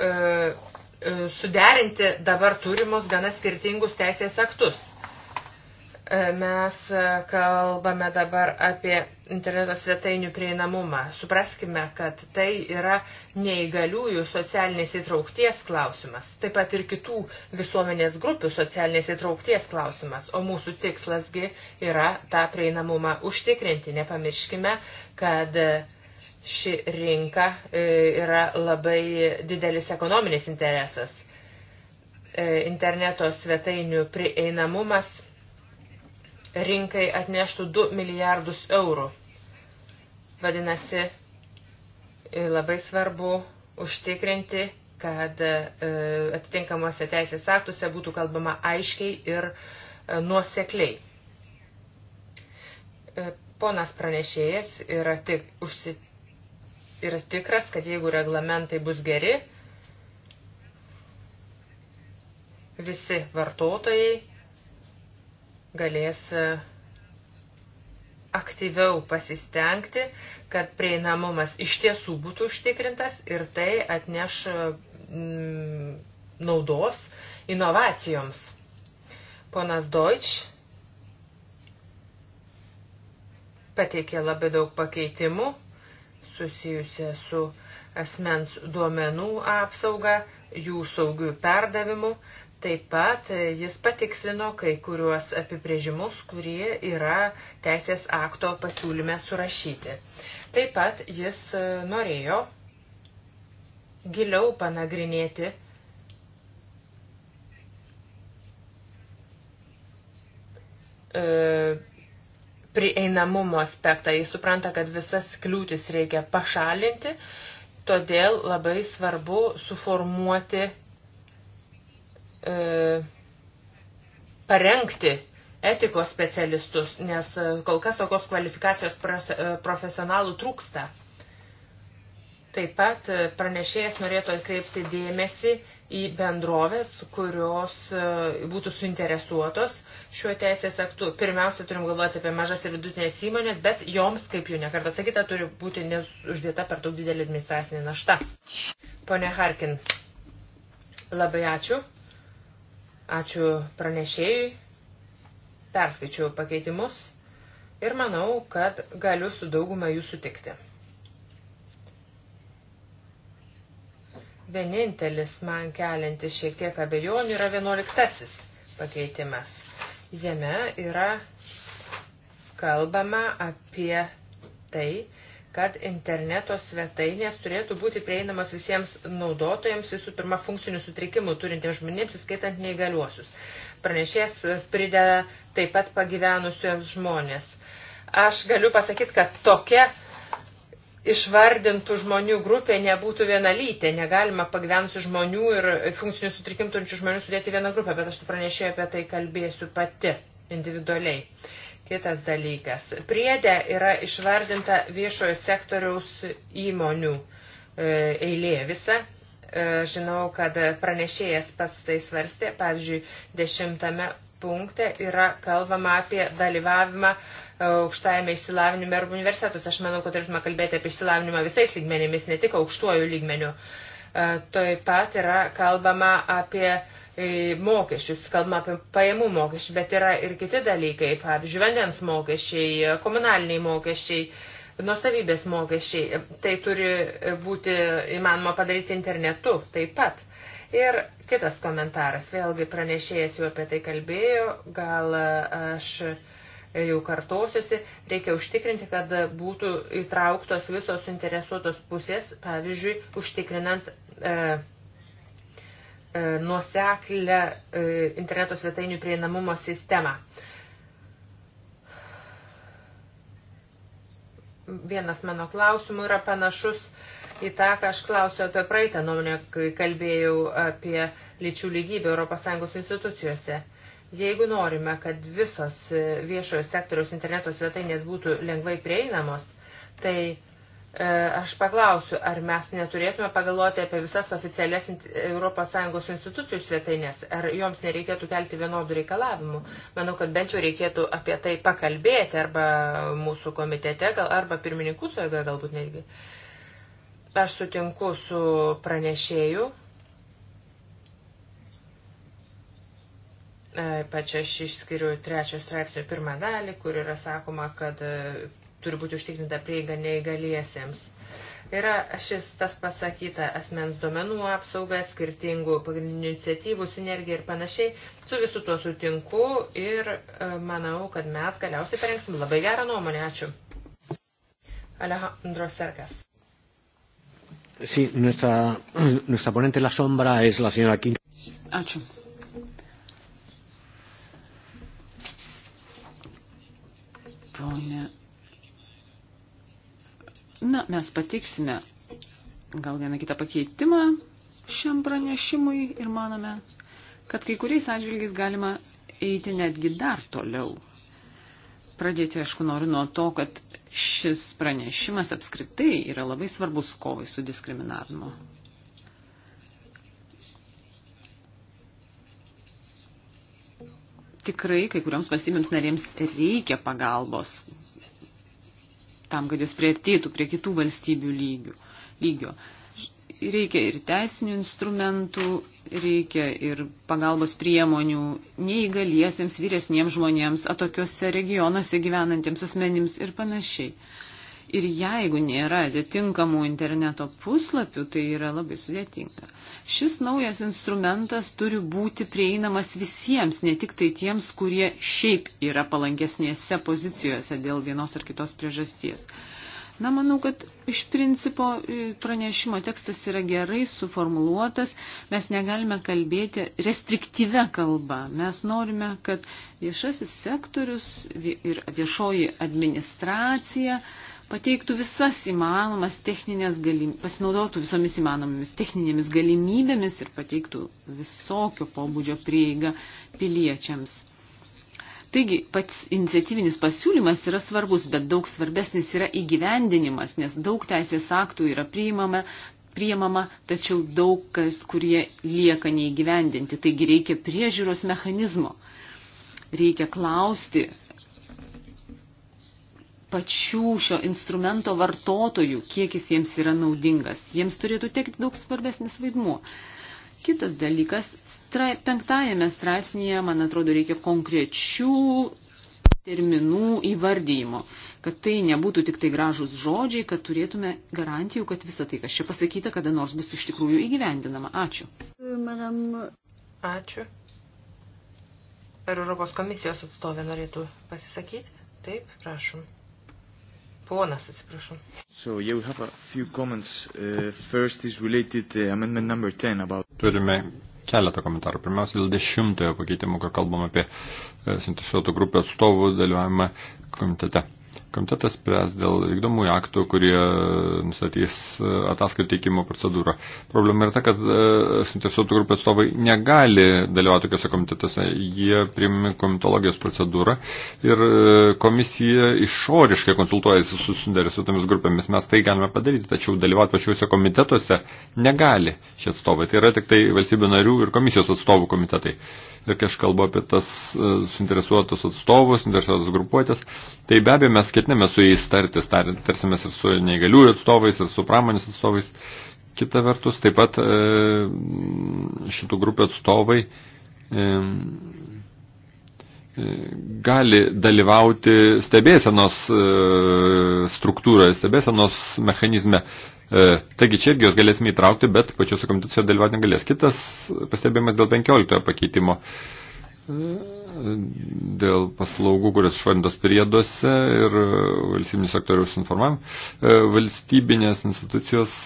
e, e suderinti dabar turimus gana skirtingus teisės aktus. E, mes e, kalbame dabar apie interneto svetainių prieinamumą. Supraskime, kad tai yra neįgaliųjų socialinės įtraukties klausimas, taip pat ir kitų visuomenės grupių socialinės įtraukties klausimas. O mūsų tikslasgi yra tą prieinamumą užtikrinti. Nepamirškime, kad ši rinka e, yra labai didelis ekonominis interesas. Interneto svetainių prieinamumas rinkai atneštų 2 milijardus eurų. Vadinasi, labai svarbu užtikrinti, kad e, atitinkamuose teisės aktuose būtų kalbama aiškiai ir e, nuosekliai. E, ponas pranešėjas yra, tik, užsi, yra tikras, kad jeigu reglamentai bus geri, visi vartotojai galės e, aktyviau pasistengti, kad prieinamumas iš tiesų būtų užtikrintas ir tai atneš e, naudos inovacijoms. Ponas Deutsch pateikė labai daug pakeitimų susijusia su asmens duomenų apsauga, jų saugių perdavimu. Taip pat e, jis patikslino kai kuriuos apibrėžimus, kurie yra teisės akto pasiūlyme surašyti. Taip pat jis e, norėjo giliau panagrinėti e, prieinamumo aspektą. Jis supranta, kad visas kliūtis reikia pašalinti, todėl labai svarbu suformuoti e, parengti etikos specialistus, nes e, kol kas tokios kvalifikacijos e, profesionalų trūksta. Taip pat e, pranešėjas norėtų atkreipti dėmesį į bendrovės, kurios būtų suinteresuotos šiuo teisės aktu. Pirmiausia, turim galvoti apie mažas ir vidutinės įmonės, bet joms, kaip jų nekartą sakyta, turi būti uždėta per daug didelį administracinį naštą. Pone Harkin, labai ačiū. Ačiū pranešėjui, perskaičiau pakeitimus ir manau, kad galiu su dauguma jų sutikti. Vienintelis man keliantis šiek tiek abejonių yra vienuoliktasis pakeitimas. Jame yra kalbama apie tai, kad interneto svetainės turėtų būti prieinamas visiems naudotojams, visų pirma, funkcinių sutrikimų turintiems žmonėms, įskaitant neįgaliuosius. Pranešės prideda taip pat pagyvenusios žmonės. Aš galiu pasakyti, kad tokia išvardintų žmonių grupė nebūtų vienalytė. Negalima pagyvenusių žmonių ir funkcinių sutrikimų turinčių žmonių sudėti vieną grupę, bet aš pranešėjau apie tai kalbėsiu pati individualiai. Uh, Kitas dalykas. Priedė yra išvardinta viešojo sektoriaus įmonių e, eilė visa. E, žinau, kad pranešėjas pats tai svarstė, pavyzdžiui, dešimtame punkte yra kalbama apie dalyvavimą e, aukštajame išsilavinime arba universitetus. Aš manau, kad turėtume kalbėti apie išsilavinimą visais lygmenėmis, ne tik aukštuoju lygmeniu. Taip pat yra kalbama apie mokesčius, kalbama apie pajamų mokesčių, bet yra ir kiti dalykai, pavyzdžiui, vandens mokesčiai, komunaliniai mokesčiai, nusavybės mokesčiai. Tai turi būti įmanoma padaryti internetu taip pat. Ir kitas komentaras, vėlgi pranešėjas jau apie tai kalbėjo, gal aš jau kartosiuosi, reikia užtikrinti, kad būtų įtrauktos visos suinteresuotos pusės, pavyzdžiui, užtikrinant e, E, nuoseklę e, interneto svetainių prieinamumo sistemą. Vienas mano klausimų yra panašus į tą, ką aš klausiau apie praeitą nuomonę, kai kalbėjau apie lyčių lygybę ES institucijose. Jeigu norime, kad visos e, viešojo sektoriaus interneto svetainės būtų lengvai prieinamos, tai E, aš paklausiu, ar mes neturėtume pagalvoti apie visas oficialias ES institucijų svetainės, ar joms nereikėtų kelti vienodų reikalavimų. Manau, kad bent jau reikėtų apie tai pakalbėti arba mūsų komitete, gal, arba pirmininkų sąjungoje galbūt netgi. Aš sutinku su pranešėju. E, pač aš išskiriu trečio straipsnio pirmą dalį, kur yra sakoma, kad e, turi būti užtikrinta prieiga neįgaliesiems. Yra šis tas pasakyta asmens duomenų apsauga, skirtingų pagrindinių iniciatyvų, sinergija ir panašiai. Su visu tuo sutinku ir e, manau, kad mes galiausiai parengsim labai gerą nuomonę. Ačiū. Alejandro Serkas. Sí, nuestra, nuestra ponente la sombra es la señora King. Ačiū. Pone Na, mes patiksime gal vieną kitą pakeitimą šiam pranešimui ir manome, kad kai kuriais atžvilgiais galima eiti netgi dar toliau. Pradėti, aišku, noriu nuo to, kad šis pranešimas apskritai yra labai svarbus kovai su diskriminavimu. Tikrai kai kurioms valstybėms narėms reikia pagalbos tam, kad jis prieartėtų prie kitų valstybių lygių, lygio. Reikia ir teisinių instrumentų, reikia ir pagalbos priemonių neįgaliesiems, vyresniems žmonėms, atokiuose regionuose gyvenantiems asmenims ir panašiai. Ir jeigu nėra atitinkamų interneto puslapių, tai yra labai sudėtinga. Šis naujas instrumentas turi būti prieinamas visiems, ne tik tai tiems, kurie šiaip yra palankesnėse pozicijose dėl vienos ar kitos priežasties. Na, manau, kad iš principo e, pranešimo tekstas yra gerai suformuluotas, mes negalime kalbėti restriktyvę kalbą. Mes norime, kad viešasis sektorius ir viešoji administracija pateiktų visas įmanomas techninės galimybės, pasinaudotų visomis įmanomomis techninėmis galimybėmis ir pateiktų visokio pobūdžio prieigą piliečiams. Taigi pats iniciatyvinis pasiūlymas yra svarbus, bet daug svarbesnis yra įgyvendinimas, nes daug teisės aktų yra priimama, priimama tačiau daug kas, kurie lieka neįgyvendinti. Taigi reikia priežiūros mechanizmo. Reikia klausti pačių šio instrumento vartotojų, kiek jis jiems yra naudingas. Jiems turėtų tekti daug svarbesnis vaidmuo. Kitas dalykas, strai, penktajame straipsnėje, man atrodo, reikia konkrečių terminų įvardyjimo, kad tai nebūtų tik tai gražus žodžiai, kad turėtume garantijų, kad visa tai, kas čia pasakyta, kada nors bus iš tikrųjų įgyvendinama. Ačiū. Madam. Ačiū. Ar Europos komisijos atstovė norėtų pasisakyti? Taip, prašom. Ponas, atsiprašau. So, you have a few comments. Uh, first is related uh, amendment number 10 about... Turime keletą komentarų. Pirmiausia, dėl dešimtojo pakeitimo, kur kalbam apie uh, suinteresuotų grupių atstovų dalyvavimą komitete. Komitetas spręs dėl vykdomųjų aktų, kurie nustatys e, ataskaitų teikimo procedūrą. Problema yra ta, kad e, suinteresuotų grupės atstovai negali dalyvauti tokiuose komitetuose. Jie priimami komitologijos procedūrą ir e, komisija išoriškai konsultuojasi su suinteresuotomis grupėmis. Mes tai galime padaryti, tačiau dalyvauti pačiuose komitetuose negali šie atstovai. Tai yra tik tai valstybių narių ir komisijos atstovų komitetai. Uh, ir kai aš kalbu apie tas e, suinteresuotus atstovus, suinteresuotus grupuotės, tai be abejo mes ketiname su jais tartis, tarsimės ir su neįgaliųjų atstovais, ir su pramonės atstovais. Kita vertus, taip pat e, šitų grupių atstovai e, gali dalyvauti stebėsenos struktūroje, stebėsenos mechanizme E, taigi čia irgi jos galėsime įtraukti, bet pačiose komitetuose dalyvauti negalės. Kitas pastebėjimas dėl 15 pakeitimo e, dėl paslaugų, kurios išvardintos prieduose ir valstybinio sektoriaus informavim. E, valstybinės institucijos,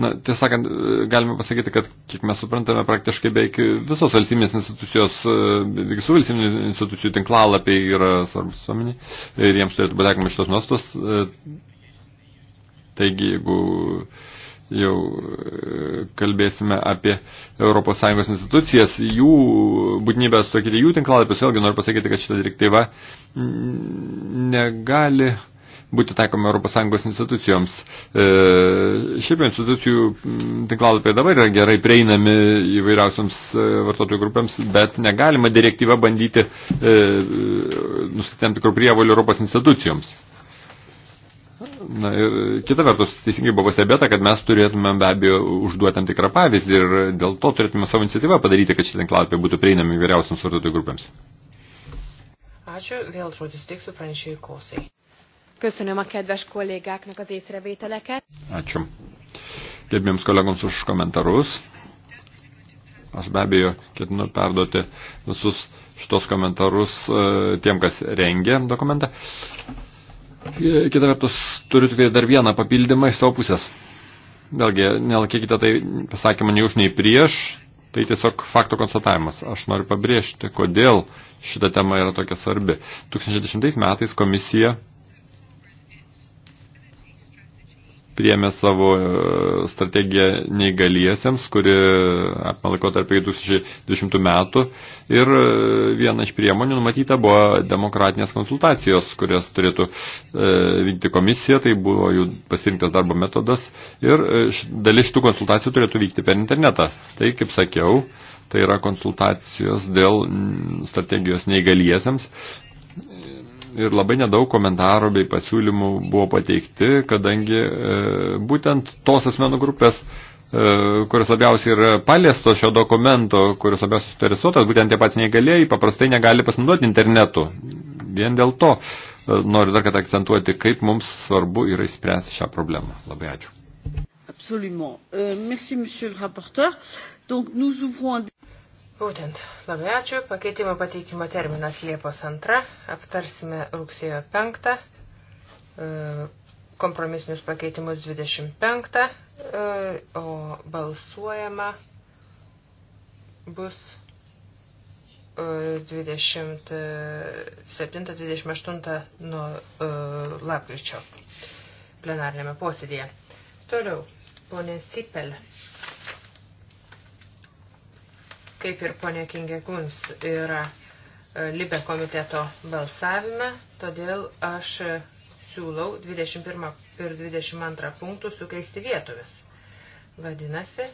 na, tiesąkant, galime pasakyti, kad, kiek mes suprantame, praktiškai beveik visos valstybinės institucijos, visų valstybinių institucijų tinklalapiai yra svarbus suomeniai ir jiems turėtų būti taikomas šitos nuostos. Taigi, jeigu jau e, kalbėsime apie ES institucijas, jų būtinybę sutokyti jų tinklalapius, vėlgi noriu pasakyti, kad šita direktyva negali būti taikoma ES institucijoms. E, šiaip institucijų tinklalapiai dabar yra gerai prieinami įvairiausiams e, vartotojų grupėms, bet negalima direktyva bandyti e, e nustatyti tam tikrų prievolių Europos institucijoms. Na ir kita vertus, teisingai buvo pastebėta, kad mes turėtume be abejo užduoti tam tikrą pavyzdį ir dėl to turėtume savo iniciatyvą padaryti, kad šitą tinklalapį būtų prieinami vyriausiams vartotojų grupėms. Ačiū, vėl žodis teiksiu pranešėjai Kosai. Köszönöm a kedves kollégáknak az észrevételeket. Ačiū. Gerbėjams kolegoms už komentarus. Aš be abejo ketinu perduoti visus šitos komentarus e, tiem, kas rengia dokumentą. Kita vertus, turiu tik tai dar vieną papildymą iš savo pusės. Vėlgi, nelakykite tai pasakymą nei už, nei prieš, tai tiesiog fakto konstatavimas. Aš noriu pabrėžti, kodėl šita tema yra tokia svarbi. 2010 metais komisija priemė savo e, strategiją neįgaliesiems, kuri apima laikotarpį 2020 metų. Ir e, viena iš priemonių numatyta buvo demokratinės konsultacijos, kurias turėtų e, vykti komisija, tai buvo jų pasirinktas darbo metodas. Ir dalis šitų konsultacijų turėtų vykti per internetą. Tai, kaip sakiau, tai yra konsultacijos dėl strategijos neįgaliesiams ir labai nedaug komentarų bei pasiūlymų buvo pateikti, kadangi e, būtent tos asmenų grupės, e, kuris labiausiai yra paliesto šio dokumento, kuris labiausiai suinteresuotas, būtent tie pats neįgalėjai, paprastai negali pasinaudoti internetu. Vien dėl to e, noriu dar kartą akcentuoti, kaip mums svarbu yra įspręsti šią problemą. Labai ačiū. Absolument. Euh, merci, monsieur le rapporteur. Donc, nous ouvrons un... Būtent, labai ačiū. Pakeitimo pateikimo terminas Liepos 2. Aptarsime rugsėjo 5. E, kompromisinius pakeitimus 25. E, o balsuojama bus 27-28 e, nuo lapkričio plenarnėme posėdėje. Toliau, ponė Sipelė kaip ir ponė Kingė Guns yra e, Libe komiteto balsavime, todėl aš siūlau 21 ir 22 punktų sukeisti vietomis. Vadinasi,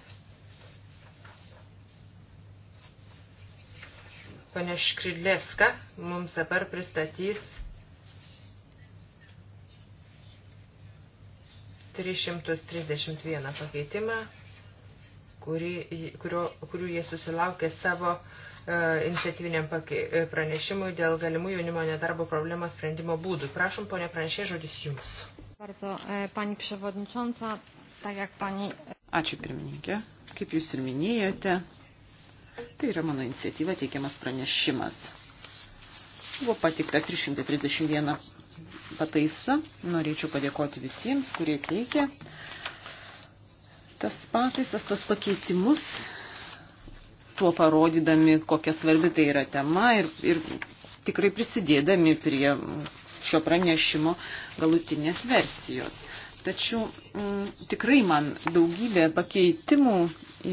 ponė Škridlevska mums dabar pristatys 331 pakeitimą kuri, kurio, kurių jie susilaukė savo e, iniciatyviniam e, pranešimui dėl galimų jaunimo nedarbo problemos sprendimo būdų. Prašom, ponė pranešė, žodis jums. E, Ačiū pirmininkė. Kaip jūs ir minėjote, tai yra mano iniciatyva teikiamas pranešimas. Buvo patikta 331 pataisa. Norėčiau padėkoti visiems, kurie teikia tas pataisas, tos pakeitimus, tuo parodydami, kokia svarbi tai yra tema ir, ir tikrai prisidėdami prie šio pranešimo galutinės versijos. Tačiau m, mm, tikrai man daugybė pakeitimų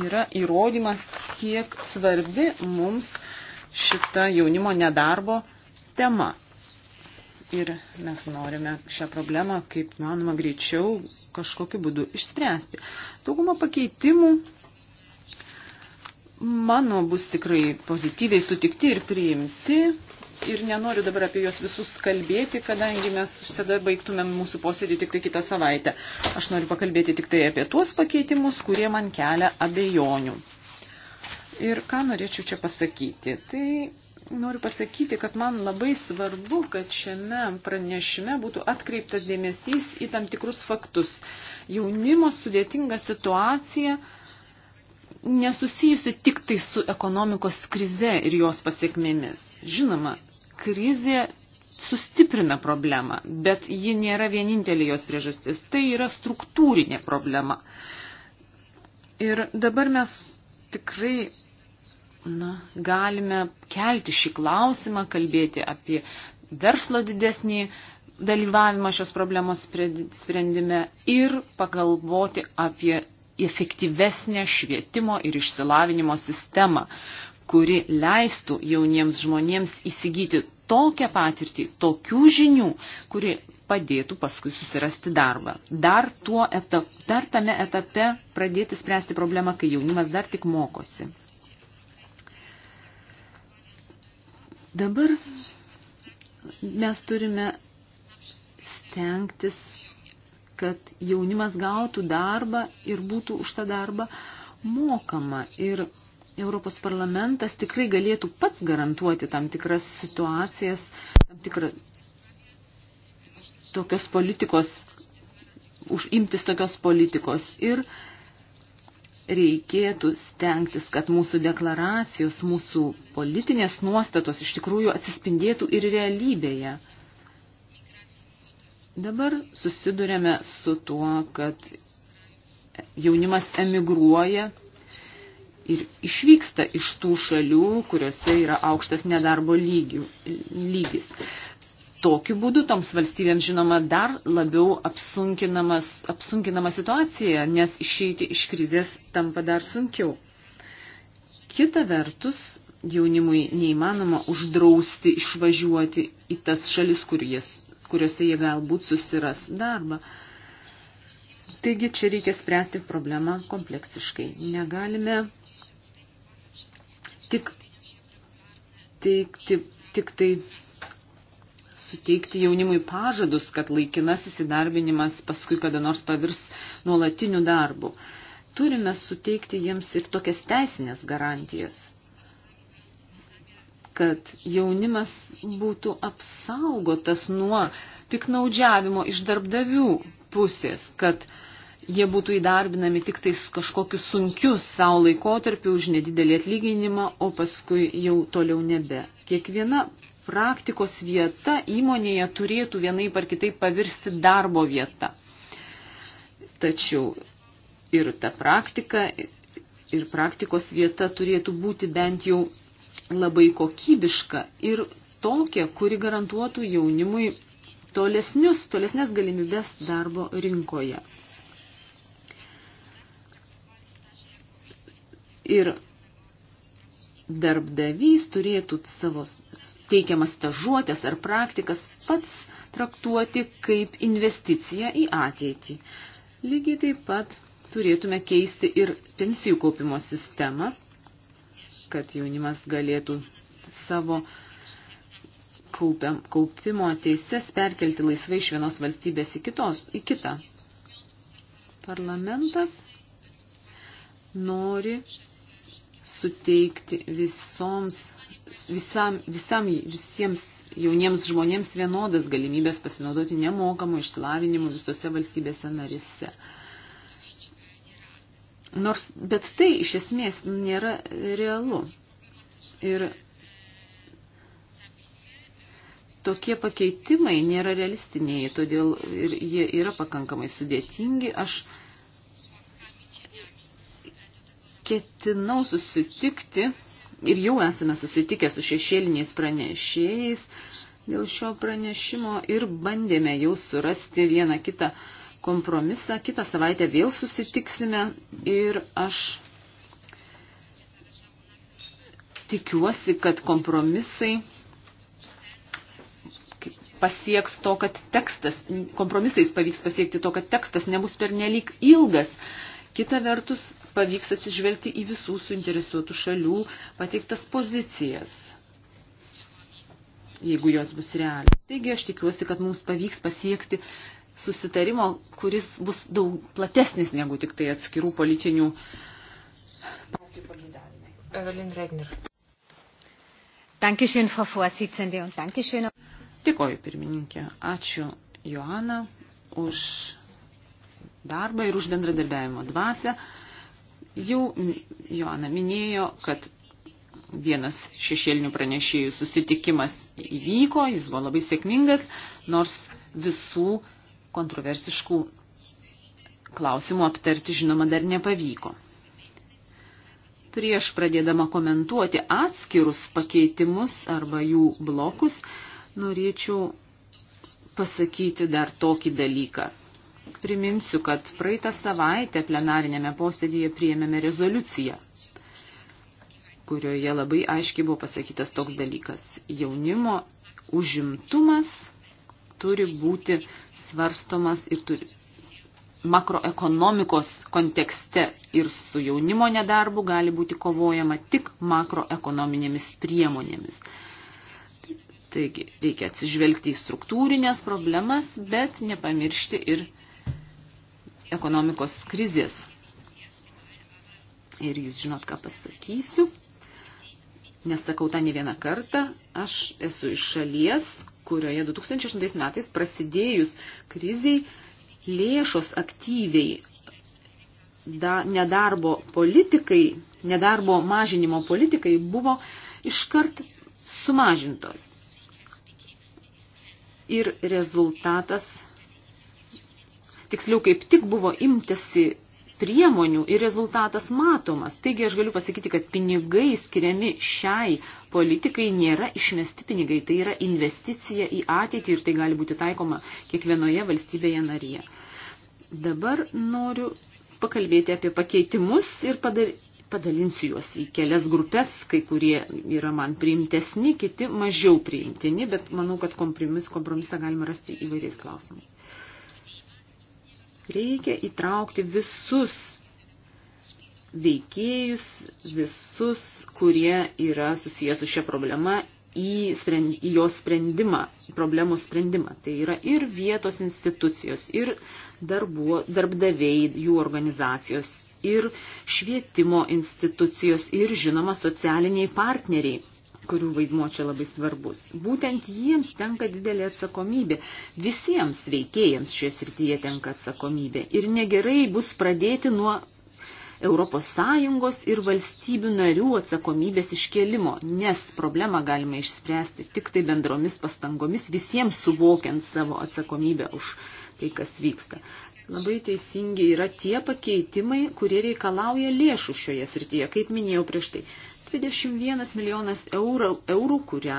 yra įrodymas, kiek svarbi mums šita jaunimo nedarbo tema ir mes norime šią problemą kaip manoma greičiau kažkokiu būdu išspręsti. Dauguma pakeitimų mano bus tikrai pozityviai sutikti ir priimti. Ir nenoriu dabar apie juos visus kalbėti, kadangi mes visada baigtumėm mūsų posėdį tik tai kitą savaitę. Aš noriu pakalbėti tik tai apie tuos pakeitimus, kurie man kelia abejonių. Ir ką norėčiau čia pasakyti. Tai noriu pasakyti, kad man labai svarbu, kad šiame pranešime būtų atkreiptas dėmesys į tam tikrus faktus. Jaunimo sudėtinga situacija nesusijusi tik tai su ekonomikos krize ir jos pasiekmėmis. Žinoma, krizė sustiprina problemą, bet ji nėra vienintelė jos priežastis. Tai yra struktūrinė problema. Ir dabar mes tikrai na, galime kelti šį klausimą, kalbėti apie verslo didesnį dalyvavimą šios problemos sprendime ir pagalvoti apie efektyvesnę švietimo ir išsilavinimo sistemą, kuri leistų jauniems žmonėms įsigyti tokią patirtį, tokių žinių, kuri padėtų paskui susirasti darbą. Dar, etap, dar tame etape pradėti spręsti problemą, kai jaunimas dar tik mokosi. Dabar mes turime stengtis, kad jaunimas gautų darbą ir būtų už tą darbą mokama. Ir Europos parlamentas tikrai galėtų pats garantuoti tam tikras situacijas, tam tikrą tokios politikos, užimtis tokios politikos. Ir reikėtų stengtis, kad mūsų deklaracijos, mūsų politinės nuostatos iš tikrųjų atsispindėtų ir realybėje. Dabar susidurėme su tuo, kad jaunimas emigruoja ir išvyksta iš tų šalių, kuriuose yra aukštas nedarbo lygių, lygis. Tokiu būdu toms valstybėms, žinoma, dar labiau apsunkinama situacija, nes išeiti iš krizės tampa dar sunkiau. Kita vertus, jaunimui neįmanoma uždrausti išvažiuoti į tas šalis, kur jis, kuriuose jie galbūt susiras darbą. Taigi čia reikia spręsti problemą kompleksiškai. Negalime tik teikti tik tai suteikti jaunimui pažadus, kad laikinas įsidarbinimas paskui kada nors pavirs nuolatiniu darbu. Turime suteikti jiems ir tokias teisinės garantijas, kad jaunimas būtų apsaugotas nuo piknaudžiavimo iš darbdavių pusės, kad jie būtų įdarbinami tik tais kažkokius sunkius savo laikotarpiu už nedidelį atlyginimą, o paskui jau toliau nebe. Kiekviena praktikos vieta įmonėje turėtų vienai par kitaip pavirsti darbo vieta. Tačiau ir ta praktika, ir praktikos vieta turėtų būti bent jau labai kokybiška ir tokia, kuri garantuotų jaunimui tolesnius, tolesnės galimybės darbo rinkoje. Ir darbdavys turėtų savo teikiamas stažuotės ar praktikas pats traktuoti kaip investiciją į ateitį. Lygiai taip pat turėtume keisti ir pensijų kaupimo sistemą, kad jaunimas galėtų savo kaupiam, kaupimo teises perkelti laisvai iš vienos valstybės į, kitos, į kitą. Parlamentas nori suteikti visoms, visam, visam, visiems jauniems žmonėms vienodas galimybės pasinaudoti nemokamų išsilavinimų visose valstybėse narise. Nors, bet tai iš esmės nėra realu. Ir tokie pakeitimai nėra realistiniai, todėl ir jie yra pakankamai sudėtingi. Aš ketinau susitikti ir jau esame susitikę su šešėliniais pranešėjais dėl šio pranešimo ir bandėme jau surasti vieną kitą kompromisą. Kitą savaitę vėl susitiksime ir aš tikiuosi, kad kompromisai pasieks to, kad tekstas, kompromisais pavyks pasiekti to, kad tekstas nebus pernelyg ilgas. Kita vertus, pavyks atsižvelgti į visų suinteresuotų šalių pateiktas pozicijas, jeigu jos bus realios. Taigi aš tikiuosi, kad mums pavyks pasiekti susitarimo, kuris bus daug platesnis negu tik tai atskirų politinių partijų pageidavimai. Evelyn Regner. Dankeschön, Frau Vorsitzende, und Dankeschön. Dėkoju, pirmininkė. Ačiū, Joana, už darbą ir už bendradarbiavimo dvasę. Jau Joana minėjo, kad vienas šešėlinių pranešėjų susitikimas įvyko, jis buvo labai sėkmingas, nors visų kontroversiškų klausimų aptarti, žinoma, dar nepavyko. Prieš pradėdama komentuoti atskirus pakeitimus arba jų blokus, norėčiau pasakyti dar tokį dalyką. Priminsiu, kad praeitą savaitę plenarinėme posėdėje priėmėme rezoliuciją, kurioje labai aiškiai buvo pasakytas toks dalykas. Jaunimo užimtumas turi būti svarstomas ir turi makroekonomikos kontekste ir su jaunimo nedarbu gali būti kovojama tik makroekonominėmis priemonėmis. Taigi reikia atsižvelgti į struktūrinės problemas, bet nepamiršti ir ekonomikos krizės. Ir jūs žinot, ką pasakysiu, nes sakau tą ne vieną kartą, aš esu iš šalies, kurioje 2008 metais prasidėjus kriziai lėšos aktyviai da, nedarbo politikai, nedarbo mažinimo politikai buvo iškart sumažintos. Ir rezultatas tiksliau kaip tik buvo imtasi priemonių ir rezultatas matomas. Taigi aš galiu pasakyti, kad pinigai skiriami šiai politikai nėra išmesti pinigai, tai yra investicija į ateitį ir tai gali būti taikoma kiekvienoje valstybėje narėje. Dabar noriu pakalbėti apie pakeitimus ir padar, padalinsiu juos į kelias grupės, kai kurie yra man priimtesni, kiti mažiau priimtini, bet manau, kad kompromis, kompromisą galima rasti įvairiais klausimais. Reikia įtraukti visus veikėjus, visus, kurie yra susijęs su šia problema į, sprend, į jos sprendimą, į problemų sprendimą. Tai yra ir vietos institucijos, ir darbuo, darbdaviai, jų organizacijos, ir švietimo institucijos, ir žinoma socialiniai partneriai kurių vaidmuo čia labai svarbus. Būtent jiems tenka didelė atsakomybė. Visiems veikėjams šioje srityje tenka atsakomybė. Ir negerai bus pradėti nuo ES ir valstybių narių atsakomybės iškėlimo, nes problemą galima išspręsti tik tai bendromis pastangomis, visiems suvokiant savo atsakomybę už tai, kas vyksta. Labai teisingi yra tie pakeitimai, kurie reikalauja lėšų šioje srityje, kaip minėjau prieš tai. 21 milijonas eurų, eurų kurią,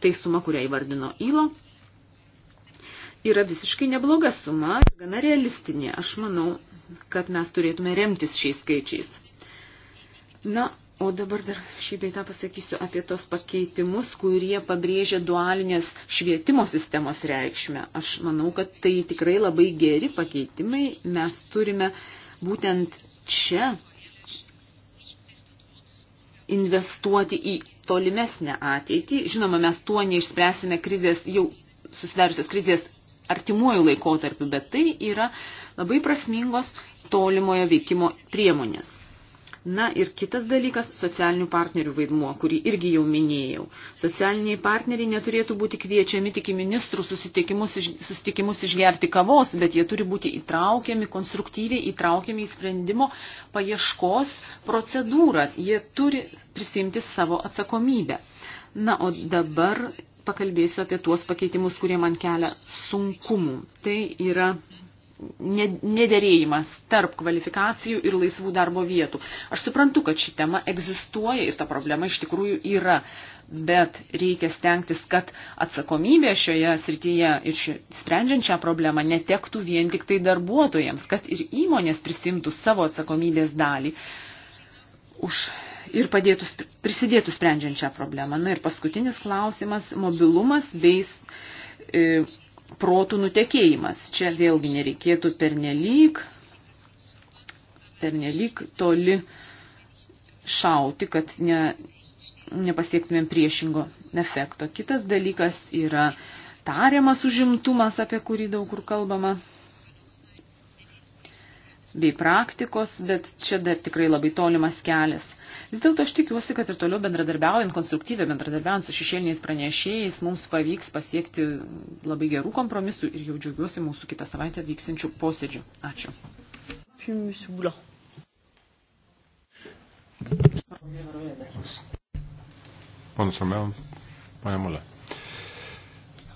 tai suma, kurią įvardino Ilo, yra visiškai nebloga suma, gana realistinė. Aš manau, kad mes turėtume remtis šiais skaičiais. Na, o dabar dar šį beitą pasakysiu apie tos pakeitimus, kurie pabrėžia dualinės švietimo sistemos reikšmę. Aš manau, kad tai tikrai labai geri pakeitimai. Mes turime būtent čia investuoti į tolimesnę ateitį. Žinoma, mes tuo neišspręsime krizės, jau susidariusios krizės artimuoju laikotarpiu, bet tai yra labai prasmingos tolimojo veikimo priemonės. Na ir kitas dalykas - socialinių partnerių vaidmuo, kurį irgi jau minėjau. Socialiniai partneriai neturėtų būti kviečiami tik į ministrų susitikimus, susitikimus išgerti kavos, bet jie turi būti įtraukiami, konstruktyviai įtraukiami į sprendimo paieškos procedūrą. Jie turi prisimti savo atsakomybę. Na, o dabar pakalbėsiu apie tuos pakeitimus, kurie man kelia sunkumų. Tai yra nederėjimas tarp kvalifikacijų ir laisvų darbo vietų. Aš suprantu, kad ši tema egzistuoja ir ta problema iš tikrųjų yra, bet reikia stengtis, kad atsakomybė šioje srityje ir ši, sprendžiant šią problemą netektų vien tik tai darbuotojams, kad ir įmonės prisimtų savo atsakomybės dalį už ir padėtų, prisidėtų sprendžiant šią problemą. Na ir paskutinis klausimas - mobilumas bei e, protų nutekėjimas. Čia vėlgi nereikėtų pernelyg, pernelyg toli šauti, kad ne, nepasiektumėm priešingo efekto. Kitas dalykas yra tariamas užimtumas, apie kurį daug kur kalbama bei praktikos, bet čia dar tikrai labai tolimas kelias. Vis dėlto aš tikiuosi, kad ir toliau bendradarbiaujant, konstruktyviai bendradarbiaujant su šešėliniais pranešėjais, mums pavyks pasiekti labai gerų kompromisų ir jau džiaugiuosi mūsų kitą savaitę vyksinčių posėdžių. Ačiū. Ponas Romeo, ponia Mulė.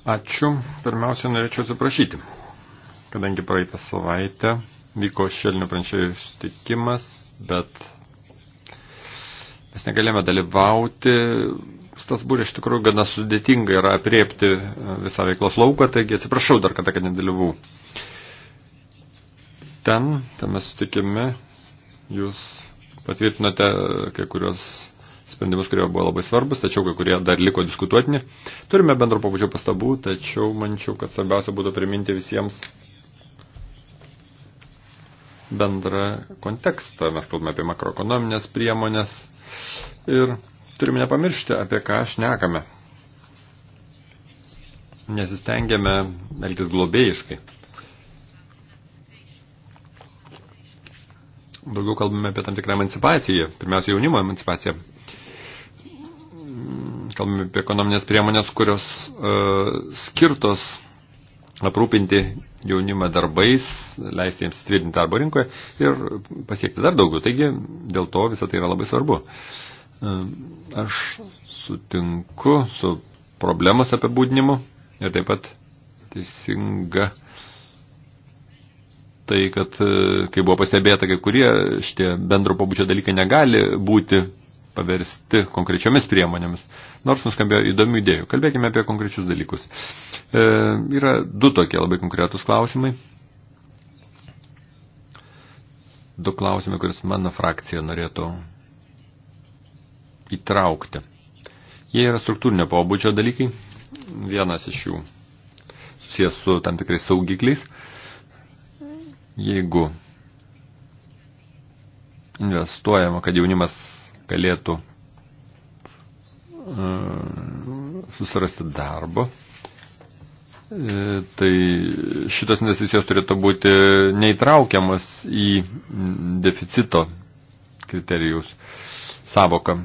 Ačiū. Pirmiausia, norėčiau atsiprašyti, kadangi praeitą savaitę vyko šelnių pranešėjų sutikimas, bet mes negalėjome dalyvauti. Stasbūrė iš tikrųjų gana sudėtinga yra apriepti e, visą veiklos lauką, taigi atsiprašau dar kada, kad nedalyvau. Ten, tame sutikime, jūs patvirtinote e, kai kurios sprendimus, kurie buvo labai svarbus, tačiau kai kurie dar liko diskutuotini. Turime bendro pabudžio pastabų, tačiau mančiau, kad svarbiausia būtų priminti visiems bendrą kontekstą. Mes kalbame apie makroekonominės priemonės ir turime nepamiršti, apie ką šnekame. Nesistengiame elgtis globėjiškai. Daugiau kalbame apie tam tikrą emancipaciją, pirmiausia jaunimo emancipaciją. Kalbame apie ekonominės priemonės, kurios uh, skirtos aprūpinti jaunimą darbais, leisti jiems tvirtinti darbo rinkoje ir pasiekti dar daugiau. Taigi dėl to visą tai yra labai svarbu. Ehm, aš sutinku su problemos apibūdinimu ir taip pat teisinga tai, kad, e, kai buvo pastebėta, kai kurie šitie bendro pabudžio dalykai negali būti paversti konkrečiomis priemonėmis. Nors nuskambėjo įdomių idėjų. Kalbėkime apie konkrečius dalykus. E, yra du tokie labai konkretūs klausimai. Du klausimai, kuris mano frakcija norėtų įtraukti. Jie yra struktūrinio pobūdžio dalykai. Vienas iš jų susijęs su tam tikrais saugikliais. Jeigu investuojama, kad jaunimas galėtų e, susirasti darbo. E, tai šitos investicijos turėtų būti neįtraukiamas į deficito kriterijus savoką,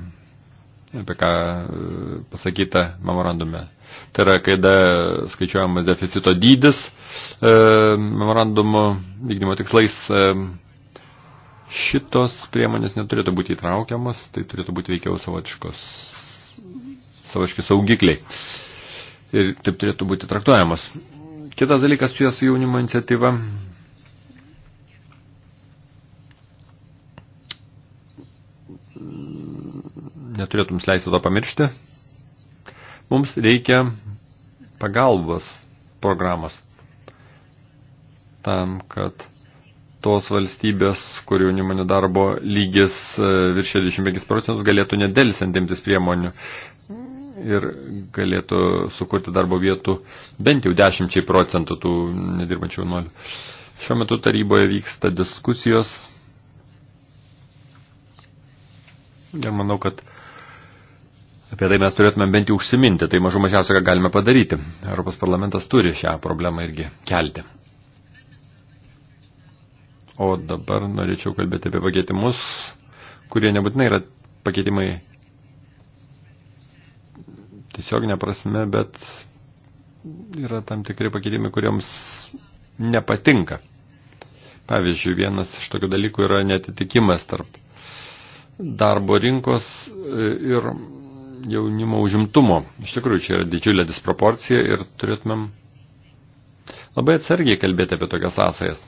apie ką e, pasakyta memorandume. Tai yra, kada skaičiuojamas deficito dydis memorandumo vykdymo tikslais šitos priemonės neturėtų būti įtraukiamas, tai turėtų būti veikiau savačkos, savački saugikliai. Ir taip turėtų būti traktuojamas. Kitas dalykas su jas jaunimo iniciatyva. Neturėtum leisti to pamiršti. Mums reikia pagalbos programos tam, kad tos valstybės, kur jaunimo nedarbo lygis e, virš 65 procentus, galėtų nedelsiant imtis priemonių ir galėtų sukurti darbo vietų bent jau 10 procentų tų nedirbančių jaunuolių. Šiuo metu taryboje vyksta diskusijos ir manau, kad apie tai mes turėtume bent jau užsiminti, tai mažų mažiausia, ką galime padaryti. Europos parlamentas turi šią problemą irgi kelti. O dabar norėčiau kalbėti apie pakeitimus, kurie nebūtinai yra pakeitimai tiesiog neprasme, bet yra tam tikri pakeitimai, kuriems nepatinka. Pavyzdžiui, vienas iš tokių dalykų yra netitikimas tarp darbo rinkos ir jaunimo užimtumo. Iš tikrųjų, čia yra didžiulė disproporcija ir turėtumėm labai atsargiai kalbėti apie tokias sąsajas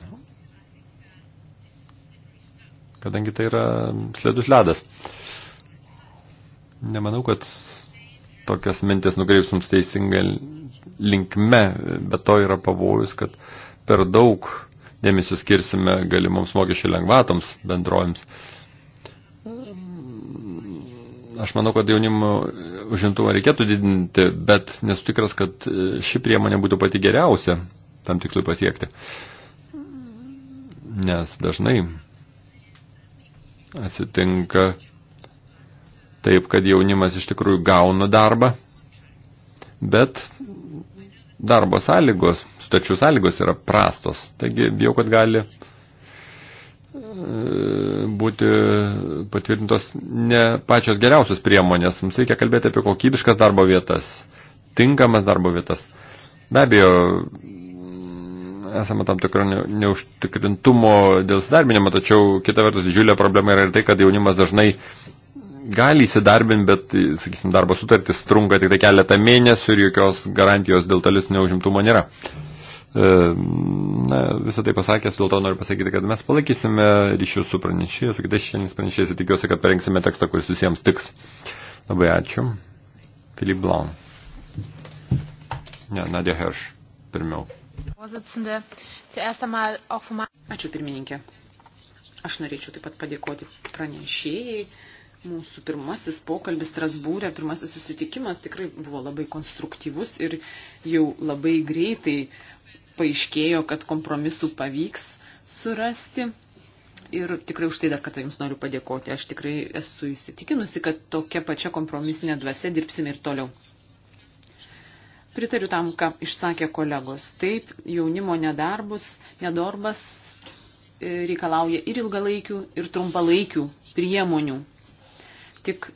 kadangi tai yra slidus ledas. Nemanau, kad tokias mintis nukreips mums teisinga linkme, bet to yra pavojus, kad per daug dėmesio skirsime galimoms mokesčių lengvatoms bendrojams. Aš manau, kad jaunimo užimtumą reikėtų didinti, bet nesu tikras, kad ši priemonė būtų pati geriausia tam tikslui pasiekti. Nes dažnai atsitinka taip, kad jaunimas iš tikrųjų gauna darbą, bet darbo sąlygos, stačių sąlygos yra prastos. Taigi bijau, kad gali e, būti patvirtintos ne pačios geriausios priemonės. Mums reikia kalbėti apie kokybiškas darbo vietas, tinkamas darbo vietas. Be abejo, esame tam tikro neužtikrintumo dėl įsidarbinimo, tačiau kita vertus didžiulė problema yra ir tai, kad jaunimas dažnai gali įsidarbinti, bet, sakysim, darbo sutartis trunka tik tai keletą mėnesių ir jokios garantijos dėl talisnio užimtumo nėra. E, na, visą tai pasakęs, dėl to noriu pasakyti, kad mes palaikysime ryšius su pranešėjais, su kitais šiandien pranešėjais ir tikiuosi, kad parengsime tekstą, kuris visiems tiks. Labai ačiū. Filip Blaun. Ne, Nadia Hersh pirmiau. Ačiū pirmininkė. Aš norėčiau taip pat padėkoti pranešėjai. Mūsų pirmasis pokalbis Strasbūrė, pirmasis susitikimas tikrai buvo labai konstruktyvus ir jau labai greitai paaiškėjo, kad kompromisų pavyks surasti. Ir tikrai už tai dar kartą Jums noriu padėkoti. Aš tikrai esu įsitikinusi, kad tokia pačia kompromisinė dvasia dirbsime ir toliau. Pritariu tam, ką išsakė kolegos. Taip, jaunimo nedarbus, nedarbas e, reikalauja ir ilgalaikių, ir trumpalaikių priemonių. Tik,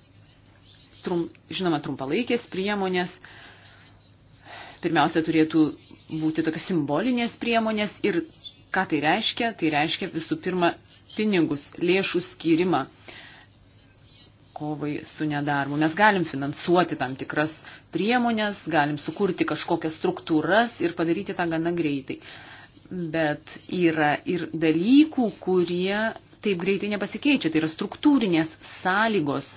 trum, žinoma, trumpalaikės priemonės pirmiausia turėtų būti tokios simbolinės priemonės ir ką tai reiškia? Tai reiškia visų pirma pinigus, lėšų skyrimą. Uh, kovai su nedarbu. Mes galim finansuoti tam tikras priemonės, galim sukurti kažkokias struktūras ir padaryti tą gana greitai. Bet yra ir dalykų, kurie taip greitai nepasikeičia. Tai yra struktūrinės sąlygos,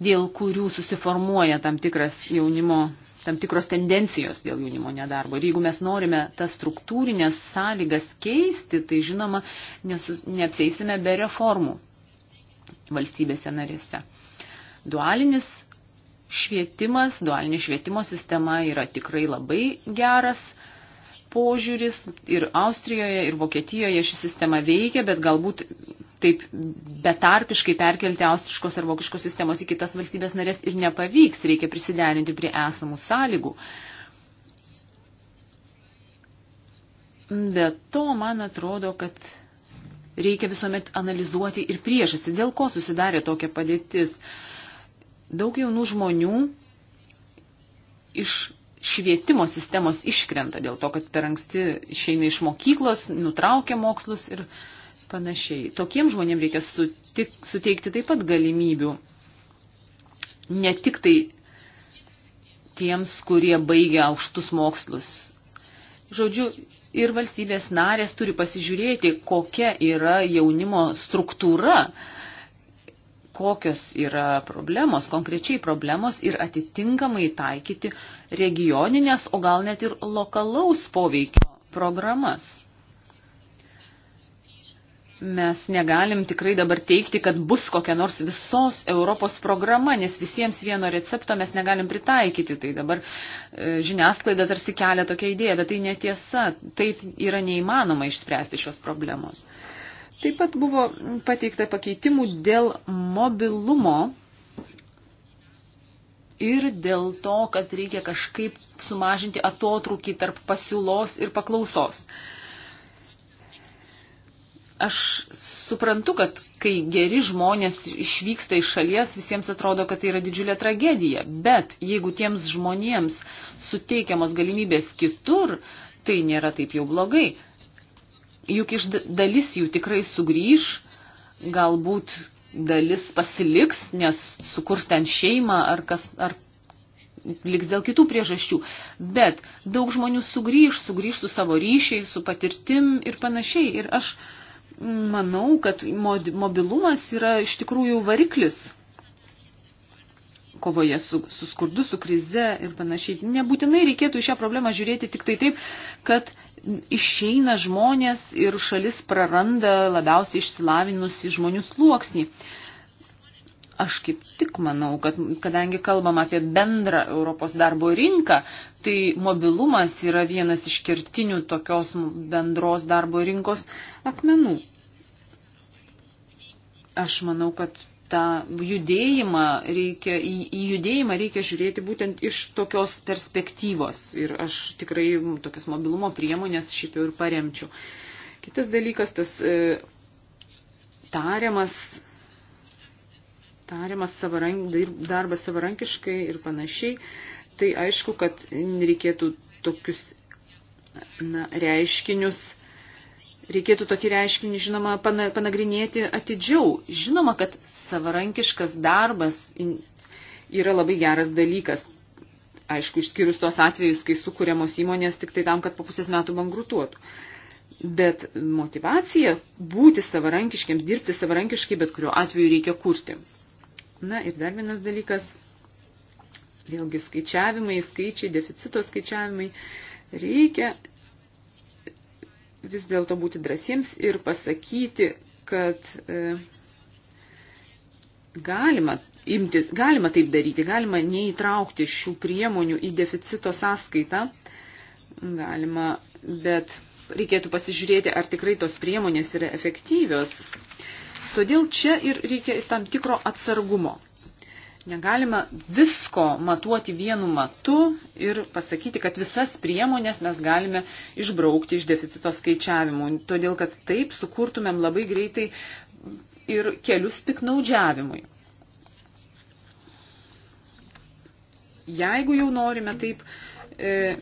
dėl kurių susiformuoja tam tikras jaunimo tam tikros tendencijos dėl jaunimo nedarbo. Ir jeigu mes norime tas struktūrinės sąlygas keisti, tai žinoma, nesus, neapsėsime be reformų valstybėse narėse. Dualinis švietimas, dualinė švietimo sistema yra tikrai labai geras požiūris ir Austrijoje, ir Vokietijoje ši sistema veikia, bet galbūt taip betarpiškai perkelti austriškos ar vokiškos sistemos į kitas valstybės narės ir nepavyks, reikia prisiderinti prie esamų sąlygų. Bet to man atrodo, kad reikia visuomet analizuoti ir priežastį, dėl ko susidarė tokia padėtis. Daug jaunų žmonių iš švietimo sistemos iškrenta dėl to, kad per anksti išeina iš mokyklos, nutraukia mokslus ir panašiai. Tokiems žmonėms reikia sutik, suteikti taip pat galimybių. Ne tik tai tiems, kurie baigia aukštus mokslus. Žodžiu, ir valstybės narės turi pasižiūrėti, kokia yra jaunimo struktūra, kokios yra problemos, konkrečiai problemos ir atitinkamai taikyti regioninės, o gal net ir lokalaus poveikio programas mes negalim tikrai dabar teikti, kad bus kokia nors visos Europos programa, nes visiems vieno recepto mes negalim pritaikyti. Tai dabar e, žiniasklaida tarsi kelia tokia idėja, bet tai netiesa. Taip yra neįmanoma išspręsti šios problemos. Taip pat buvo pateikta pakeitimų dėl mobilumo ir dėl to, kad reikia kažkaip sumažinti atotrukį tarp pasiūlos ir paklausos. Uh, aš suprantu, kad kai geri žmonės išvyksta iš šalies, visiems atrodo, kad tai yra didžiulė tragedija. Bet jeigu tiems žmonėms suteikiamos galimybės kitur, tai nėra taip jau blogai. Juk iš dalis jų tikrai sugrįž, galbūt dalis pasiliks, nes sukurs ten šeimą ar, kas, ar liks dėl kitų priežasčių. Bet daug žmonių sugrįž, sugrįž su savo ryšiai, su patirtim ir panašiai. Ir aš uh, manau, kad mobilumas yra iš tikrųjų variklis kovoje su, su skurdu, su krize ir panašiai. Nebūtinai reikėtų į šią problemą žiūrėti tik tai taip, kad išeina žmonės ir šalis praranda labiausiai išsilavinusi žmonių sluoksnį. Uh, Aš kaip tik manau, kad kadangi kalbam apie bendrą Europos darbo rinką, tai mobilumas yra vienas iš kertinių tokios bendros darbo rinkos akmenų. Aš manau, kad tą judėjimą reikia, į, į judėjimą reikia žiūrėti būtent iš tokios perspektyvos. Ir aš tikrai tokias mobilumo priemonės šiaip jau ir paremčiau. Kitas dalykas, tas e, tariamas tariamas savarank, darbas savarankiškai ir panašiai, tai aišku, kad reikėtų tokius na, reiškinius reikėtų tokį reiškinį, žinoma, panagrinėti atidžiau. Žinoma, kad savarankiškas darbas yra labai geras dalykas. Aišku, išskyrus tuos atvejus, kai sukūriamos įmonės tik tai tam, kad po pusės metų bankrutuotų. Bet motivacija būti savarankiškiams, dirbti savarankiškai, bet kuriuo atveju reikia kurti. Na ir dar vienas dalykas, vėlgi skaičiavimai, skaičiai, deficito skaičiavimai. Reikia vis dėlto būti drąsiems ir pasakyti, kad e, galima imtis, galima taip daryti, galima neįtraukti šių priemonių į deficito sąskaitą, galima, bet reikėtų pasižiūrėti, ar tikrai tos priemonės yra efektyvios. Todėl čia ir reikia tam tikro atsargumo. Negalime visko matuoti vienu matu ir pasakyti, kad visas priemonės mes galime išbraukti iš deficito skaičiavimų, todėl kad taip sukurtumėm labai greitai ir kelius piknaudžiavimui. Jeigu jau norime taip e,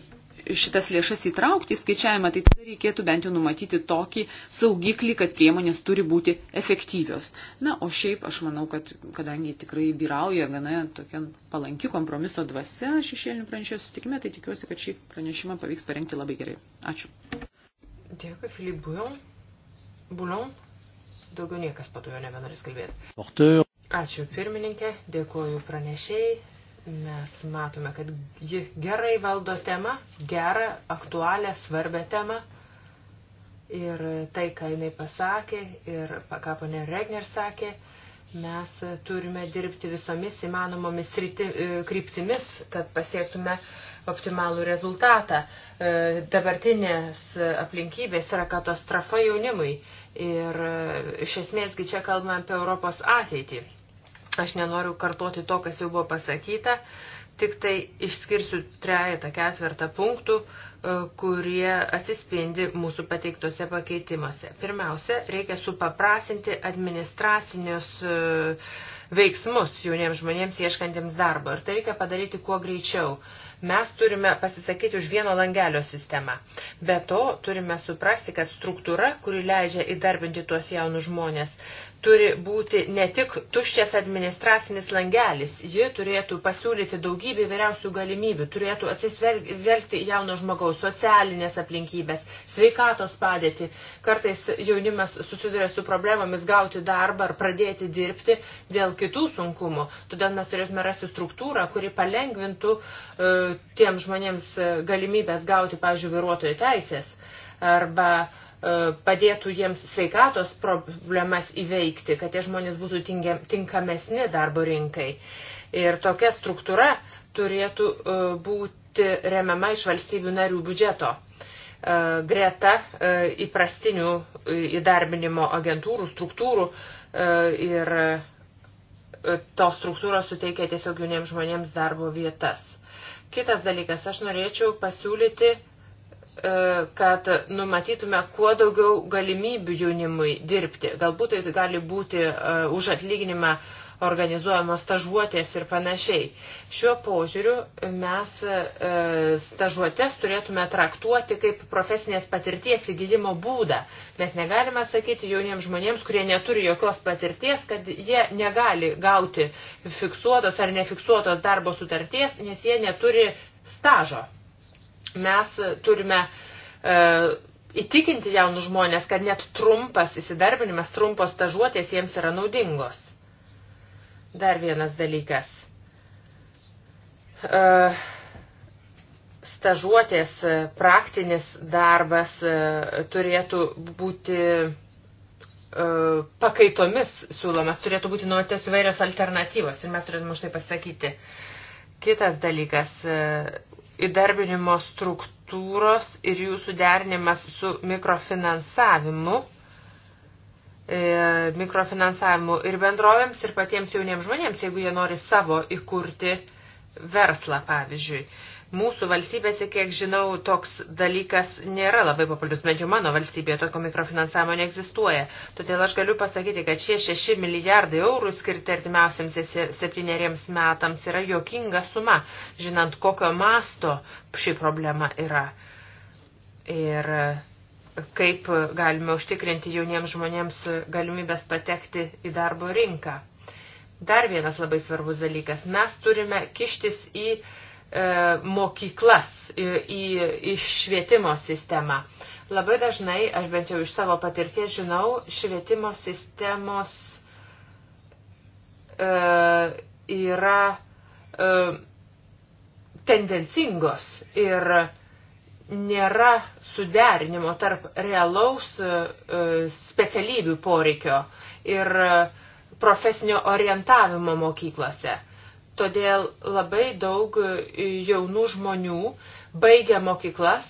šitas lėšas įtraukti į skaičiavimą, tai tada reikėtų bent jau numatyti tokį saugiklį, kad priemonės turi būti efektyvios. Na, o šiaip aš manau, kad kadangi tikrai vyrauja gana tokia palanki kompromiso dvasia šešėlinių pranešėjų sutikime, tai tikiuosi, kad šį pranešimą pavyks parengti labai gerai. Ačiū. Dėkui, Filip Bujon. Bujon. Daugiau niekas patojo nebenorės kalbėti. Ačiū pirmininkė, dėkuoju pranešėjai Mes matome, kad ji gerai valdo temą, gerą, aktualią, svarbę temą. Ir tai, ką jinai pasakė ir ką ponė Regner sakė, mes turime dirbti visomis įmanomomis ryti, e, kryptimis, kad pasiektume optimalų rezultatą. E, dabartinės aplinkybės yra katastrofa jaunimui ir e, iš esmėsgi čia kalbame apie Europos ateitį. Aš nenoriu kartoti to, kas jau buvo pasakyta, tik tai išskirsiu trejata ketvirtą punktų, e, kurie atsispindi mūsų pateiktose pakeitimuose. Pirmiausia, reikia supaprasinti administracinius e, veiksmus jauniems žmonėms ieškantiems darbo ir tai reikia padaryti kuo greičiau. Mes turime pasisakyti už vieno langelio sistemą. Be to, turime suprasti, kad struktūra, kuri leidžia įdarbinti tuos jaunus žmonės, turi būti ne tik tuščias administracinis langelis, ji turėtų pasiūlyti daugybę įvairiausių galimybių, turėtų atsisvelgti jauno žmogaus socialinės aplinkybės, sveikatos padėtį. Kartais jaunimas susiduria su problemomis gauti darbą ar pradėti dirbti dėl kitų sunkumų. Todėl mes turėtume rasti struktūrą, kuri palengvintų e, tiem žmonėms galimybės gauti, pavyzdžiui, vairuotojo teisės arba e, E, padėtų jiems sveikatos problemas įveikti, kad tie žmonės būtų tinkamesni darbo rinkai. Ir tokia struktūra turėtų e, būti remiama iš valstybių narių biudžeto. E, greta įprastinių įdarbinimo agentūrų, struktūrų ir tos struktūros suteikia tiesiog jauniems žmonėms darbo vietas. Kitas dalykas, aš norėčiau pasiūlyti E, kad numatytume kuo daugiau galimybių jaunimui dirbti. Galbūt tai gali būti e, už atlyginimą organizuojamos stažuotės ir panašiai. Šiuo požiūriu mes e, stažuotės turėtume traktuoti kaip profesinės patirties įgydymo būdą. Mes negalime sakyti jauniems žmonėms, kurie neturi jokios patirties, kad jie negali gauti fiksuotos ar nefiksuotos darbo sutarties, nes jie neturi stažo. Mes turime e, įtikinti jaunus žmonės, kad net trumpas įsidarbinimas, trumpos stažuotės jiems yra naudingos. Dar vienas dalykas. E, stažuotės e, praktinis darbas turėtų būti pakaitomis siūlomas, turėtų būti nuotės įvairios alternatyvos ir mes turėtume už tai pasakyti. Kitas dalykas įdarbinimo struktūros ir jų suderinimas su mikrofinansavimu, e, mikrofinansavimu ir bendrovėms ir patiems jauniems žmonėms, jeigu jie nori savo įkurti verslą, pavyzdžiui. E, Mūsų valstybėse, kiek žinau, toks dalykas nėra labai populiarus, bent jau mano valstybėje tokio mikrofinansavimo neegzistuoja. Todėl aš galiu pasakyti, kad šie 6 milijardai eurų skirti artimiausiams septyneriems metams yra jokinga suma, žinant, kokio masto ši problema yra. Ir e, kaip galime užtikrinti jauniems žmonėms galimybės patekti į darbo rinką. Dar vienas labai svarbus dalykas. Mes turime kištis į uh, E, mokyklas, į, į švietimo sistemą. Labai dažnai, aš bent jau iš savo patirties žinau, švietimo sistemos e, yra e, tendencingos ir nėra suderinimo tarp realaus e, specialybių poreikio ir e, profesinio orientavimo mokyklose. Todėl labai daug jaunų žmonių baigia mokyklas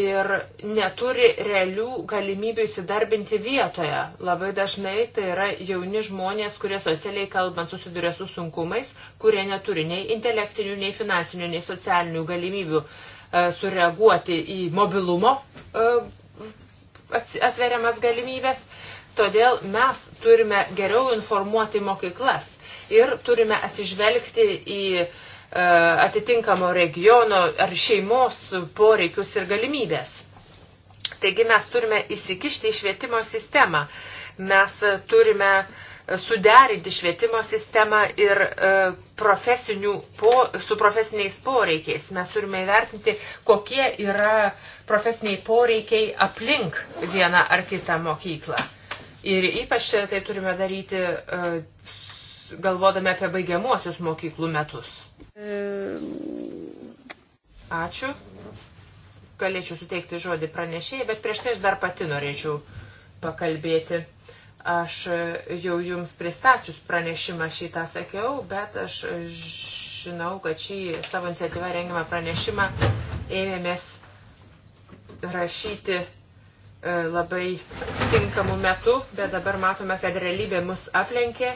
ir neturi realių galimybių įsidarbinti vietoje. Labai dažnai tai yra jauni žmonės, kurie socialiai kalbant susiduria su sunkumais, kurie neturi nei intelektinių, nei finansinių, nei socialinių galimybių e, sureaguoti į mobilumo e, atveriamas galimybės. Todėl mes turime geriau informuoti mokyklas ir turime atsižvelgti į e, atitinkamo regiono ar šeimos poreikius ir galimybės. Taigi mes turime įsikišti į švietimo sistemą. Mes turime uh, suderinti švietimo sistemą ir e, po, su profesiniais poreikiais. Mes turime įvertinti, kokie yra profesiniai poreikiai aplink vieną ar kitą mokyklą. Ir ypač tai turime daryti e, galvodami apie baigiamuosius mokyklų metus? Ačiū. Galėčiau suteikti žodį pranešėjai, bet prieš tai aš dar pati norėčiau pakalbėti. Aš jau jums pristačius pranešimą šitą sakiau, bet aš žinau, kad šį savo iniciatyvą rengiamą pranešimą ėmėmės rašyti e, labai tinkamu metu, bet dabar matome, kad realybė mus aplenkė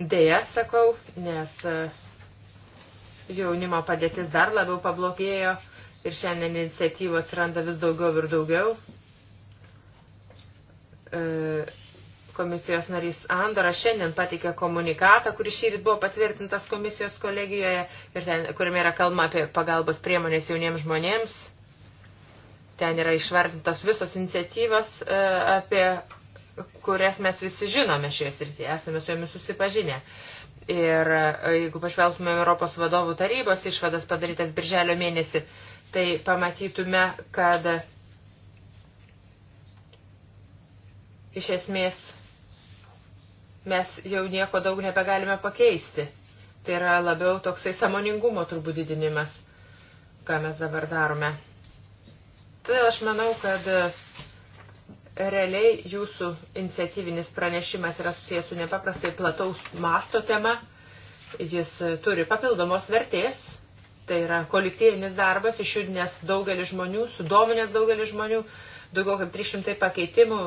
Deja, sakau, nes e, jaunimo padėtis dar labiau pablogėjo ir šiandien iniciatyvų atsiranda vis daugiau ir daugiau. E, komisijos narys Andoras šiandien patikė komunikatą, kuris šįryt buvo patvirtintas komisijos kolegijoje ir ten, kuriame yra kalba apie pagalbos priemonės jauniems žmonėms. Ten yra išvardintos visos iniciatyvos e, apie kurias mes visi žinome šioje srityje, esame su jomis susipažinę. Ir e, jeigu pažvelgtume Europos vadovų tarybos išvadas padarytas birželio mėnesį, tai pamatytume, kad iš esmės mes jau nieko daug nebegalime pakeisti. Tai yra labiau toksai samoningumo turbūt didinimas, ką mes dabar darome. Tai aš manau, kad realiai jūsų iniciatyvinis pranešimas yra susijęs su nepaprastai plataus masto tema. Jis turi papildomos vertės, tai yra kolektyvinis darbas, išjudinės daugelį žmonių, sudominės daugelį žmonių, daugiau kaip 300 pakeitimų,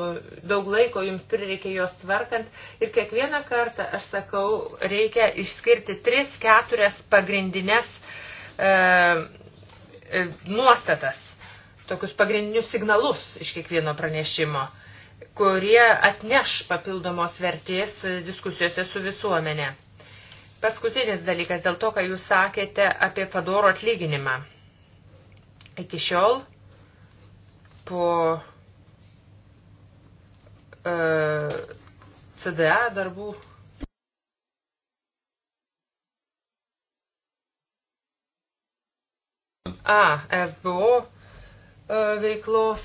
daug laiko jums prireikė juos tvarkant. Ir kiekvieną kartą, aš sakau, reikia išskirti 3-4 pagrindinės e, e, nuostatas tokius pagrindinius signalus iš kiekvieno pranešimo, kurie atneš papildomos vertės diskusijose su visuomenė. Paskutinis dalykas dėl to, ką jūs sakėte apie padoro atlyginimą. Iki šiol po uh, e, CDA darbų A, SBO E, veiklos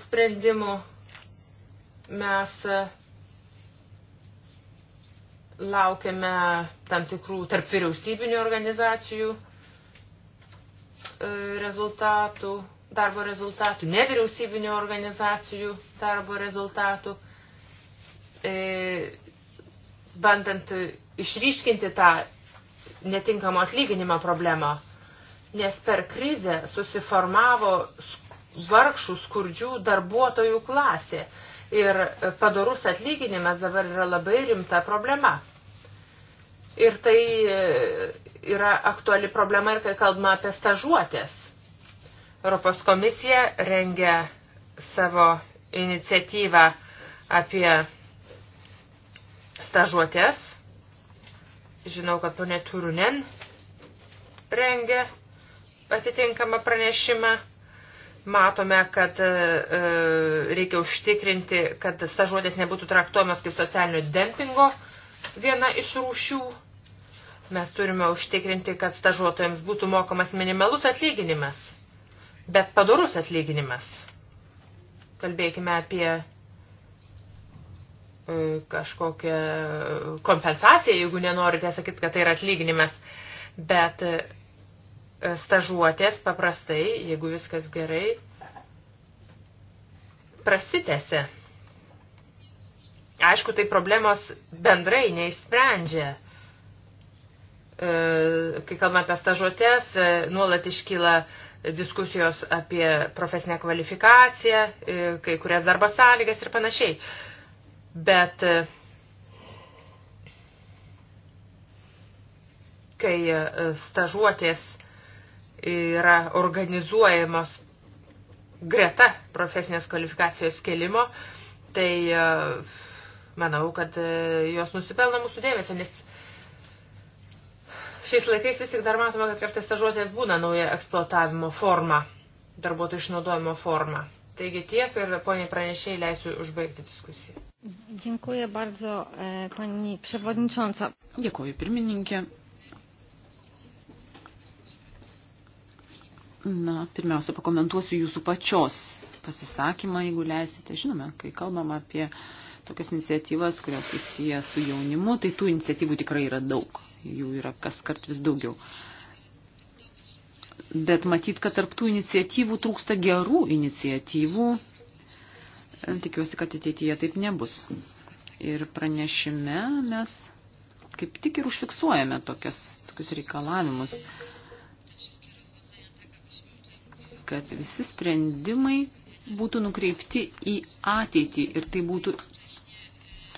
sprendimų mes e, laukiame tam tikrų tarp vyriausybinių organizacijų e, rezultatų, darbo rezultatų, nevyriausybinių organizacijų darbo rezultatų, bandant išryškinti tą netinkamo atlyginimo problemą nes per krizę susiformavo vargšų skurdžių darbuotojų klasė ir padarus atlyginimas dabar yra labai rimta problema. Ir tai e, yra aktuali problema ir kai kalbama apie stažuotės. Europos komisija rengia savo iniciatyvą apie stažuotės. Žinau, kad ponė Turunen rengia atitinkamą pranešimą. Matome, kad e, e reikia užtikrinti, kad stažuotės nebūtų traktuojamas kaip socialinio dempingo viena iš rūšių. Mes turime užtikrinti, kad stažuotojams būtų mokamas minimalus atlyginimas, bet padorus atlyginimas. Kalbėkime apie e, kažkokią kompensaciją, jeigu nenorite sakyti, kad tai yra atlyginimas, bet stažuotės paprastai, jeigu viskas gerai, prasitėse. Aišku, tai problemos bendrai neišsprendžia. E, kai kalbame apie stažuotės, e, nuolat iškyla diskusijos apie profesinę kvalifikaciją, e, kai kurias darbo sąlygas ir panašiai. Bet kai stažuotės yra organizuojamos greta profesinės kvalifikacijos kelimo, tai e, manau, kad e, jos nusipelno mūsų dėmesio, nes šiais laikais vis tik dar matome, kad kartais stažuotės būna nauja eksploatavimo forma, darbuotojų išnaudojimo forma. Taigi tiek ir poniai pranešėjai leisiu užbaigti diskusiją. Dziękuję bardzo, e, pani przewodnicząca. Dėkuoju pirmininkė. Na, pirmiausia, pakomentuosiu jūsų pačios pasisakymą, jeigu leisite. Žinome, kai kalbam apie tokias iniciatyvas, kurios susiję su jaunimu, tai tų iniciatyvų tikrai yra daug. Jų yra kas kart vis daugiau. Bet matyt, kad tarptų iniciatyvų trūksta gerų iniciatyvų. Tikiuosi, kad ateityje taip nebus. Ir pranešime mes kaip tik ir užfiksuojame tokias, tokius reikalavimus. Uh, kad visi sprendimai būtų nukreipti į ateitį ir tai būtų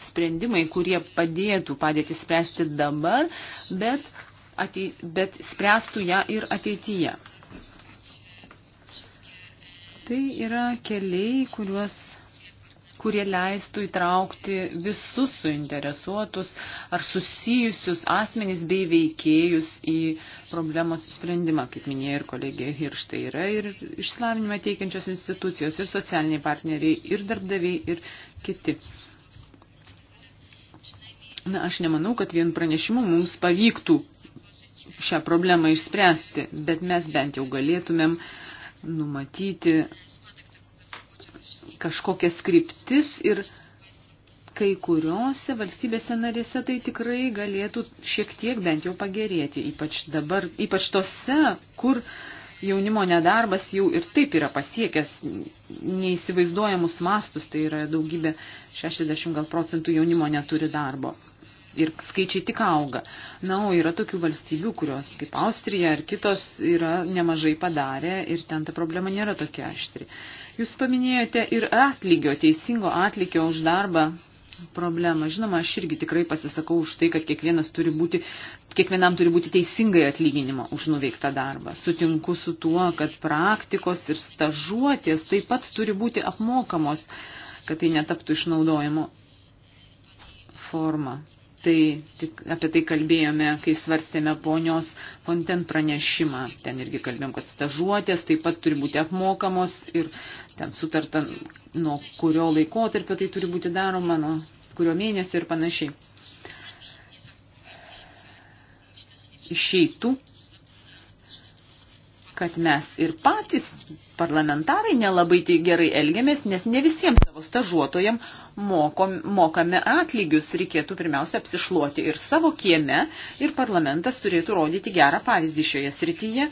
sprendimai, kurie padėtų padėti spręsti dabar, bet, atei, bet spręstų ją ir ateityje. Tai yra keliai, kuriuos kurie leistų įtraukti visus suinteresuotus ar susijusius asmenys bei veikėjus į problemos sprendimą, kaip minėjo ir kolegė Hirštai. Yra ir išslavinimą teikiančios institucijos, ir socialiniai partneriai, ir darbdaviai, ir kiti. Na, aš nemanau, kad vien pranešimu mums pavyktų šią problemą išspręsti, bet mes bent jau galėtumėm numatyti kažkokias skriptis ir kai kuriuose valstybėse narėse tai tikrai galėtų šiek tiek bent jau pagerėti, ypač dabar, ypač tose, kur jaunimo nedarbas jau ir taip yra pasiekęs neįsivaizduojamus mastus, tai yra daugybė 60 gal procentų jaunimo neturi darbo. Ir skaičiai tik auga. Na, o yra tokių valstybių, kurios kaip Austrija ar kitos yra nemažai padarę ir ten ta problema nėra tokia aštri. Uh, Jūs paminėjote ir atlygio, teisingo atlygio už darbą problemą. Žinoma, aš irgi tikrai pasisakau už tai, kad kiekvienas turi būti, kiekvienam turi būti teisingai atlyginimo už nuveiktą darbą. Sutinku su tuo, kad praktikos ir stažuotės taip pat turi būti apmokamos, kad tai netaptų išnaudojimo forma tai tik apie tai kalbėjome, kai svarstėme ponios kontent pranešimą. Ten irgi kalbėjom, kad stažuotės taip pat turi būti apmokamos ir ten sutarta, nuo kurio laikotarpio tai turi būti daroma, nuo kurio mėnesio ir panašiai. Išeitų, kad mes ir patys parlamentarai nelabai tai gerai elgiamės, nes ne visiems savo stažuotojam mokom, mokame atlygius. Reikėtų pirmiausia apsišluoti ir savo kieme, ir parlamentas turėtų rodyti gerą pavyzdį šioje srityje,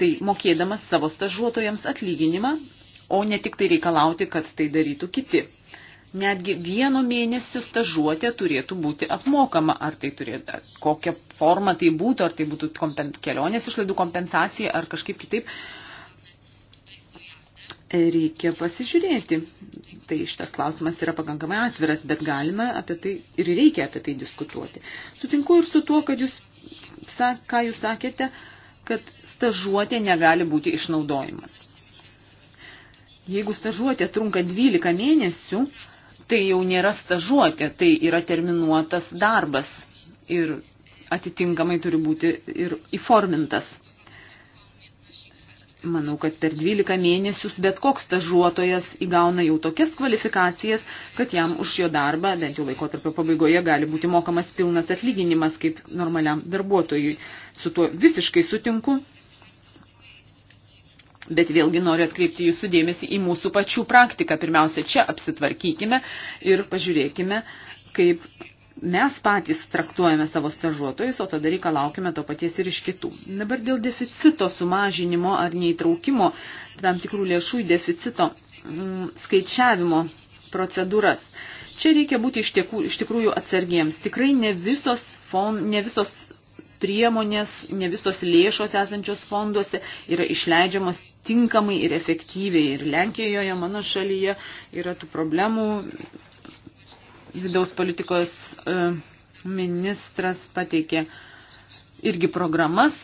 tai mokėdamas savo stažuotojams atlyginimą, o ne tik tai reikalauti, kad tai darytų kiti netgi vieno mėnesio stažuotė turėtų būti apmokama, ar tai turėtų, kokią formą tai būtų, ar tai būtų kompen, kelionės išlaidų kompensacija, ar kažkaip kitaip. Reikia pasižiūrėti. Tai šitas klausimas yra pakankamai atviras, bet galima apie tai ir reikia apie tai diskutuoti. Sutinku ir su tuo, kad jūs, ką jūs sakėte, kad stažuotė negali būti išnaudojimas. Jeigu stažuotė trunka 12 mėnesių, tai jau nėra stažuotė, tai yra terminuotas darbas ir atitinkamai turi būti ir įformintas. Manau, kad per 12 mėnesius bet koks stažuotojas įgauna jau tokias kvalifikacijas, kad jam už jo darbą, bent jau laikotarpio pabaigoje, gali būti mokamas pilnas atlyginimas kaip normaliam darbuotojui. Su tuo visiškai sutinku Bet vėlgi noriu atkreipti jūsų dėmesį į mūsų pačių praktiką. Pirmiausia, čia apsitvarkykime ir pažiūrėkime, kaip mes patys traktuojame savo stažuotojus, o tada reikalaukime to paties ir iš kitų. Dabar dėl deficito sumažinimo ar neįtraukimo tam tikrų lėšų į deficito mm, skaičiavimo procedūras. Čia reikia būti iš, tiekų, iš tikrųjų atsargiems. Tikrai ne visos, fond, ne visos priemonės, ne visos lėšos esančios fonduose yra išleidžiamas tinkamai ir efektyviai. Ir Lenkijoje, mano šalyje, yra tų problemų. Vidaus politikos e, ministras pateikė irgi programas,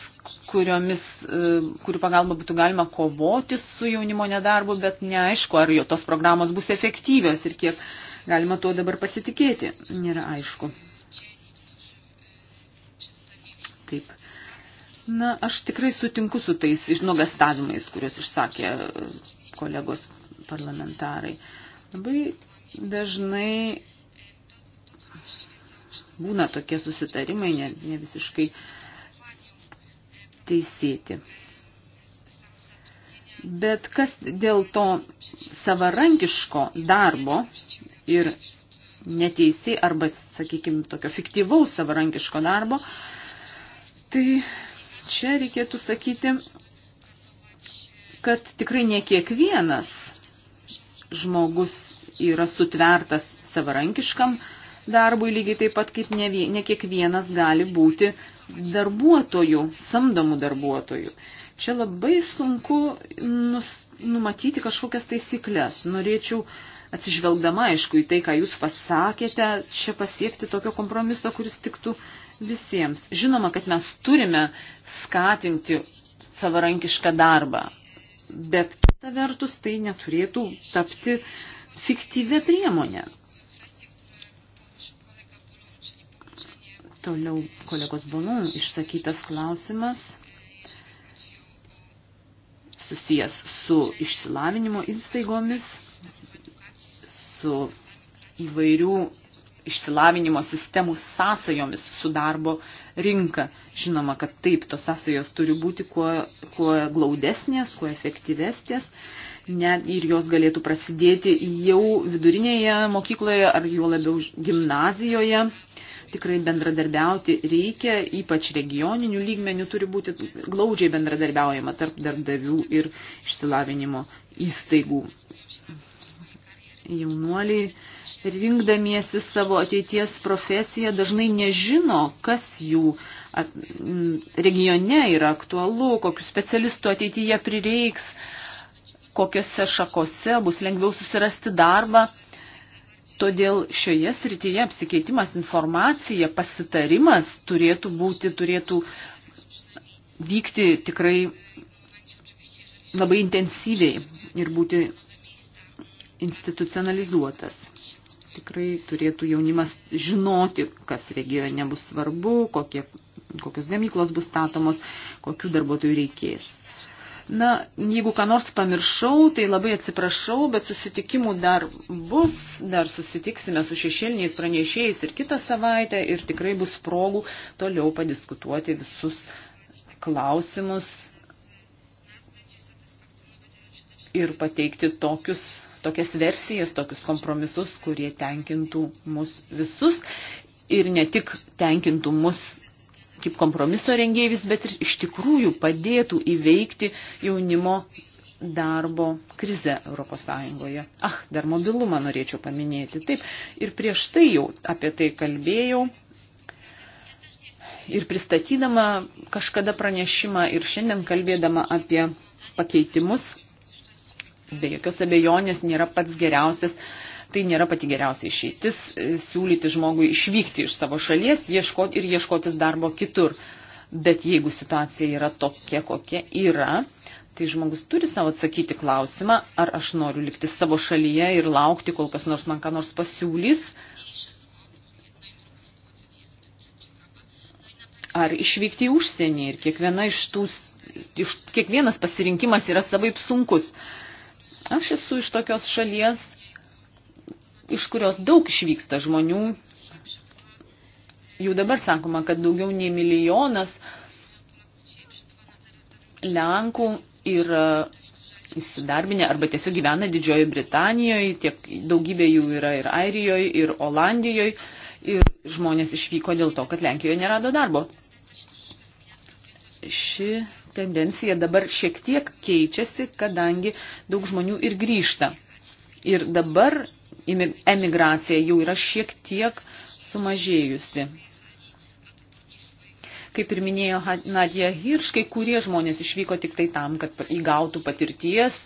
kuriomis, e, kurių pagalba būtų galima kovoti su jaunimo nedarbu, bet neaišku, ar jo tos programos bus efektyvios ir kiek galima tuo dabar pasitikėti. Nėra aišku taip. Na, aš tikrai sutinku su tais išnuogastavimais, kuriuos išsakė e, kolegos parlamentarai. Labai dažnai būna tokie susitarimai ne, ne visiškai teisėti. Bet kas dėl to savarankiško darbo ir neteisė arba, sakykime, tokio fiktyvaus savarankiško darbo, uh, Tai čia reikėtų sakyti, kad tikrai ne kiekvienas žmogus yra sutvertas savarankiškam darbui, lygiai taip pat kaip ne, ne kiekvienas gali būti darbuotojų, samdomų darbuotojų. Čia labai sunku nus, numatyti kažkokias taisyklės. Norėčiau, atsižvelgdama aišku į tai, ką jūs pasakėte, čia pasiekti tokio kompromiso, kuris tiktų visiems. Žinoma, kad mes turime skatinti savarankišką darbą, bet kita vertus tai neturėtų tapti fiktyvę priemonę. Toliau kolegos Bonum išsakytas klausimas susijęs su išsilavinimo įstaigomis, su įvairių išsilavinimo sistemų sąsajomis su darbo rinka. Žinoma, kad taip, tos sąsajos turi būti kuo, kuo glaudesnės, kuo efektyvesnės, net ir jos galėtų prasidėti jau vidurinėje mokykloje ar juo labiau gimnazijoje. Tikrai bendradarbiauti reikia, ypač regioninių lygmenių turi būti glaudžiai bendradarbiaujama tarp darbdavių ir išsilavinimo įstaigų. Jaunuoliai rinkdamiesi savo ateities profesiją, dažnai nežino, kas jų regione yra aktualu, kokius specialistų ateityje prireiks, kokiose šakose bus lengviau susirasti darbą. Todėl šioje srityje apsikeitimas informacija, pasitarimas turėtų būti, turėtų vykti tikrai labai intensyviai ir būti institucionalizuotas tikrai turėtų jaunimas žinoti, kas regione bus svarbu, kokie, kokios gamyklos bus statomos, kokių darbuotojų reikės. Na, jeigu ką nors pamiršau, tai labai atsiprašau, bet susitikimų dar bus, dar susitiksime su šešėliniais pranešėjais ir kitą savaitę ir tikrai bus progų toliau padiskutuoti visus klausimus ir pateikti tokius tokias versijas, tokius kompromisus, kurie tenkintų mus visus ir ne tik tenkintų mus kaip kompromiso rengėjus, bet ir iš tikrųjų padėtų įveikti jaunimo darbo krizę Europos Sąjungoje. Ah, dar mobilumą norėčiau paminėti. Taip, ir prieš tai jau apie tai kalbėjau. Ir pristatydama kažkada pranešimą ir šiandien kalbėdama apie pakeitimus, be jokios abejonės nėra pats geriausias, tai nėra pati geriausia išeitis e, siūlyti žmogui išvykti iš savo šalies ieškoti ir ieškotis darbo kitur. Bet jeigu situacija yra tokia, kokia yra, tai žmogus turi savo atsakyti klausimą, ar aš noriu likti savo šalyje ir laukti, kol kas nors man ką nors pasiūlys, ar išvykti į užsienį. Ir kiekviena iš tų, iš, kiekvienas pasirinkimas yra savaip sunkus. Uh, Aš esu iš tokios šalies, iš kurios daug išvyksta žmonių. Jau dabar sakoma, kad daugiau nei milijonas Lenkų yra įsidarbinę arba tiesiog gyvena Didžiojo Britanijoje, tiek daugybė jų yra ir Airijoje, ir Olandijoje, ir žmonės išvyko dėl to, kad Lenkijoje nerado darbo. Ši tendencija dabar šiek tiek keičiasi, kadangi daug žmonių ir grįžta. Ir dabar emigracija jau yra šiek tiek sumažėjusi. Kaip ir minėjo Nadja Hirš, kai kurie žmonės išvyko tik tai tam, kad įgautų patirties,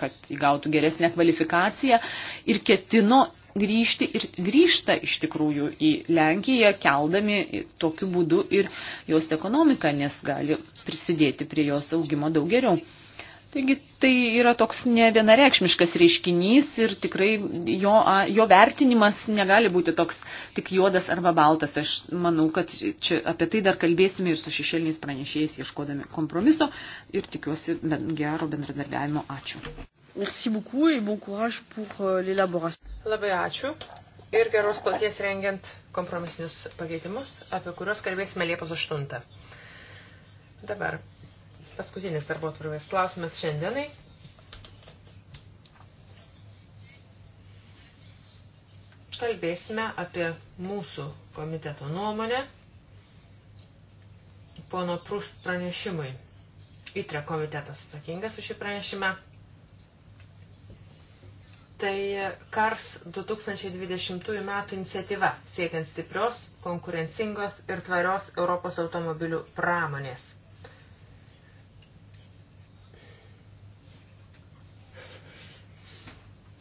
kad įgautų geresnę kvalifikaciją ir ketino grįžti ir grįžta iš tikrųjų į Lenkiją, keldami tokiu būdu ir jos ekonomiką, nes gali prisidėti prie jos augimo daug geriau. Taigi tai yra toks ne vienareikšmiškas reiškinys ir tikrai jo, jo vertinimas negali būti toks tik juodas arba baltas. Aš manau, kad čia apie tai dar kalbėsime ir su šešėliniais pranešėjais ieškodami kompromiso ir tikiuosi ben, gero bendradarbiavimo. Ačiū. Merci beaucoup et bon courage pour euh, l'élaboration. Labai ačiū ir geros stoties rengiant kompromisinius pakeitimus, apie kuriuos kalbėsime Liepos 8. Dabar Paskutinis darbo turvės klausimas šiandienai. Kalbėsime apie mūsų komiteto nuomonę pono Prust pranešimui. ITRE komitetas atsakingas už šį pranešimą. Tai KARS 2020 metų iniciatyva siekiant stiprios, konkurencingos ir tvarios Europos automobilių pramonės.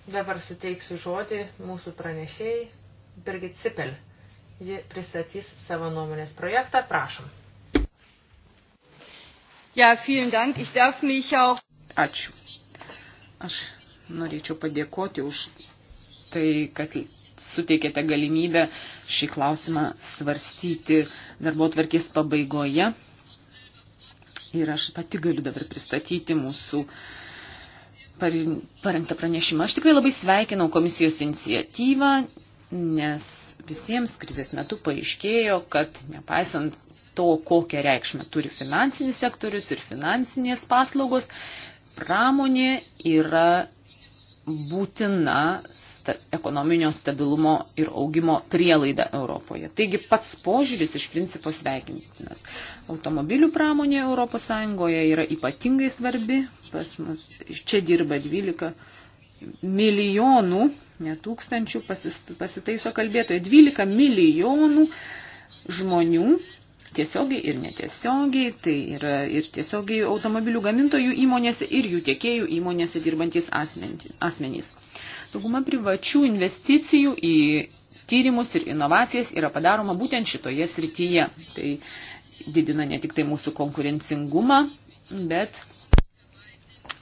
Dabar suteiksiu žodį mūsų pranešėjai Birgit Cipel. Ji pristatys savo nuomonės projektą. Prašom. Ja, vielen Dank. Ich darf mich auch. Ačiū. Aš norėčiau padėkoti už tai, kad suteikėte galimybę šį klausimą svarstyti darbo tvarkės pabaigoje. Ir aš pati galiu dabar pristatyti mūsų uh, parengtą pranešimą. Aš tikrai labai sveikinau komisijos iniciatyvą, nes visiems krizės metu paaiškėjo, kad nepaisant to, kokią reikšmę turi finansinis sektorius ir finansinės paslaugos, pramonė yra būtina sta ekonominio stabilumo ir augimo prielaida Europoje. Taigi pats požiūris iš principo sveikintinas. Automobilių pramonė ES yra ypatingai svarbi. Pas mus čia dirba 12 milijonų, ne tūkstančių, pasitaiso kalbėtoje, 12 milijonų žmonių tiesiogiai ir netiesiogiai, tai yra ir tiesiogiai automobilių gamintojų įmonėse ir jų tiekėjų įmonėse dirbantis asmenys. Dauguma privačių investicijų į tyrimus ir inovacijas yra padaroma būtent šitoje srityje. Tai didina ne tik tai mūsų konkurencingumą, bet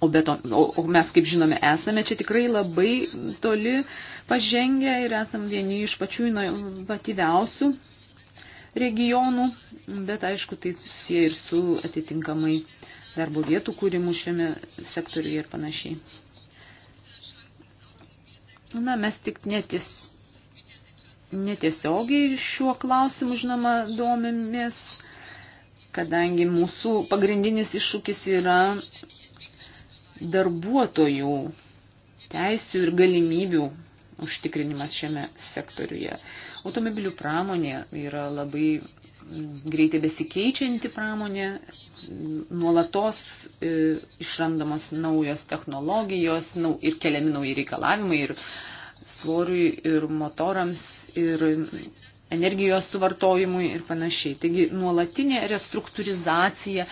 O, to, o, o mes, kaip žinome, esame čia tikrai labai toli pažengę ir esame vieni iš pačių inovatyviausių regionų, bet aišku, tai susiję ir su atitinkamai darbo vietų kūrimu šiame sektoriuje ir panašiai. Na, mes tik neties, netiesiogiai šiuo klausimu, žinoma, domimės, kadangi mūsų pagrindinis iššūkis yra darbuotojų teisių ir galimybių užtikrinimas šiame sektoriuje. Automobilių pramonė yra labai greitai besikeičianti pramonė, nuolatos e, išrandamos naujos technologijos nau, ir keliami nauji reikalavimai ir svoriui, ir motorams, ir energijos suvartojimui ir panašiai. Taigi nuolatinė restruktūrizacija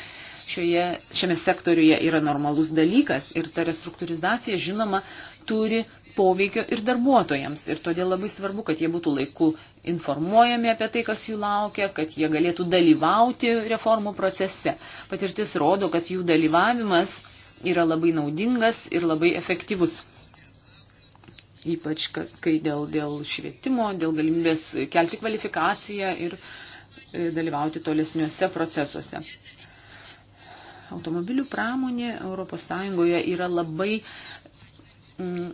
šioje, šiame sektoriuje yra normalus dalykas ir ta restruktūrizacija, žinoma, turi poveikio ir darbuotojams. Ir todėl labai svarbu, kad jie būtų laiku informuojami apie tai, kas jų laukia, kad jie galėtų dalyvauti reformų procese. Patirtis rodo, kad jų dalyvavimas yra labai naudingas ir labai efektyvus. Ypač, kad, kai dėl, dėl švietimo, dėl galimybės kelti kvalifikaciją ir e, dalyvauti tolesniuose procesuose automobilių pramonė ES yra labai mm,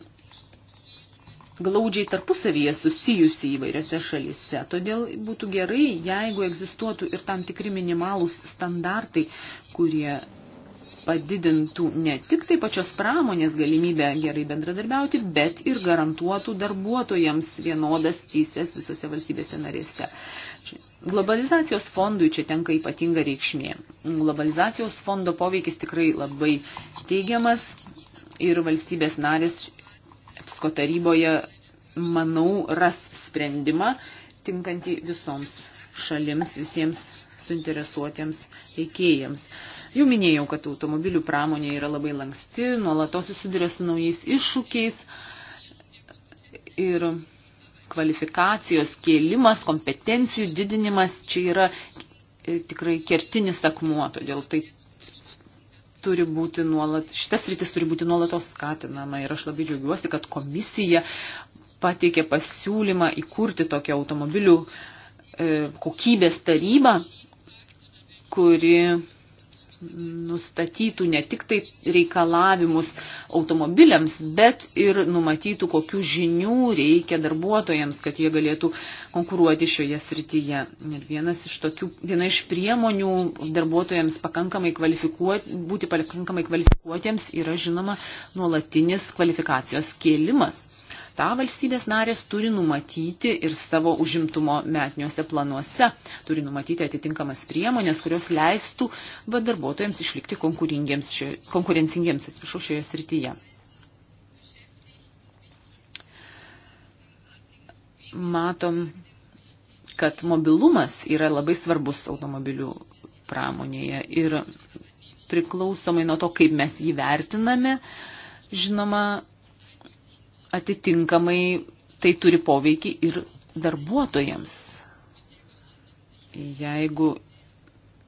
glaudžiai tarpusavyje susijusi įvairiose šalyse. Todėl būtų gerai, jeigu egzistuotų ir tam tikri minimalūs standartai, kurie padidintų ne tik tai pačios pramonės galimybę gerai bendradarbiauti, bet ir garantuotų darbuotojams vienodas teisės visose valstybėse narėse. Globalizacijos fondui čia tenka ypatinga reikšmė. Globalizacijos fondo poveikis tikrai labai teigiamas ir valstybės narės EPSCO taryboje, manau, ras sprendimą tinkantį visoms šalims, visiems suinteresuotiems veikėjams. Jau minėjau, kad automobilių pramonė yra labai lanksti, nuolatos susiduria su naujais iššūkiais ir kvalifikacijos kėlimas, kompetencijų didinimas čia yra e, tikrai kertinis akmuo, todėl tai turi būti nuolat, šitas rytis turi būti nuolatos skatinama ir aš labai džiaugiuosi, kad komisija pateikė pasiūlymą įkurti tokią automobilių e, kokybės tarybą, kuri nustatytų ne tik tai reikalavimus automobiliams, bet ir numatytų, kokių žinių reikia darbuotojams, kad jie galėtų konkuruoti šioje srityje. Ir vienas iš tokių, viena iš priemonių darbuotojams pakankamai būti pakankamai kvalifikuotiems yra žinoma nuolatinis kvalifikacijos kėlimas tą valstybės narės turi numatyti ir savo užimtumo metiniuose planuose, turi numatyti atitinkamas priemonės, kurios leistų darbuotojams išlikti konkurencingiems atsiprašau, šioje srityje. Matom, kad mobilumas yra labai svarbus automobilių pramonėje ir priklausomai nuo to, kaip mes jį vertiname, žinoma, atitinkamai tai turi poveikį ir darbuotojams. Jeigu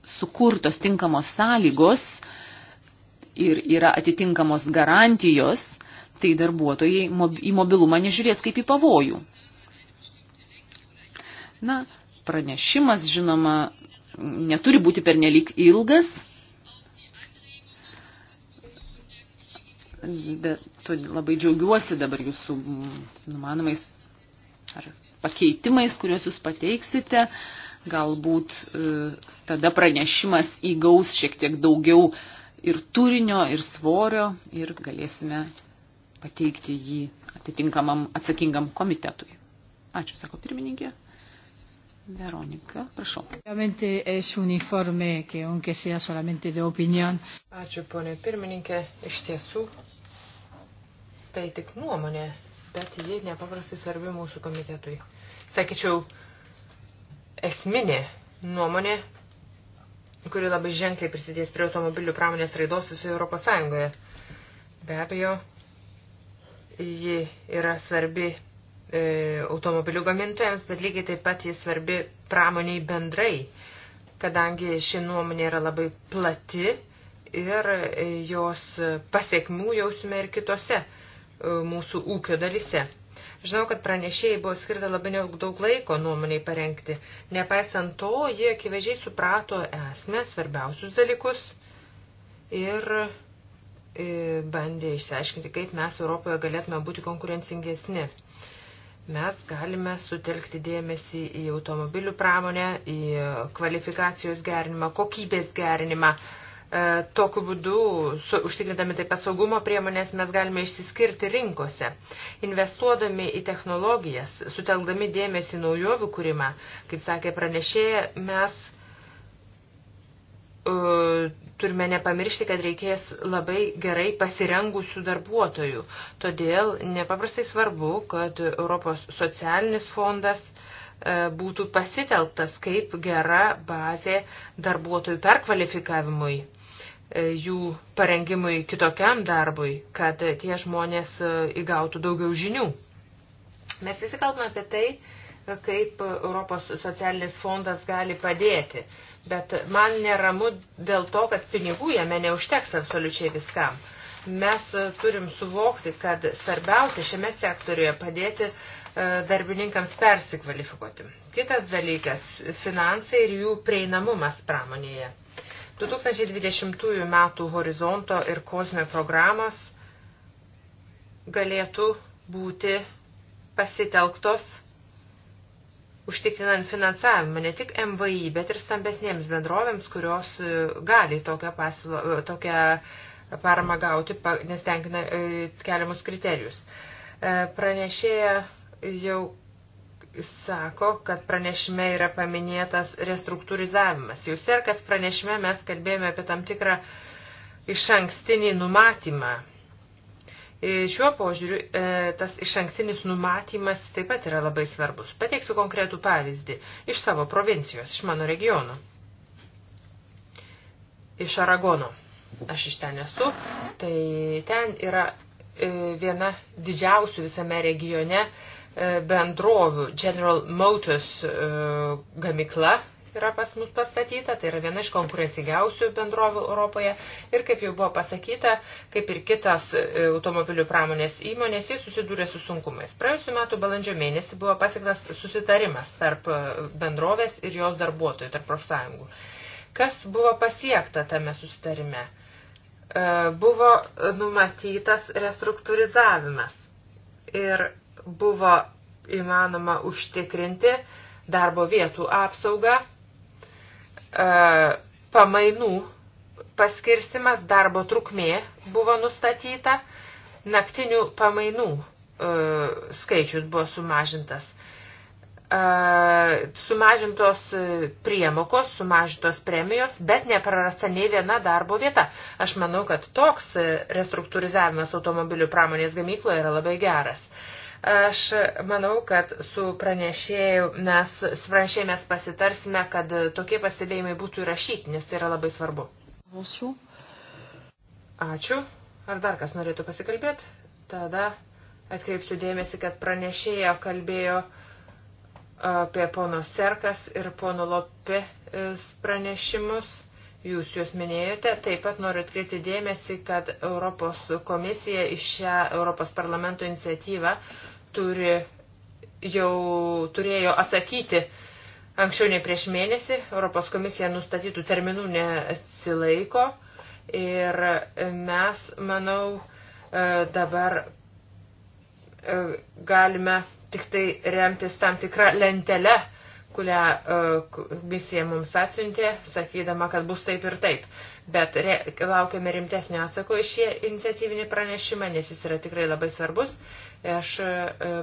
sukurtos tinkamos sąlygos ir yra atitinkamos garantijos, tai darbuotojai į mobilumą nežiūrės kaip į pavojų. Na, pranešimas, žinoma, neturi būti pernelyg ilgas, Bet labai džiaugiuosi dabar jūsų mm, numanomais ar pakeitimais, kuriuos jūs pateiksite. Galbūt e, tada pranešimas įgaus šiek tiek daugiau ir turinio, ir svorio ir galėsime pateikti jį atitinkamam atsakingam komitetui. Ačiū, sako pirmininkė. Veronika, prašau. Ačiū, ponė pirmininkė. Iš tiesų, tai tik nuomonė, bet ji nepaprastai svarbi mūsų komitetui. Sakyčiau, esminė nuomonė, kuri labai ženkliai prisidės prie automobilių pramonės raidos visoje Europos Sąjungoje. Be abejo, ji yra svarbi e, automobilių gamintojams, bet lygiai taip pat ji svarbi pramoniai bendrai, kadangi ši nuomonė yra labai plati ir jos pasiekmių jausime ir kitose E, mūsų ūkio dalise. Žinau, kad pranešėjai buvo skirta labai daug laiko nuomoniai parengti. Nepaisant to, jie akivaizdžiai suprato esmę, svarbiausius dalykus ir e, bandė išsiaiškinti, kaip mes Europoje galėtume būti konkurencingesni. Mes galime sutelkti dėmesį į automobilių pramonę, į kvalifikacijos gerinimą, kokybės gerinimą, uh, E, tokiu būdu, su, užtikrindami taip pat saugumo priemonės, mes galime išsiskirti rinkose. Investuodami į technologijas, sutelkdami dėmesį naujovių kūrimą, kaip sakė pranešėja, mes uh, turime nepamiršti, kad reikės labai gerai pasirengusių darbuotojų. Todėl nepaprastai svarbu, kad Europos socialinis fondas uh, būtų pasitelktas kaip gera bazė darbuotojų perkvalifikavimui E, jų parengimui kitokiam darbui, kad tie žmonės e, įgautų daugiau žinių. Mes visi kalbame apie tai, kaip Europos socialinis fondas gali padėti, bet man neramu dėl to, kad pinigų jame neužteks absoliučiai viskam. Mes e, turim suvokti, kad svarbiausia šiame sektoriuje padėti darbininkams persikvalifikuoti. Kitas dalykas - finansai ir jų prieinamumas pramonėje. 2020 m. horizonto ir kozme programos galėtų būti pasitelktos užtikrinant finansavimą ne tik MVI, bet ir stambesnėms bendrovėms, kurios e, gali tokią, pasilą, e, tokią paramą gauti, nes tenkina e, keliamus kriterijus. Pranešėja jau sako, kad pranešime yra paminėtas restruktūrizavimas. Jūs ir kas pranešime mes kalbėjome apie tam tikrą iš ankstinį numatymą. Ir e, šiuo požiūriu e, tas iš ankstinis numatymas taip pat yra labai svarbus. Pateiksiu konkretų pavyzdį iš savo provincijos, iš mano regiono, iš Aragono. Aš iš ten esu, tai ten yra e, viena didžiausių visame regione uh, E, bendrovių General Motors e, gamikla yra pas mus pastatyta, tai yra viena iš konkurencingiausių bendrovių Europoje ir kaip jau buvo pasakyta, kaip ir kitas e, automobilių pramonės įmonės, jis susidūrė su sunkumais. Praėjusiu metu balandžio mėnesį buvo pasiektas susitarimas tarp bendrovės ir jos darbuotojų, tarp profsąjungų. Kas buvo pasiekta tame susitarime? Buvo numatytas restruktūrizavimas. Ir buvo įmanoma užtikrinti darbo vietų apsaugą, e, pamainų paskirstimas, darbo trukmė buvo nustatyta, naktinių pamainų e, skaičius buvo sumažintas. E, sumažintos priemokos, sumažintos premijos, bet neprarasta nei viena darbo vieta. Aš manau, kad toks restruktūrizavimas automobilių pramonės gamykloje yra labai geras. Uh, Aš manau, kad su pranešėjų mes, pranešėjai mes pasitarsime, kad tokie pastebėjimai būtų įrašyti, nes tai yra labai svarbu. Ačiū. Ar dar kas norėtų pasikalbėti? Tada atkreipsiu dėmesį, kad pranešėjo kalbėjo apie pono Serkas ir pono Lopė pranešimus Jūs juos minėjote, taip pat noriu atkreipti dėmesį, kad Europos komisija iš šią Europos parlamento iniciatyvą turi, jau turėjo atsakyti anksčiau nei prieš mėnesį. Europos komisija nustatytų terminų nesilaiko ir mes, manau, e, dabar e, galime tik tai remtis tam tikrą lentelę kurią e, misija mums atsiuntė, sakydama, kad bus taip ir taip. Bet re, laukiame rimtesnio atsako iš šį iniciatyvinį pranešimą, nes jis yra tikrai labai svarbus. Aš e,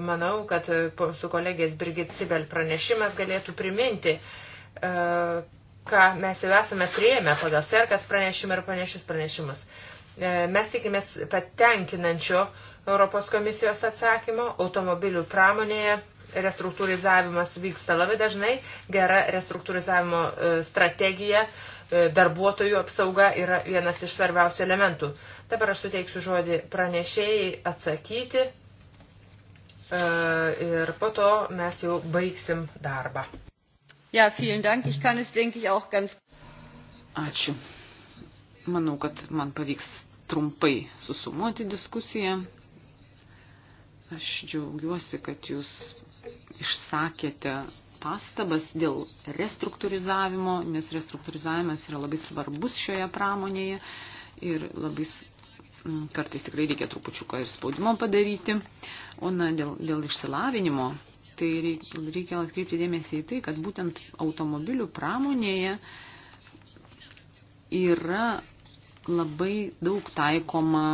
manau, kad e, su kolegės Brigit Sibel pranešimas galėtų priminti, ką mes jau esame prieėmę pagal serkas pranešimą ir panešius pranešimus mes tikimės patenkinančio Europos komisijos atsakymo automobilių pramonėje restruktūrizavimas vyksta. Labai dažnai gera restruktūrizavimo e, strategija, e, darbuotojų apsauga yra vienas iš svarbiausių elementų. Dabar aš suteiksiu žodį pranešėjai atsakyti e, ir po to mes jau baigsim darbą. Ja, vielen Dank. Ich kann es, denke ich, auch ganz. Ačiū. Manau, kad man pavyks trumpai susumuoti diskusiją. Aš džiaugiuosi, kad jūs išsakėte pastabas dėl restruktūrizavimo, nes restruktūrizavimas yra labai svarbus šioje pramonėje ir labai kartais tikrai reikia trupučiuką ir spaudimo padaryti. O na, dėl, dėl išsilavinimo, tai reikia atkreipti dėmesį į tai, kad būtent automobilių pramonėje yra labai daug taikoma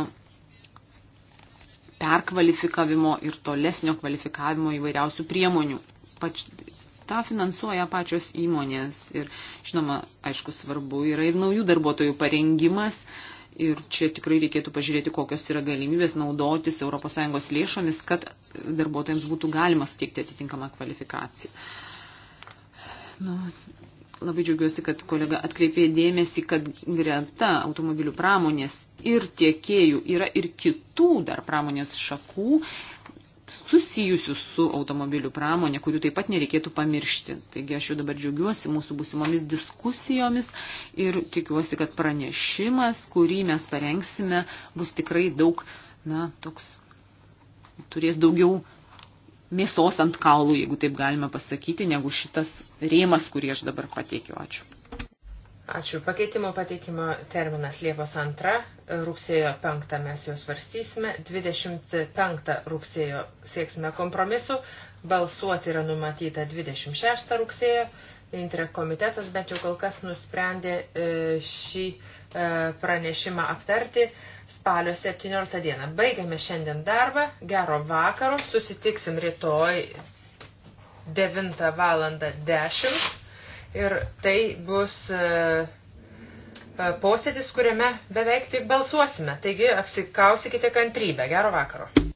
perkvalifikavimo ir tolesnio kvalifikavimo įvairiausių priemonių. Pač, tą finansuoja pačios įmonės ir, žinoma, aišku, svarbu yra ir naujų darbuotojų parengimas. Ir čia tikrai reikėtų pažiūrėti, kokios yra galimybės naudotis ES lėšomis, kad darbuotojams būtų galima suteikti atitinkamą kvalifikaciją. Nu, Labai džiaugiuosi, kad kolega atkreipė dėmesį, kad greta automobilių pramonės ir tiekėjų yra ir kitų dar pramonės šakų susijusių su automobilių pramonė, kurių taip pat nereikėtų pamiršti. Taigi aš jau dabar džiaugiuosi mūsų būsimomis diskusijomis ir tikiuosi, kad pranešimas, kurį mes parengsime, bus tikrai daug, na, toks, turės daugiau mėsos ant kaulų, jeigu taip galima pasakyti, negu šitas rėmas, kurį aš dabar pateikiu. Ačiū. Ačiū. Pakeitimo pateikimo terminas Liepos 2, rugsėjo 5 mes jau svarstysime, 25 rugsėjo sieksime kompromisu, balsuoti yra numatyta 26 rugsėjo, Intre komitetas bent jau kol kas nusprendė e, šį E, pranešimą aptarti spalio 17 dieną. Baigiame šiandien darbą. Gero vakaro. Susitiksim rytoj 9 val. 10. Ir tai bus e, e, posėdis, kuriame beveik tik balsuosime. Taigi apsikausikite kantrybę. Gero vakaro.